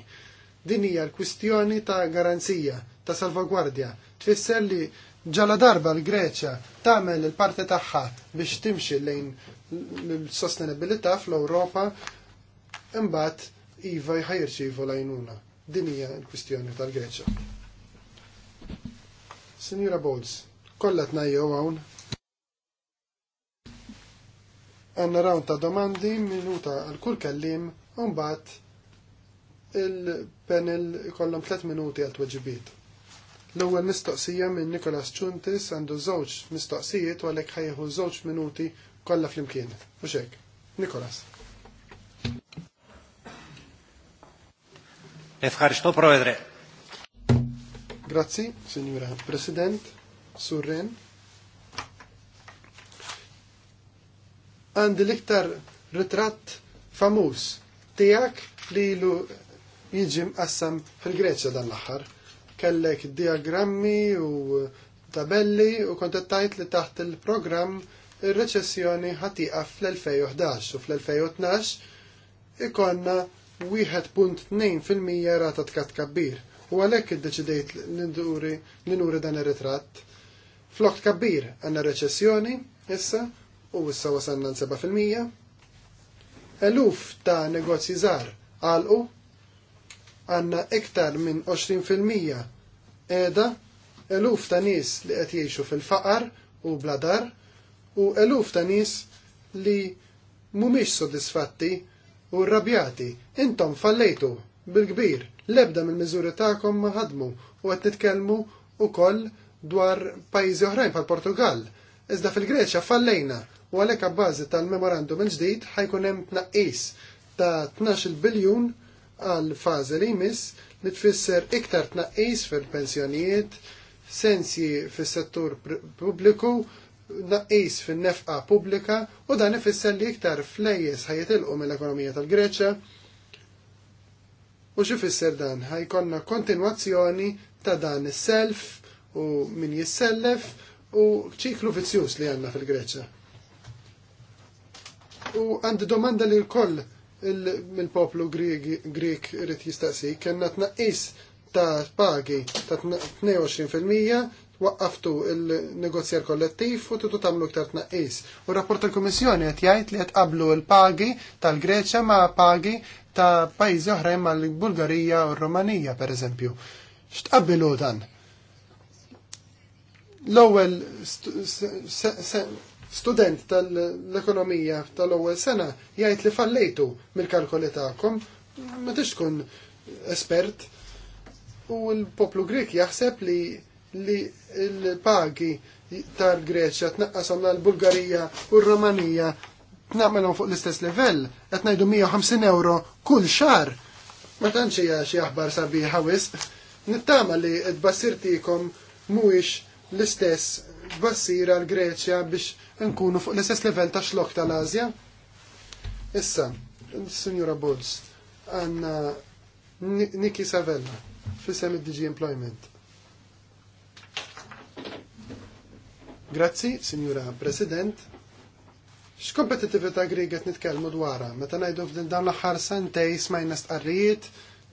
Din hija l-kwistjoni ta' garanzija, ta' salvagwardja. Tfisser li ġala darba l-Greċja tagħmel il-parti tagħha biex timxi lejn l-sostenibilità fl-Ewropa imbagħad iva jħajrċivu lajnuna. Din hija l-kwistjoni tal-Greċja. Signora Bowles, kollha tnajjew hawn. Għanna rawn ta' domandi minuta għal kull kellim u il-panel kollom tliet minuti għal tweġibiet. L-ewwel mistoqsija minn Nikolas Ċuntis għandu żewġ mistoqsijiet u għalhekk ħajjeħu żewġ minuti kollha flimkien. Mhux hekk. Nikolas. Ευχαριστώ, Πρόεδρε. Grazzi, Signora President, Surren. Għandi l-iktar ritratt famuż tiegħek li lu jiġi mqassam fil-Greċja dan l-aħħar. Kellek diagrammi u tabelli u kontettajt li taħt il-programm ir-reċessjoni ħatiqa fl-2011 u fl-2012 ikonna 1.2% rata tkat kabbir. U għalhekk iddeċidejt ninduri ninduri dan ir-ritratt. Flokt kabbir għandna reċessjoni issa u issa wasanna 7%. Eluf ta' negozji żgħar għalqu għandna iktar minn 20% qiegħda eluf ta' nies li qed jgħixu fil-faqar u bladar u eluf ta' nies li mhumiex sodisfatti u rrabjati. Intom fallejtu bil-kbir. Lebda mill-miżuri tagħkom ma ħadmu u qed nitkellmu koll dwar pajjiżi oħrajn bħal Portugal. Iżda fil-Greċja fallejna u għalhekk abbażi tal-memorandum il-ġdid ħajkun hemm tnaqqis ta' 12 biljun għal fażi li jmiss li tfisser iktar tnaqqis fil-pensjonijiet, sensi fis-settur pubbliku, naqqis fin-nefqa pubblika u dan ifisser li iktar flejjes ħajitilqu mill-ekonomija tal-Greċja U xifisser dan, ħajkonna kontinuazzjoni ta' dan is-self u min jissellef u ċiklu vizzjuż li għanna fil-Greċa. U għand domanda li l-koll il-poplu Grek rrit jistaqsi, kena tnaqis ta' pagi ta' 22% waqqaftu il-negozjar kollettiv u tutu tagħmlu ktar tnaqqis. U rapport tal-Kummissjoni qed jgħid li qed qablu l-pagi tal-Greċja ma' pagi ta' pajjiżi oħrajn l bulgarija u r-Romanija eżempju. X'tqabbilu dan? L-ewwel student tal-ekonomija tal-ewwel sena jgħid li fallejtu mill-kalkoli tagħkom, ma tix tkun espert u l-poplu Grek jaħseb li li l-pagi tar greċja tnaqqasam l-Bulgarija u r-Romanija tnaqmelhom fuq l-istess livell, qed ngħidu 150 euro kull xar. Ma tantx hija xi aħbar sabiħa wisq. Nittama li tbassir tikom mhuwiex l-istess bassir għal Greċja biex nkunu fuq l-istess livell ta' xlok tal-Asja. Issa, Signora Bulls, għanna Niki Savella, fissem id-DG Employment. Grazzi, Signora President. X'kompetittività griget nitkellmu dwarha meta ngħidu f'din dawn l-aħħar sentej smajna stqarrijiet,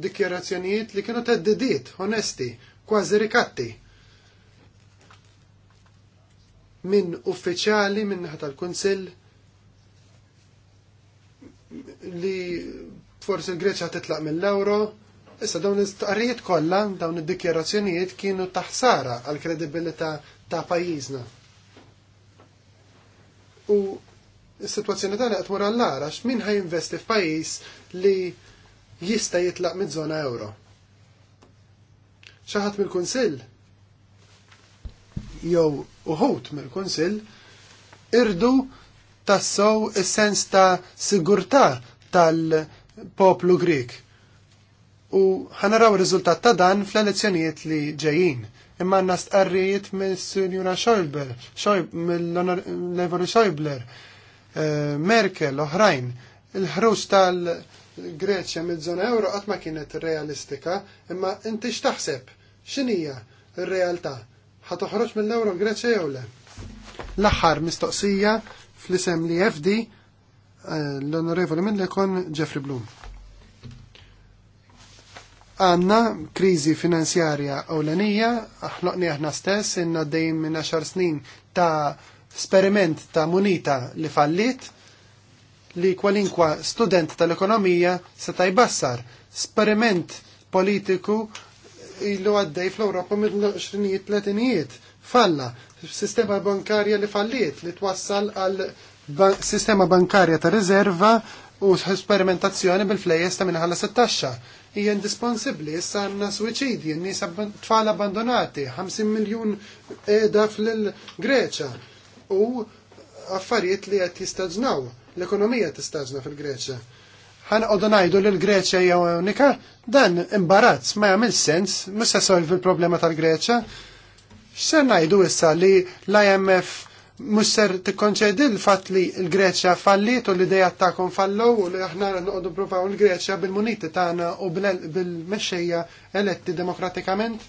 dikjerazzjonijiet li kienu teddidiet, onesti, kważi rikatti Min uffiċjali minn tal-Kunsill li forsi l-Greċja titlaq mill-euro. Issa dawn l-istqarrijiet kollha, dawn id-dikjerazzjonijiet kienu taħsara għal kredibilità ta' pajjiżna. U s-situazzjoni tal qed wara l-ara x'min ħajinvesti f'pajjiż li jista' jitlaq mid-żona euro. Xi ħadd mill-Kunsill jew uħut mill-Kunsill irdu tassow is-sens ta' sigurtà tal-poplu Grik. U ħanaraw riżultat ta' dan fl-elezzjonijiet li ġejjin imma għanna stqarrijiet mill-Sinjura Schäuble, mill-Levoli Schäuble, eh, Merkel, oħrajn. Il-ħruġ tal-Greċja mill-żona euro qatt ma kienet realistika, imma inti x'taħseb? X'inhija r-realtà? Ħa toħroġ mill-euro Greċja jew le? L-aħħar mistoqsija fl-isem li FD eh, l-Onorevoli minn li kon Jeffrey Bloom għanna krizi finanzjarja ewlenija, aħloqni aħna stess, inna dejjem minn 10 snin ta' speriment ta' munita li fallit, li kwalinkwa student tal-ekonomija seta' jbassar. speriment politiku illu għaddej fl-Europa mill-20 30 falla. Sistema bankarja li falliet li twassal għal sistema bankarja ta' rezerva u sperimentazzjoni bil-flejes ta' minħalla 16 hija indispensibbli issa għandna suwiċidi, n-nies tfal abbandonati, 50 miljun qiegħda fil-Greċa u affarijiet li qed jistaġnaw, l-ekonomija tistaġna fil-Greċa. Ħan qogħdu ngħidu li l-Greċja hija unika, dan imbarazz ma jagħmel sens, mhux se solvi l-problema tal-Greċja. X'se ngħidu issa li l-IMF musser tikkonċedi l-fat li l-Greċja fallit u l-ideja kon fallow u li aħna nqogħdu provaw l-Greċja bil-muniti tagħna u bil mesċeja eletti demokratikament?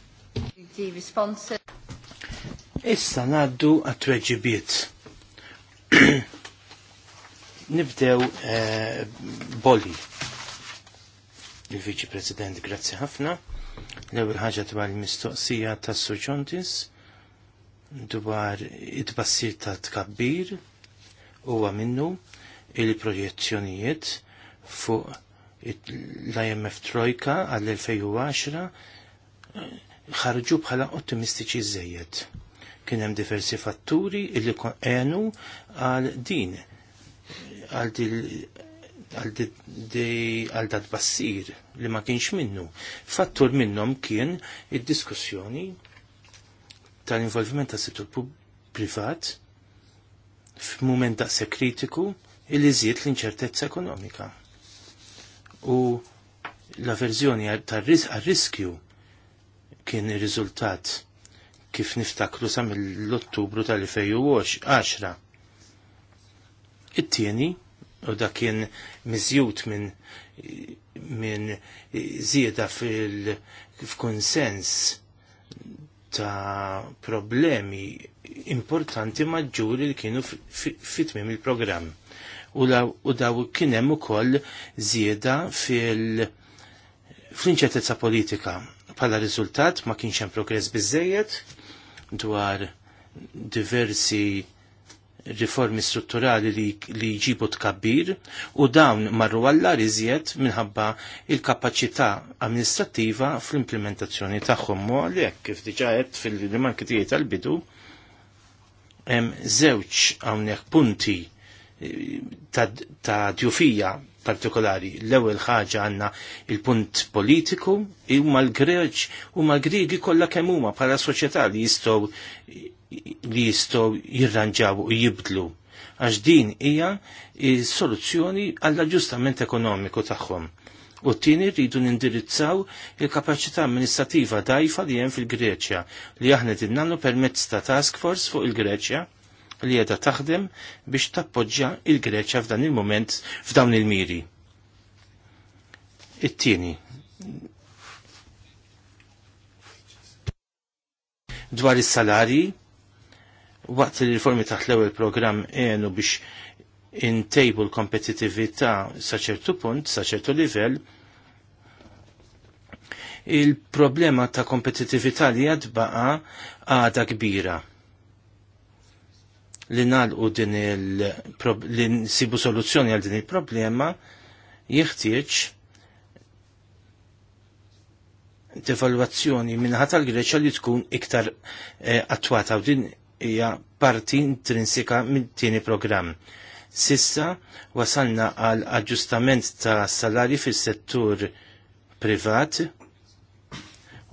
Issa ngħaddu għat-tweġibiet. Nibdew eh, Bolli. Il-Viċi President, grazzi ħafna. L-ewwel ħaġa għal mistoqsija tas-Surġontis dwar it-bassir ta' tkabbir huwa minnu il-projezzjonijiet fuq l-IMF Trojka għall-2010 ħarġu bħala ottimistiċi żejjed. Kien hemm diversi fatturi illi għenu għal din għal għal dat bassir li ma kienx minnu. Fattur minnom kien id-diskussjoni tal-involviment tas settur privat f'mument se kritiku illi żied l-inċertezza ekonomika. U l-averżjoni għal-riskju kien ir-riżultat kif niftakru sa mill-Ottubru tal-2010. It-tieni, u da' kien miżjut minn min zieda fil-konsens ta' problemi importanti maġġuri li kienu fitmim il-programm. U, u daw kienem u koll zjeda fil- fl-inċertezza politika. Pala riżultat ma kienx hemm progress biżejjed dwar diversi riformi strutturali li, jġibu tkabbir u dawn marru għalla riżjed minħabba il-kapacità amministrativa fl-implementazzjoni tagħhom u għalhekk kif diġà qed fil-rimarki tiegħi tal-bidu hemm żewġ hawnhekk punti eh, ta' djufija partikolari. L-ewwel ħaġa għandna il-punt politiku huma l-Greġ huma l-Griegi kollha kemm huma bħala soċjetà li jistgħu li jistgħu jirranġaw u jibdlu għax din hija soluzzjoni għall aġġustament ekonomiku tagħhom. U t-tieni rridu nindirizzaw il-kapaċità amministrativa dajfa li hemm fil-Greċja li aħna dinnannu permezz ta' task force fuq il-Greċja li qiegħda taħdem biex tappoġġja il-Greċja f'dan il-moment f'dawn il-miri. It-tieni dwar is-salari waqt li riformi taħt l-ewwel programm għenu biex intejbu l kompetitivita sa ċertu punt, sa ċertu livell, il-problema ta' kompetitività li għadbaqa għada kbira li nalqu din il li nsibu soluzzjoni għal din il-problema jeħtieġ devalwazzjoni minnaħat tal greċa li tkun iktar eh, attuata attwata u din hija parti intrinsika mit-tieni programm. Sissa wasalna għal aġġustament ta' salari fis-settur privat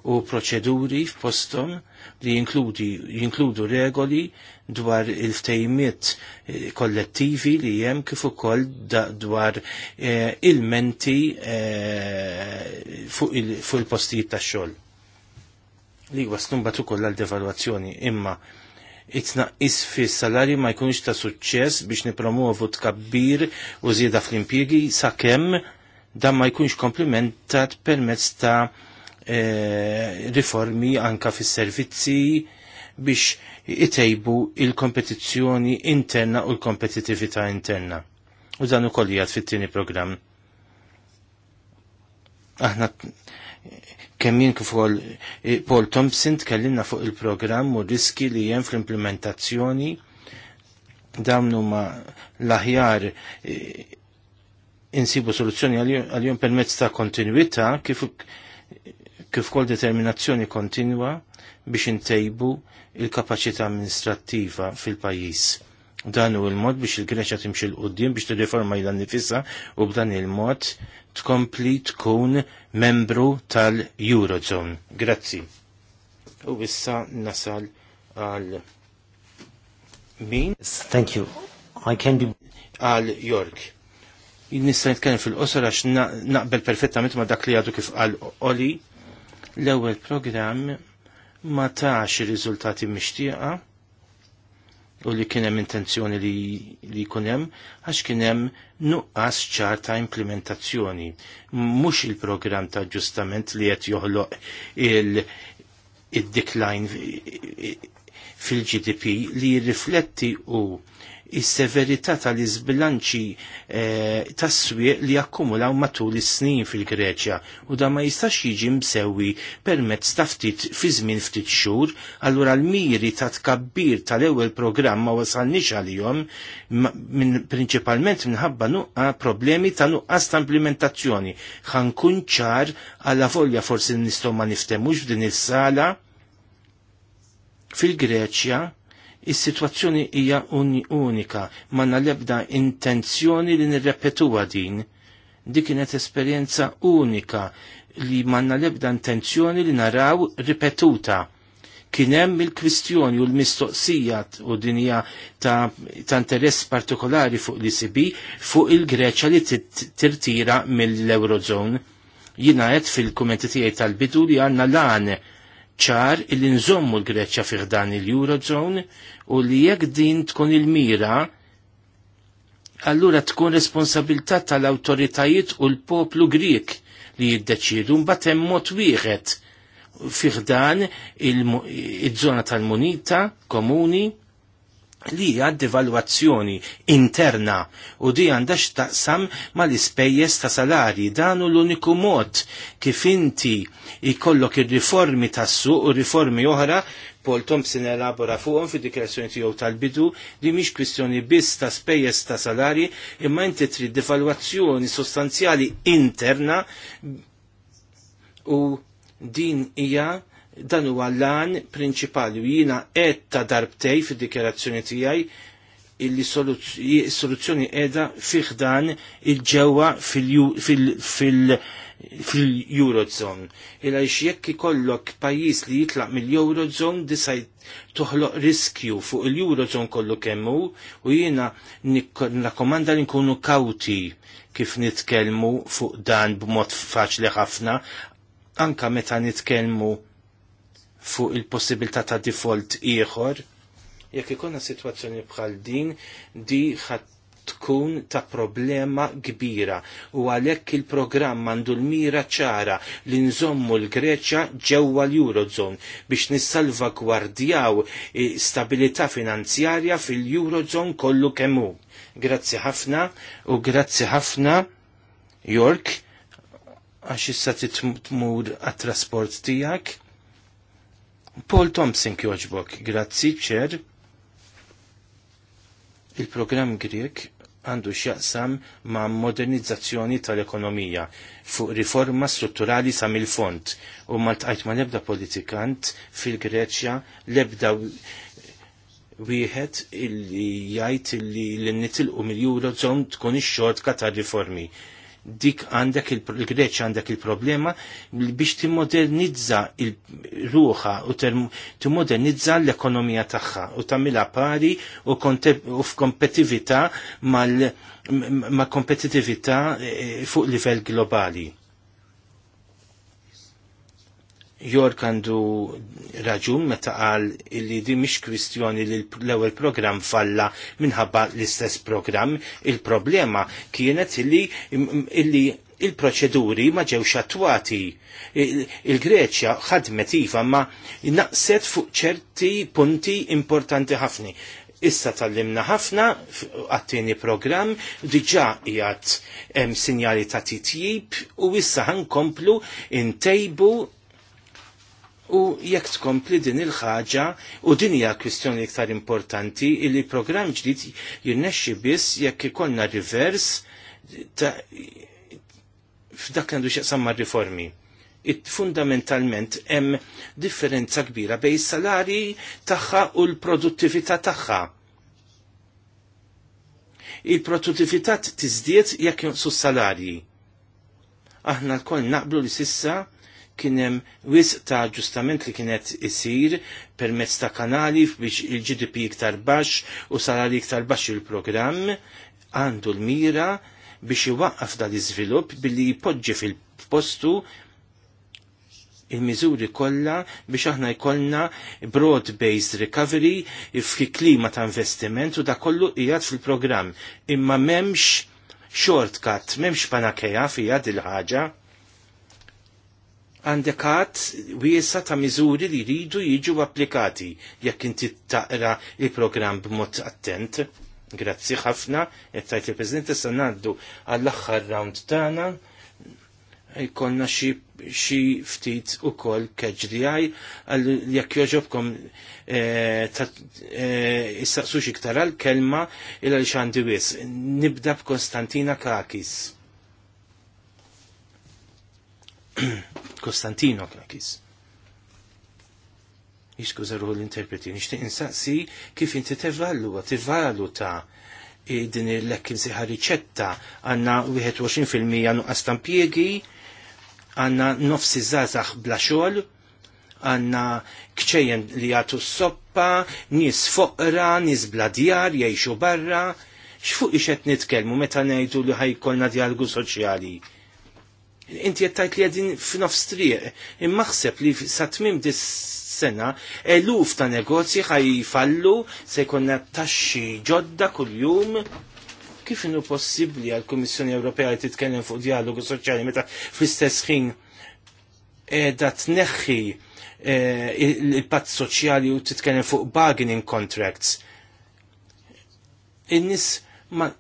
u proċeduri f'postom li jinkludi, jinkludu regoli dwar il-ftejmiet eh, kollettivi li jem kif ukoll dwar eh, il-menti eh, fuq il-postijiet il tax-xogħol. Li wasnum batu kollha l-devalwazzjoni imma it-tnaqqis fi salarju ma jkunx ta' suċċess biex nipromuovu tkabbir u zieda fl sa' sakemm dan ma jkunx komplimentat permezz ta' e, riformi anka fis servizzi biex itejbu il-kompetizzjoni interna u l-kompetitività interna. U dan ukoll jgħad fit-tieni programm aħna kemm jien kif eh, Paul Thompson tkellimna fuq il-programm u riski li hemm fl-implementazzjoni dawn huma l-aħjar eh, insibu soluzzjoni għal-jum permezz ta' kontinuità kif kif kol determinazzjoni kontinwa biex intejbu il-kapacità amministrattiva fil-pajis. Dan u l-mod biex il-Greċa il qoddim biex t reforma jilan nifissa u b'dan il-mod tkompli tkun membru tal-Eurozone. Grazzi. U issa nasal għal min? Thank you. I can be... Għal York. Nista' nitkellem fil-qosor għax naqbel perfettament ma dak li għadu kif għal Oli. L-ewwel programm ma tax ir-riżultati mixtieqa u li kienem intenzjoni li, li kunem għax kienem nuqqas ċar ta' implementazzjoni. Mux il-program ta' ġustament li jett joħloq il-decline il fil-GDP li jirrifletti u is-severità tal-iżbilanċi eh, tas-swieq li akkumulaw matul is-snin fil-Greċja u da ma jistax jiġi msewwi permezz ta' ftit fi żmien ftit xhur, allura l-miri ta' tkabbir tal-ewwel programm ma wasalniex għalihom min, prinċipalment minħabba nuqqa problemi ta' nuqqas ta' implementazzjoni. Ħankun ċar għal volja forsi nistgħu ma niftemux f'din is-sala fil-Greċja Is-sitwazzjoni hija unika, ma nalebda intenzjoni li nirrepetuha din. Dik kienet esperjenza unika li manna nalebda intenzjoni li naraw ripetuta. Kien hemm il-kwistjoni u l-mistoqsija u dinja ta', ta interess partikolari fuq l-ICB fuq il-Greċa li tirtira mill-Eurozone. Jina għed fil-kumenti tiegħi tal-bidu li għandna għane ċar li nżommu l-Greċja fih dan il-Eurozone u li jekk din tkun il-mira allura tkun responsabilità tal-awtoritajiet u l-poplu Grik li jiddeċidu mbagħad hemm mod wieħed fih dan il-żona tal-munita komuni li hija devalwazzjoni interna u di għandha x'taqsam mal-ispejjeż ta' salari dan u l-uniku mod kif inti jkollok ir-riformi tas-suq u riformi oħra Paul Thompson elabora fuqhom fi dikrazzjoni tiegħu tal-bidu li mhix kwistjoni biss ta' spejjeż ta' salari imma inti trid devalwazzjoni sostanzjali interna u din hija dan huwa l-an prinċipali u jiena qed ta' darbtej fid-dikjerazzjoni tiegħi illi soluzzjoni edha fiħdan il-ġewa fil-Eurozone. Illa jekk ikollok pajis li jitlaq mill-Eurozone disaj toħloq riskju fuq il-Eurozone kollu kemmu u jiena nakkomanda li nkunu kauti kif nitkellmu fuq dan b'mod faċli ħafna anka meta nitkellmu fuq il-possibilità ta' default ieħor. Jekk ikonna sitwazzjoni bħal din, di ħadd tkun ta' problema kbira u għalhekk il-programm għandu l-mira ċara li nżommu l-Greċja ġewwa l-Eurozone biex nissalvagwardjaw e, stabilità finanzjarja fil-Eurozone kollu kemm hu. Grazzi ħafna u grazzi ħafna York għax issa titmur għat-trasport tiegħek Paul Thompson kjoġbok, grazzi ċer, il-programm Grek għandu xjaqsam ma' modernizzazzjoni tal-ekonomija fuq riforma strutturali sa' mill-font u ma' tajt ma' lebda politikant fil-Greċja lebda wieħed jajt jgħid li l-nitilqu mill-Eurozone tkun ix-xortka tar-riformi dik għandek il-Greċ għandek il-problema biex timmodernizza il-ruħa u timmodernizza l-ekonomija tagħha u tagħmilha pari u f'kompetitività ma' kompetitività fuq livell globali. Jork għandu raġun meta qal illi di mhix kwistjoni li l-ewwel programm falla minħabba l-istess programm, il-problema kienet illi illi il-proċeduri ma ġewx attwati. Il-Greċja ħadmet iva ma naqset fuq ċerti punti importanti ħafni. Issa tal-limna ħafna għattini program diġa jgħat sinjali ta' titjib u issa ħankomplu intejbu u jekk tkompli din il-ħaġa u din hija kwistjoni iktar importanti li programm ġdid jirnexxi biss jekk ikollna rivers ta' f'dak għandu x'jaqsam mar-riformi. Fundamentalment hemm differenza kbira bej is-salari tagħha u l-produttività tagħha il-produttività tiżdied jekk jonqsu s-salarji. Aħna l-koll naqblu li sissa kienem wis ta' ġustament li kienet isir permezz ta' kanali biex il-GDP iktar baxx u salari iktar baxx il-programm għandu l-mira biex iwaqqaf dal iżvilupp billi jpoġġi fil-postu il-miżuri kollha biex aħna jkollna broad-based recovery fi klima ta' investiment u da kollu qiegħed fil-programm. Imma m'hemmx shortcut, m'hemmx panakeja fija il ħaġa għandekat wiesa ta' miżuri li jridu jiġu applikati jekk inti taqra il-programm b'mod attent. Grazzi ħafna, jettajt il-President Sanaddu ngħaddu għall-aħħar round tagħna jkollna xi ftit ukoll keġri għaj, jekk joġobkom eh, eh, issaqsu xiktar iktar għal kelma il għal xandi wis. Nibda b'Konstantina Kakis. Konstantino Knakis. Jiskuza ruħu l-interpreti, nishtiq insaqsi kif inti tevallu, tivaluta ta' din il-lekkinsi ħariċetta għanna 21% nuqqas tampiegi, għanna nofsi zazax bla xol, għanna kċejjen li għatu s-soppa, nis foqra, nis bladjar, jiexu barra, xfuq iċet nitkelmu meta nejdu li ħajkolna dialgu soċjali inti jettajt li għedin f'nofs triq, immaħseb li sa tmim dis sena eluf ta' negozji ħaj fallu se jkonna taxxi ġodda kull-jum kif inu possibbli għal kummissjoni Ewropea li titkellem fuq dialogu soċjali meta fl-istess ħin edha tneħħi eh, il-patt soċjali u titkellem fuq bargaining contracts. In-nies ma'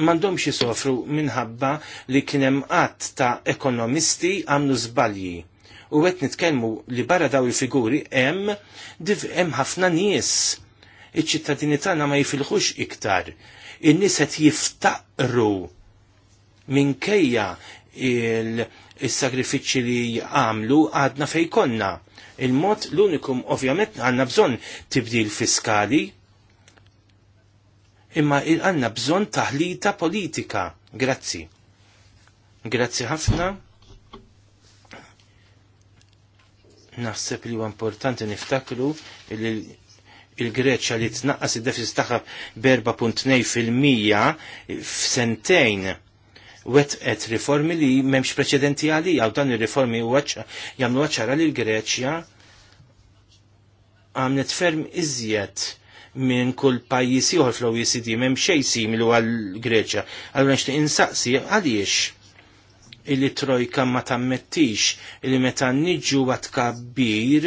mandomx jisofru minħabba li kienem għat ta' ekonomisti għamlu zbalji. U għet nitkelmu li barra daw il-figuri em, div em ħafna nies. Iċ-ċittadini tagħna ma jifilħux iktar. In-nies qed jiftaqru minkejja il-sagrifiċċji li għamlu għadna fejkonna. Il-mod l-unikum ovvjament għandna bżonn tibdil fiskali, imma il-għanna bżon taħlita politika. Grazzi. Grazzi ħafna. Naħseb li huwa importanti niftakru il-Greċja li tnaqqas id-deficit tagħha b'4.2 fil-mija f'sentejn wetqet riformi li m'hemmx preċedenti għali, għaw dan ir-riformi jagħmlu ċara li l-Greċja għamnet ferm iżjed minn kull pajjiż ieħor fl-OECD minn xejn similu għal Greċja. Għallu nċti insaqsi għaliex illi trojka ma tammettix illi meta nġu għat kabbir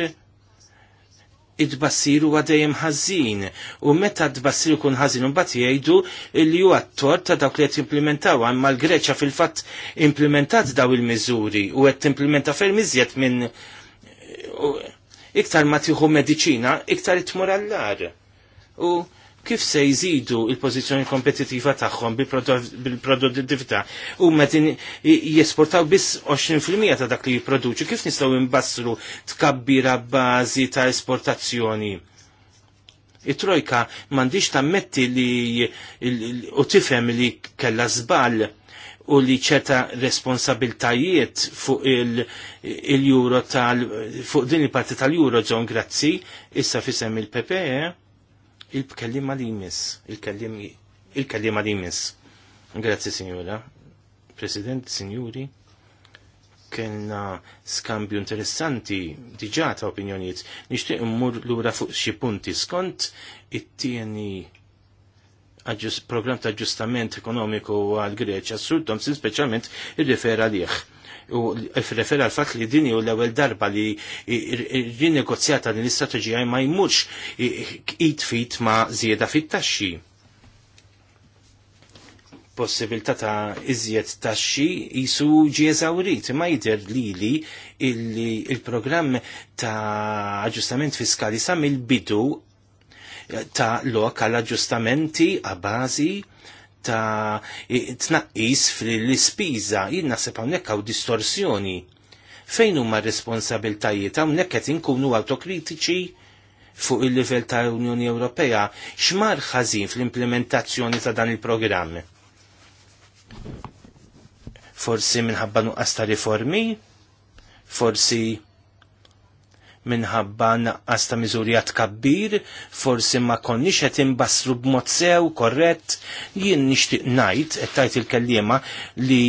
id bassiru huwa dejjem ħażin u meta id-bassiru kun ħażin u mbagħad jgħidu li huwa t ta' dawk li qed jimplementaw imma l-Greċja fil-fatt implementat daw il-miżuri u qed implementa fil iżjed minn iktar ma tieħu mediċina, iktar it-tmur u kif se jżidu il-pozizjoni kompetitiva tagħhom bil-produttività u meta jesportaw biss 20% ta' dak li jipproduċu, kif nistgħu imbassru tkabbira bażi ta' esportazzjoni? it-trojka m'għandix tammetti li u tifhem li kella żball u li ċerta responsabiltajiet fuq il-euro il tal fuq din il-parti tal eurozone grazzi issa fisem il-PPE il-kellima li jmiss, il-kellima li jmiss. Grazzi, Signora. President, Signori, kellna skambju interessanti diġata ta' opinjonijiet. Nixtieq immur lura fuq xi punti skont it-tieni program ta' ġustament ekonomiku għal Greċja, s-sultom sin speċjalment irrifera liħ u referra għal fat li dini u l-ewel darba li rinnegozjata din l istrategija ma jmurx it fit ma zjeda fit-taxxi possibilità ta' iżjed taxxi jisu ġie eżawrit, ma jidher lili il-programm ta' aġġustament fiskali sa mill-bidu ta' lok għal aġġustamenti a bażi ta' tnaqqis fil-ispiża, jien naħseb hawnhekk hawn distorsjoni. Fejn huma responsabiltajiet hawnhekk qed inkunu autokritiċi fuq il-livell ta' Unjoni Ewropea x'mar ħażin fl-implementazzjoni ta' dan il-programm. Forsi minħabba nuqqas ta' riformi, forsi minħabba naqqas ta' miżurijat kabbir, forsi ma konniex qed imbassru b'mod sew korrett, jien nixtieq ngħid qed tajt il kelliema li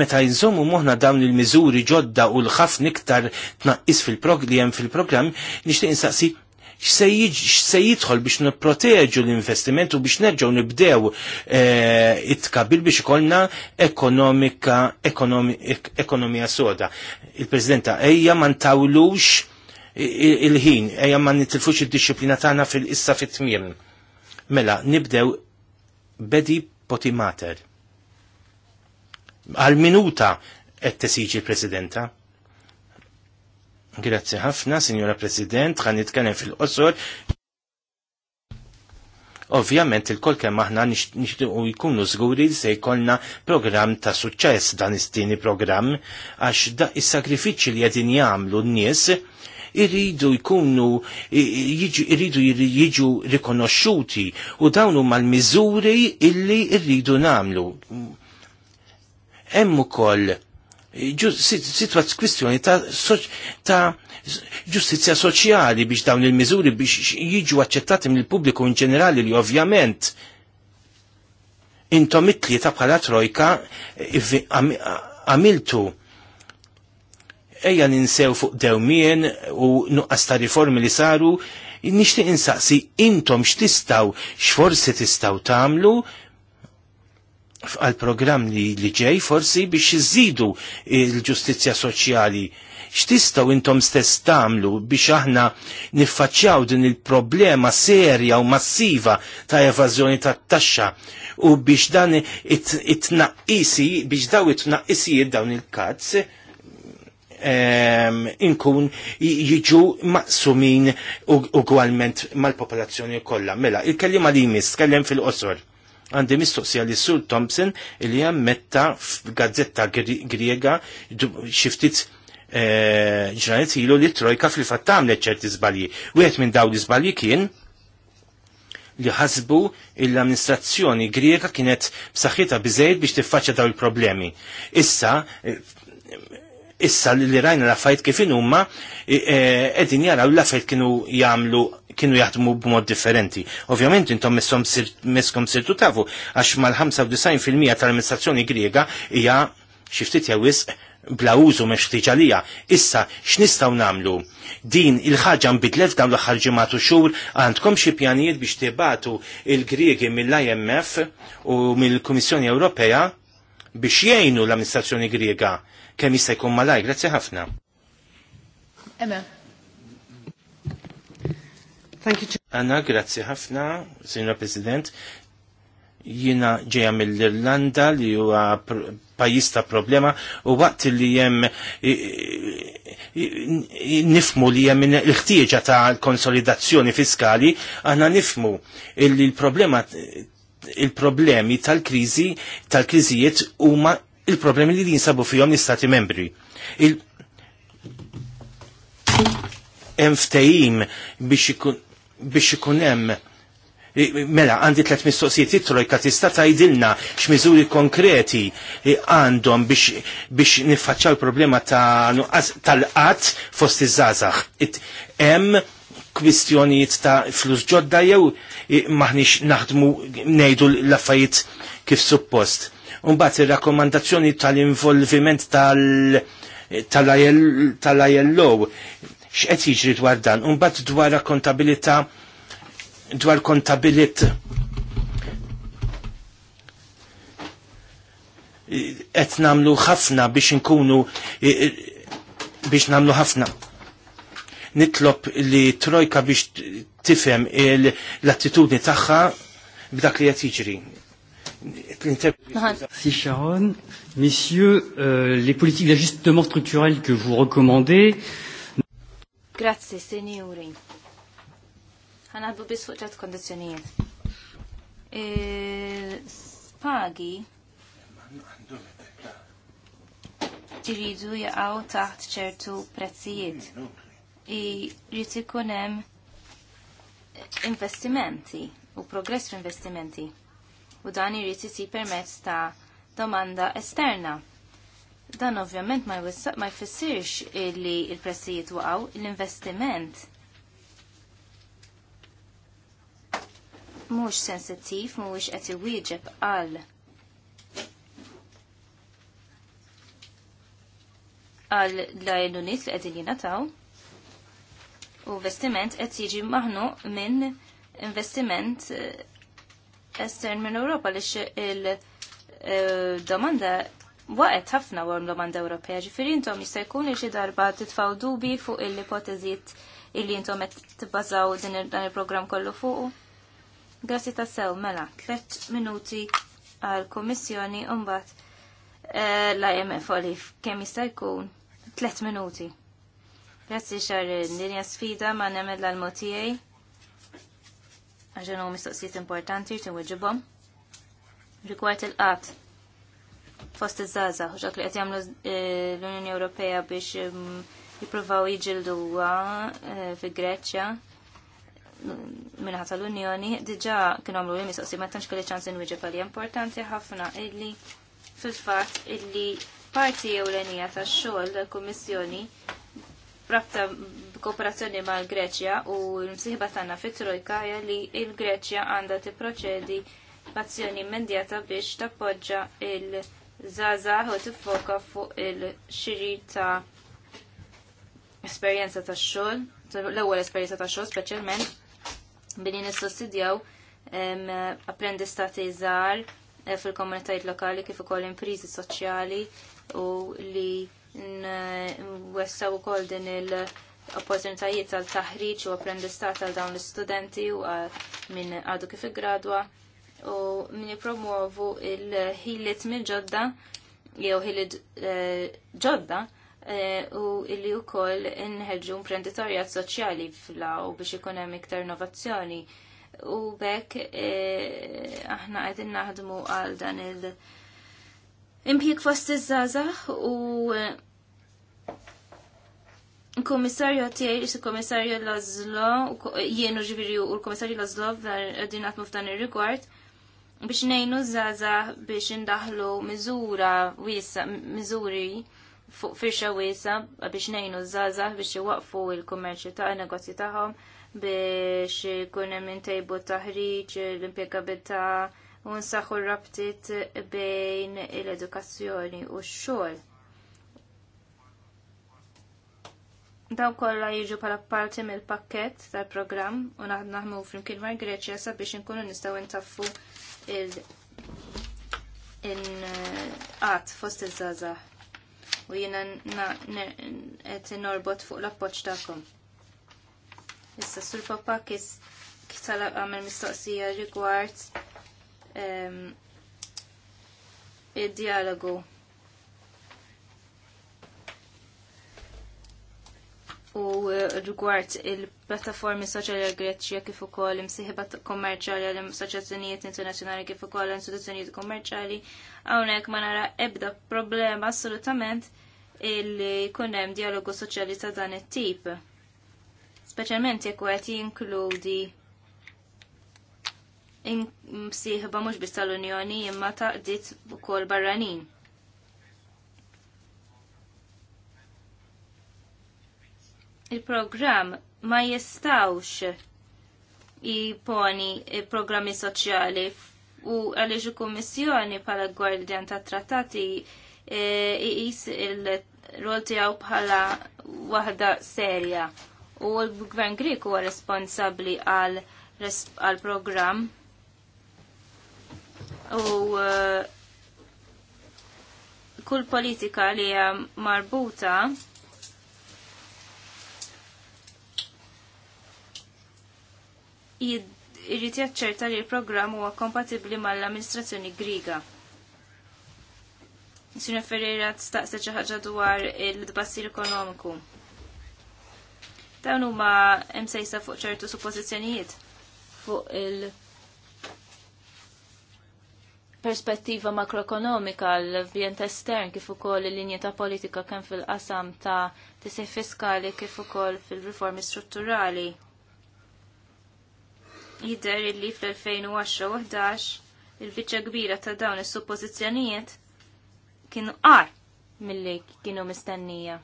meta jinżommu moħna dawn il-miżuri ġodda u l-ħafna iktar tnaqqis fil-programm li hemm fil-programm, nixtieq insaqsi x'se jidħol biex nipproteġu l-investiment u biex nerġgħu nibdew eh, it-tkabil biex ikollna ekonomika ekonomija soda. Il-Presidenta ejja ma ntawlux il-ħin, ejja ma nitilfux id-disciplina tagħna fil-issa fit-tmiem. Mela, nibdew bedi potimater. Għal minuta qed tesiġi l-Presidenta. Grazzi ħafna, Signora President, ħan nitkellem fil-qosor. Ovvjament il-kol kemm aħna nixtiequ jkunu żguri se jkollna programm ta' suċċess dan is-tieni programm għax da is-sakrifiċċji li qegħdin jagħmlu n-nies irridu jkunu irridu jiġu rikonoxxuti u dawn huma l-miżuri illi rridu nagħmlu. Hemm ukoll sitwazz kwistjoni ta', ta ġustizja soċjali biex dawn il-miżuri biex jiġu aċċettati mill-pubbliku in ġenerali li ovvjament intom it-tlieta bħala trojka għamiltu ejja ninsew fuq dewmien u nuqqas ta' riformi li saru nixtieq insaqsi intom x'tistgħu x'forsi tistgħu tagħmlu għal program li, li ġej forsi biex jizzidu il-ġustizja soċjali. X'tistgħu intom stess tagħmlu biex aħna niffaċċjaw din il-problema serja u massiva ta' evażjoni tat-taxxa u biex dan it-tnaqqisi biex daw it-tnaqqisijiet dawn il-kazz ehm, inkun jiġu maqsumin ugwalment mal-popolazzjoni kollha. Mela, il kelliema li jmiss, kellem fil-qosor. Għandi mistoqsija li Sul Thompson li f f'gazzetta griega xiftit eh, ġranet ilu li trojka fil fatta għamlet ċerti żbalji. Wieħed minn dawn l zbalji kien li ħasbu l-amministrazzjoni griega kienet b'saħħitha biżejjed biex tiffaċċja dawn il-problemi. Issa eh, issa li rajna l kifin kif huma qegħdin jaraw l kienu jamlu kienu jaħdmu b'mod differenti. Ovvjament intom miskom sirtu tafu għax mal-95% tal-amministrazzjoni Griega hija xi ftit bla użu mex tiġalija. Issa, x'nistgħu nagħmlu? Din il-ħaġa nbidlet dawn l-aħħar ġimgħatu xhur għandkom xi pjanijiet biex tibatu il-Griegi mill-IMF u mill-Kummissjoni Ewropea biex jgħinu l-amministrazzjoni Griega kemm jista' jkun malaj. Grazzi ħafna. Emma. Thank you. Anna, grazzi ħafna, Signor President. Jina ġeja mill-Irlanda li huwa pajjiż ta' problema u waqt li hemm nifmu li hemm il-ħtieġa ta' konsolidazzjoni fiskali, aħna nifmu il problema il-problemi tal-krizi tal-kriżijiet huma il-problemi li jinsabu fihom l-istati membri. Il ftehim biex ikun hemm mela għandi tlet mistoqsijiet it-trojka tista' tgħidilna x'miżuri konkreti għandhom biex biex niffaċċaw il-problema ta' tal-qatt fost iż-żgħażagħ. Hemm kwistjonijiet ta' flus ġodda jew maħniex naħdmu ngħidu l affajiet kif suppost. Umbat il-rakkomandazzjoni tal-involviment tal-ILO, x'qed jiġri dwar dan, umbat dwar kontabilità dwar kontabilit qed namlu ħafna biex nkunu biex namlu ħafna. Nitlob li trojka biex tifhem l-attitudni tagħha b'dak li qed jiġri. Merci Sharon. Messieurs, euh, les politiques d'ajustement structurel que vous recommandez. Grazie, signori. Għanadbu bisfuq ċat kondizjonijiet. E, spagi iridu jaqaw taħt ċertu prezzijiet. Irrid ikun hemm investimenti u progress investimenti u dan irid isir permezz ta' domanda esterna. Dan ovvjament ma, ma jfissirx li il-prezzijiet waqgħu l-investiment mhux sensittiv mhuwiex qed iwieġeb għal għal l-għajnuniet li għedin jinataw u vestiment qed jiġi maħnu minn investiment eh, estern minn Europa li il-domanda e, waqet ħafna warm domanda Ewropea ġifiri intom jista' jkun li xi darba titfaw dubi fuq il-ipoteżijiet illi intom qed tibbażaw din dan il-programm kollu fuq. Grazzi ta' sew mela, tlet minuti għal kommissjoni mbagħad e, l-IMF olif kemm jista' jkun tlet minuti. Grazzi xarrin, dinja sfida ma' nemmed l-motijaj għaxġan u mistoqsijiet importanti rritin weġibom. Rikward il-qat fost iż-żaza, ġak li qed jagħmlu eh, l-Unjoni Ewropea biex mm, jippruvaw jiġilduha eh, fi Greċja mm, minħata l-Unjoni, diġà kien għamlu li mistoqsi ma tantx kelli ċans inwieġeb għalli importanti ħafna illi fil-fatt illi parti ewlenija tax-xogħol tal-Kummissjoni rabta kooperazzjoni ma' l-Greċja u l-msiħba tagħna fit-Trojka li l-Greċja għandha tipproċedi f'azzjoni immedjata biex tappoġġa il-żaza u tiffoka fuq il-xiri ta' esperjenza ta' xogħol, l-ewwel esperjenza ta' xogħol speċjalment billi nissostidjaw apprendistati żgħar fil-komunitajiet lokali kif ukoll imprizi soċjali u li n-wessaw ukoll din il- opportunitajiet tal taħriġ u apprendistat tal dawn l-studenti u uh, minn għadu kif gradwa u minn jipromuovu il-ħiliet mill-ġodda jew ħiliet uh, ġodda uh, u illi u koll inħedġu imprenditorjat soċjali u biex ikun hemm iktar innovazzjoni u bekk aħna għedin naħdmu għal dan il- Impjek fost iż-żaza u Komissarju għatijaj, il komissarju Lazlo, jienu ġviri u l-komissarju Lazlo qegħdin nagħtmu f'dan il-rigward, biex nejnu zaza biex indaħlu mizura wisa, mizuri fuq firxa wisa biex nejnu zaza biex waqfu il-kommerċi ta' negozji tagħhom biex kunem intejbu taħriġ l impjegabilità u nsaħħu rabtit bejn l-edukazzjoni u x-xogħol Daw kollha jiġu bħala parti mill-pakkett tal-programm u fl flimkien ma' Greċja sabiex inkunu nistgħu ntaffu il- in-qat eh, fost il żgħażagħ u jiena qed norbot fuq l-appoġġ ta'kom. Issa sul papa kis kitala għamil mistoqsija rigward ehm, id-dialogu u eh, rigward il-plattaformi soċjali għal Greċja kif ukoll imsieħba kommerċjali għal assoċjazzjonijiet internazzjonali kif ukoll istituzzjonijiet kommerċjali hawnhekk ma nara ebda problema assolutament illi jkun hemm dialogu soċjali ta' dan it-tip. Speċjalment jekk qed jinkludi msieħba mhux biss tal-Unjoni imma taqdiet ukoll barranin. il-programm ma jistawx jiponi programmi soċjali u għaliex il-Kummissjoni bħala gwardjan ta' trattati jis e, il-rol tiegħu bħala waħda serja u l-Gvern Grik huwa responsabbli għal programm u e, kull politika li marbuta irrid jaċċerta li l-programm huwa kompatibbli mal-amministrazzjoni Griga. Sinja Ferreira tstaqsa xi ħaġa dwar il-tbassir ekonomiku. Dawn huma hemm sejsa fuq ċertu suppożizzjonijiet fuq il- perspettiva makroekonomika l-vjent estern kif ukoll il-linja ta' politika kemm fil-qasam ta' tisej fiskali kif ukoll fil-riformi strutturali jidher illi fl-2010 il-biċċa kbira ta' dawn is-suppożizzjonijiet kienu qar milli kienu mistennija.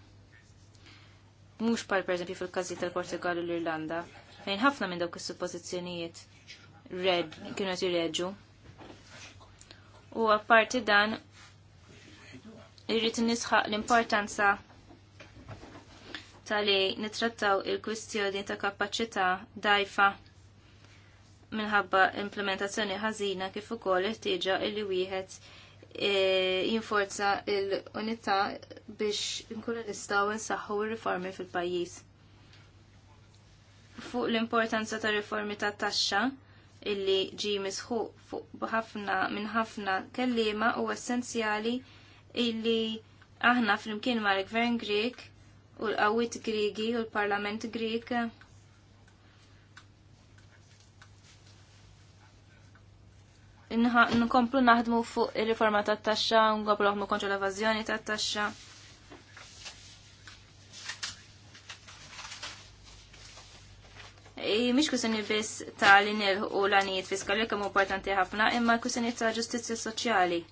Mhux par perżempju fil-każi tal-Portugal u l-Irlanda, fejn ħafna minn dawk is-suppożizzjonijiet kienu qed jirreġu. U apparti dan irrid nisħaq l-importanza tal-li nitrattaw il-kwistjoni ta' kapaċità dajfa minħabba implementazzjoni ħażina kif ukoll ħtieġa illi wieħed e, jinforza l-unità biex nkunu nistgħu nsaħħu r-riformi fil-pajjiż. Fuq l-importanza ta' riformi ta' taxxa illi ġi misħu fuq ħafna minn ħafna kellima u essenzjali illi aħna flimkien mal gvern Grek u l qawwiet Griegi u l-Parlament Grek nkomplu naħdmu fuq ir-riforma tat-taxxa, nkomplu naħdmu kontra l-evażjoni tat-taxxa. Mhix kusini biss ta' li nilħu l-għanijiet fiskali kemm importanti ħafna, imma kusini ta' ġustizzja soċjali.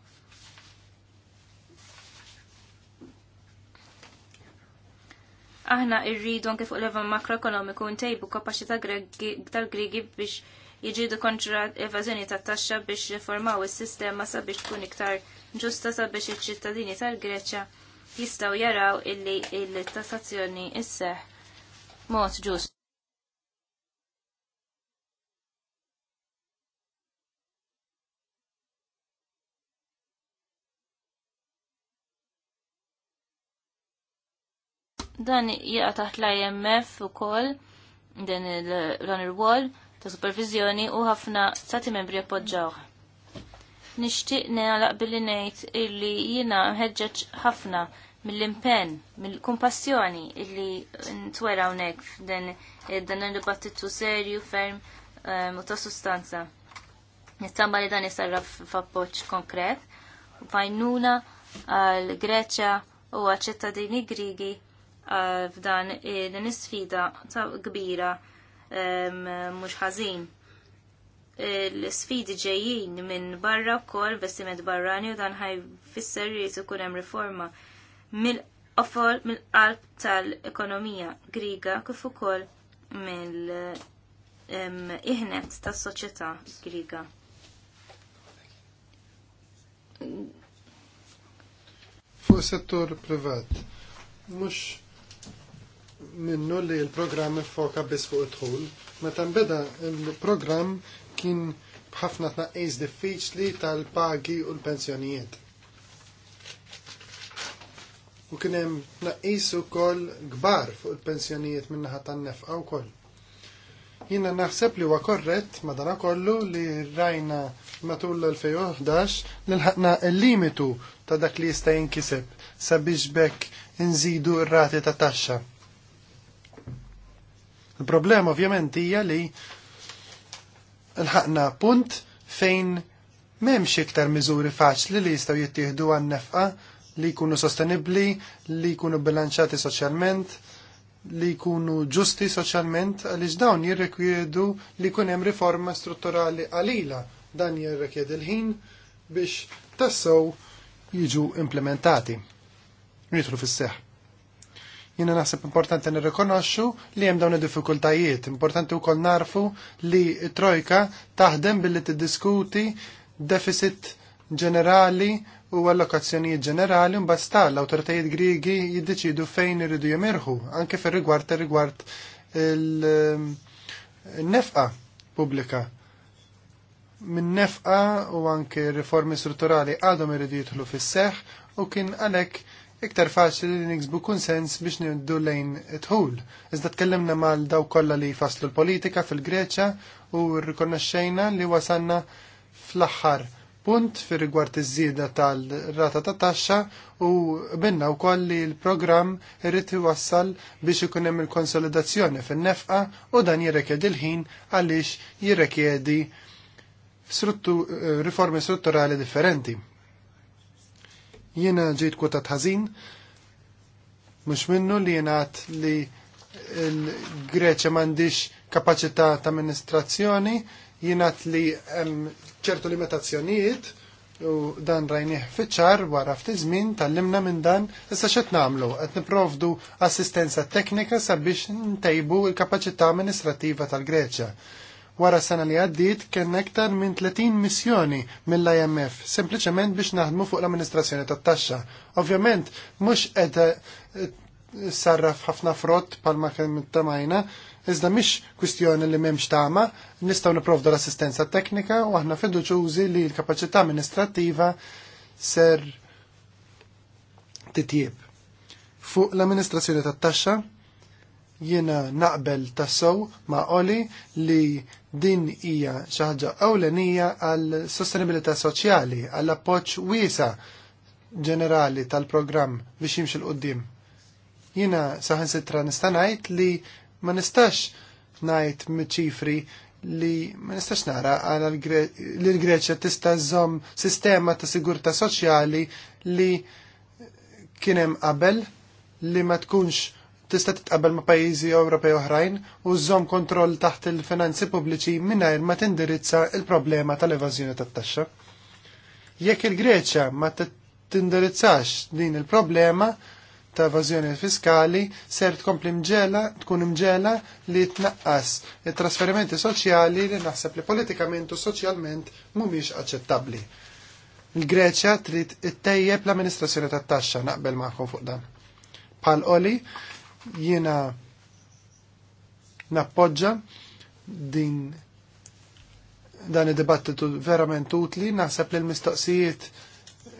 Aħna rridu anke fuq level makroekonomiku ntejbu kapaċità tal-Grigi biex jġidu kontra evażjoni ta' taxxa biex riformaw is-sistema sabiex tkun iktar ġusta sabiex iċ-ċittadini tal-Greċja jistgħu jaraw illi il-tassazzjoni isseħ mod ġust. Dan jaqa taħt l-IMF u koll, dan l-honor wall, ta' supervizjoni u ħafna stati membri appoġġawh. Nixtieq nagħlaq billi ngħid illi jiena mħeġġeġ ħafna mill-impenn, mill-kumpassjoni illi ntwera hawnhekk f'dan dan il-dibattitu serju ferm ehm, u ta' sustanza. Nittama li dan jisarra f'appoġġ konkret u fajnuna għal Greċja u għal ċittadini Grigi eh, f'dan eh, din is-sfida kbira mux ħazin. L-sfidi ġejjin minn barra wkoll vestiment barrani u dan ħaj fisser jrid ikun hemm riforma mill-qofol mill-qalb tal-ekonomija griga kif ukoll mill-iħnet tas-soċjetà griga fuq settur privat. Mux minnu li l-programm foka biss fuq id-dħul. Meta nbeda l-programm kien bħafna tnaqqis diffiċli tal-pagi u l-pensjonijiet. U kien hemm tnaqqis ukoll kbar fuq il-pensjonijiet min-naħa tan-nefqa wkoll. Jiena naħseb li huwa korrett madanakollu li rajna matul l-2011 li l-ħakna l-limitu ta' dak li jista' jinkiseb sabiex bekk inżidu r-rati ta' taxxa Il-problema ovvjament hija li l-ħakna punt fejn memx iktar miżuri faċli li jistaw jittieħdu għan nefqa li jkunu sostenibli, li jkunu bilanċati soċjalment, li jkunu ġusti soċjalment, għaliex dawn jirrekjedu li jkun hemm riforma strutturali għalila dan jirrekjed il-ħin biex tassew jiġu implementati. Nitru fis-seħħ. Jiena naħseb importanti nirrikonoxxu li hemm dawn id-diffikultajiet, importanti wkoll narfu li t trojka taħdem billi tiddiskuti deficit ġenerali u allokazzjonijiet ġenerali un basta l-awtoritajiet Griegi jiddeċidu fejn iridu jemirħu anke fir-rigward rigward il-nefqa pubblika. Min nefqa u anke riformi strutturali għadhom iridu jidħlu fis-seħħ u kien għalhekk iktar faċli li niksbu konsens biex niddu lejn tħul. Iżda tkellimna mal daw kollha li jfasslu l-politika fil-Greċja u rrikonoxxejna li wasanna fl-aħħar punt fir rigward iż-żieda tal-rata ta' taxxa u binna wkoll li l-programm irid iwassal biex ikun hemm il-konsolidazzjoni fin-nefqa u dan jirrekjedi l-ħin għaliex jirrekjedi riformi strutturali differenti. Jiena ġejt kota ħażin, mhux minnu li jiena għat li l-Greċja m'għandix kapaċità ta' amministrazzjoni, jiena għat li hemm ċertu limitazzjonijiet u dan rajnieh fiċar wara ftit żmien tallimna minn dan issa xet nagħmlu għat nipprovdu assistenza teknika sabiex ntejbu l-kapaċità amministrattiva tal-Greċja Wara sena li għaddit kien aktar minn 30 missjoni mill-IMF, sempliċement biex naħdmu fuq l-amministrazzjoni tat-taxxa. Ovvjament, mhux qed eh, sarraf ħafna frott palma kien tamajna, iżda mhix kwistjoni li m'hemmx tama, nistgħu niprovdu l-assistenza teknika u aħna fiduċużi li l-kapaċità amministrattiva ser titjib. Fuq l-amministrazzjoni tat-taxxa, jiena naqbel tassow ma' Oli li Din hija xi ħaġa ewlenija għal sostenibilità soċjali, għall appoġġ wiesa ġenerali tal-programm biex jimxi l qudiem Jiena saħan sitra nista' ngħid li ma nistax ngħid miċ-ċifri li ma nistax nara għal li l-Greċja tista' żomm sistema ta' sigurtà soċjali li kien hemm qabel li ma tkunx tista' titqabel ma' pajjiżi Ewropej oħrajn u żżomm kontroll taħt il-finanzi pubbliċi mingħajr ma tindirizza il-problema tal-evażjoni tat-taxxa. Jekk il-Greċja ma tindirizzax din il-problema ta' evażjoni fiskali ser tkompli mġela tkun mġela li tnaqqas it-trasferimenti soċjali li naħseb li politikament u soċjalment mhumiex aċċettabbli. Il-Greċja trid ittejjeb l-amministrazzjoni tat-taxxa naqbel magħkom fuq dan. Pal oli, Jiena nappoġġa din dan id-dibattitu verament utli, naħseb li l-mistoqsijiet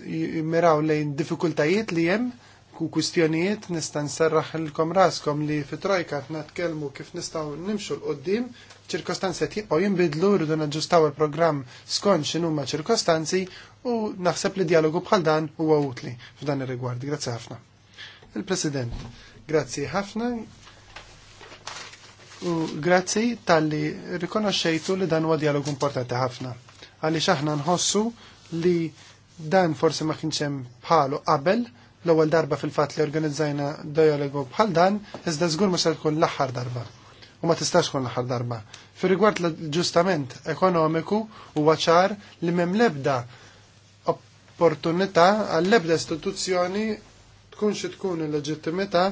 jimmiraw lejn diffikultajiet li jem ku kustjonijiet nista' nserraħ kom raskom li fit trojka natkellmu kif nistgħu nimxu l-qoddim, ċirkostanzet jibqgħu jinbidlu rridu naġġustaw il-programm skont x'inhuma ċirkostanzi u naħseb li dialogu bħal dan huwa utli f'dan ir-rigward. Grazzi ħafna. Il-President. Grazzi ħafna u grazzi tal-li rikonoxxejtu li dan huwa dialog importanti ħafna. Għaliex aħna nħossu li dan forsi ma kienx hemm bħalu qabel l-ewwel darba fil-fatt li organizzajna dialogu bħal dan, iżda żgur ma se tkun l-aħħar darba. U ma tistax tkun l-aħħar darba. Fi rigward l-ġustament ekonomiku huwa ċar li m'hemm l-ebda opportunità għall-ebda istituzzjoni tkunx tkun il-leġittimità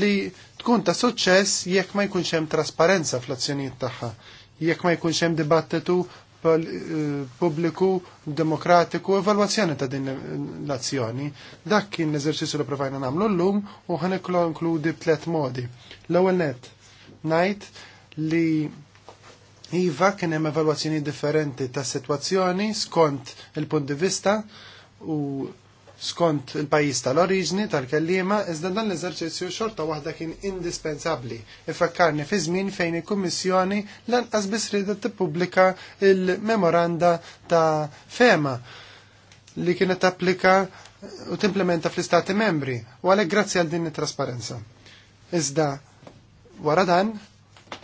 li tkun ta' suċċess jekk ma jkunx hemm trasparenza fl-azzjonijiet tagħha, jekk ma jkunx hemm dibattitu eh, pubbliku, demokratiku, evalwazzjoni ta' din l-azzjoni. Dak kien l-eżerċizzju li provajna nagħmlu llum u ħaniklu inkludi b'tliet modi. L-ewwel net ngħid li iva kien hemm evalwazzjoni differenti ta' sitwazzjoni skont il-punt di vista u skont il-pajjiż tal-oriġni tal-kellima iżda dan l-eżerċizzju xorta waħda kien indispensabbli. Ifakkarni fi żmien fejn il-Kummissjoni lanqas biss rieda tippubblika il-memoranda ta' fema li kienet applika u timplementa fl-istati membri u għalhekk grazzi għal din it-trasparenza. Iżda wara dan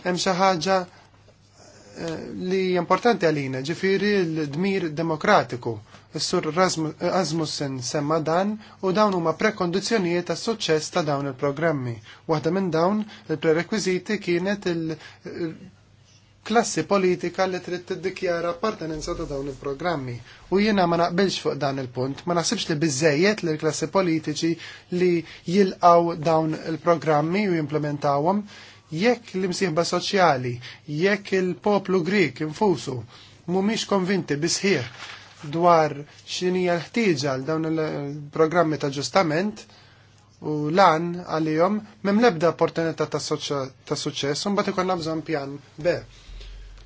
hemm xi ħaġa eh, li importanti għalina, ġifiri l-dmir demokratiku sur Rasmussen semma dan u dawn huma prekondizzjonijiet ta' suċċess ta' dawn il-programmi. Waħda minn dawn il-prerekwiżiti kienet il-klassi politika li trid tiddikjara appartenenza ta' dawn il-programmi. U jiena ma naqbilx fuq dan il-punt, ma naħsibx li biżejjed li l-klassi politiċi li jilqaw dawn il-programmi u jimplementawhom jekk l-imsieħba soċjali, jekk il-poplu Grik infusu mhumiex konvinti bisħieħ dwar x'inhija l-ħtieġa għal dawn il-programmi ta' ġustament u lan għalihom m'hemm l-ebda opportunità ta' suċċess u mbagħad ikollna bżonn pjan B.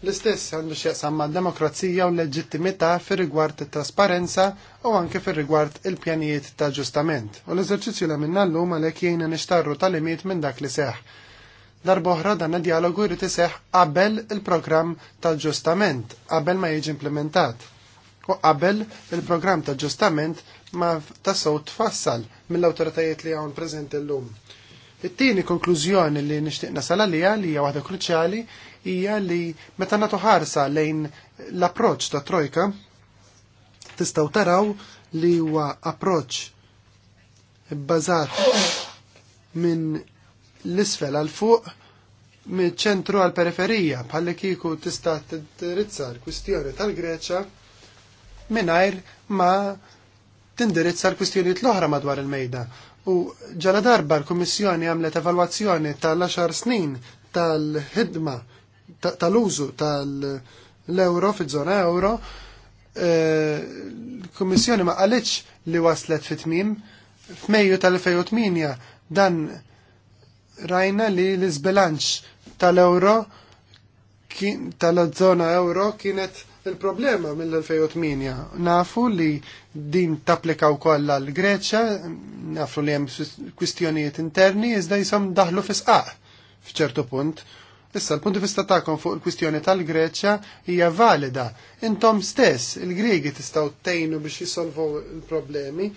L-istess għandu x'jaqsam ma' demokrazija u l fir-rigward it-trasparenza u anke fir-rigward il-pjanijiet ta' ġustament. U l-eżerċizzju li minna llum għalhekk jgħinna nixtarru tal-limit minn dak li seħħ darboħra dan dialogu jrid iseħħ qabel il-programm ta' ġustament qabel ma jiġi implementat u qabel il-programm ta' ġustament ma tassew tfassal mill-awtoritajiet li hawn preżenti llum. It-tieni konklużjoni li nixtieq nasal għalija li hija waħda kruċjali hija li meta nagħtu ħarsa lejn l-approċċ ta' trojka tistgħu taraw li huwa approċċ bbażat minn l-isfel għal fuq mill ċentru għal periferija bħalli kieku tista' tirizza l-kwistjoni tal greċa Minajr ma tindirizza l-kwistjonijiet l-oħra madwar il-mejda. U ġala darba l-Kummissjoni għamlet evalwazzjoni tal-10 snin tal-ħidma tal-użu tal-euro fiż-żona euro, e, l-Kummissjoni ma qalitx li waslet fit-tmim. F'Mejju tal-2008 dan rajna li l-izbilanċ tal-euro tal-zona euro kienet Il-problema mill-2008 nafu li din tapplika wkoll għal Greċja, nafu li hemm kwistjonijiet interni iżda jisom daħlu fisqaq f'ċertu punt. Issa l-punt vista tagħkom fuq il-kwistjoni tal-Greċja hija valida. Intom stess il-Griegi tistgħu tgħinu biex jisolvu l-problemi,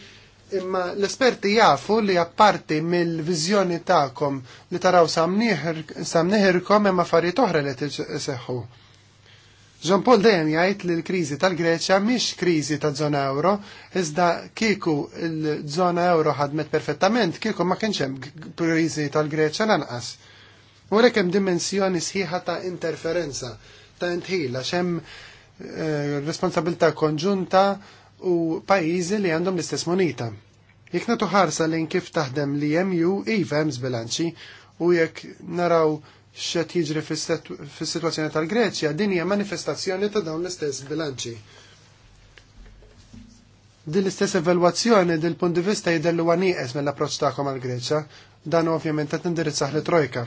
imma l-esperti jafu li apparti mill-viżjoni tagħkom li taraw samniħirkom hemm affarijiet oħra li tiseħħu Jean Paul dejjem jgħid li l-kriżi tal-Greċja mhix kriżi taż-żona euro, iżda kieku l-żona euro ħadmet perfettament, kieku ma kienx hemm kriżi tal-Greċja lanqas. U rek hemm dimensjoni sħiħa ta' interferenza, ta' intħil għax hemm eh, responsabilità konġunta u pajjiżi li għandhom l-istess munita. Jekk nagħtu ħarsa lejn kif taħdem li hemm ju iva hemm bilanċi u jekk naraw x'qed jiġri fis-sitwazzjoni tal-Greċja din hija manifestazzjoni ta' dawn l-istess bilanċi. Din l-istess evalwazzjoni dil punt di vista jidher huwa nieqes mill-approċċ tagħkom għall-Greċja, dan ovvjament qed indirizzah li trojka.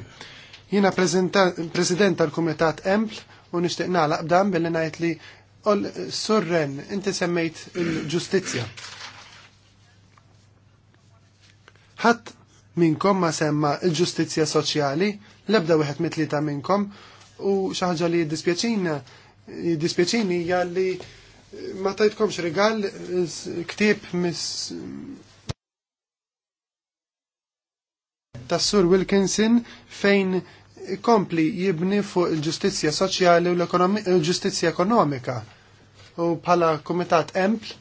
Jiena President tal-Kumitat Empl u nixtieq nagħlaq b'dan billi ngħid li Surren, inti semmejt il-ġustizzja. Ħadd minkom ma semma il-ġustizzja soċjali Lebda wieħed mitli ta' minnkom u xaħġa li jiddispjaċina jiddispjaċini hija li ma tajtkomx rigal ktieb mis tas-Sur Wilkinson fejn kompli jibni fuq il-ġustizzja soċjali u l-ġustizzja ekonomika. U bħala komitat Empl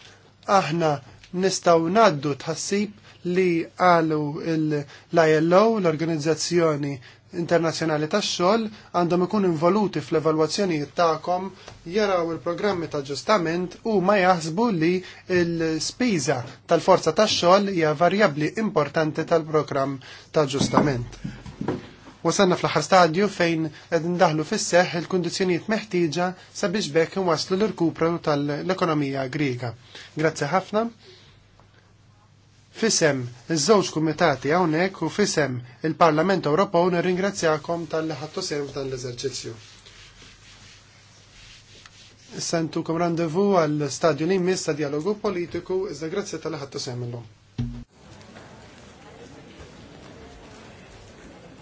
aħna nistaw naddu tħassib li għalu l-ILO, l-Organizzazzjoni internazzjonali tax-xogħol għandhom ikun involuti fl-evalwazzjonijiet tagħkom jaraw il-programmi ta' ġustament u ma jaħsbu li l-spiża tal-forza tax-xogħol hija varjabbli importanti tal-programm ta' ġustament. Wasanna fl-aħħar stadju fejn qed ndaħlu fis-seħħ il-kundizzjonijiet meħtieġa sabiex bekk inwaslu l-irkupru tal-ekonomija Griega. Grazzi ħafna. Fisem iż-żewġ kumitati hawnhekk u fisem il-Parlament Ewropew nirringrazzjakom tal-li ħadtu sehem f'dan l-eżerċizzju. Issa ntukom randevu għal stadju li jmiss ta' dialogu politiku iżda grazzi tal-li ħadtu sehem illum.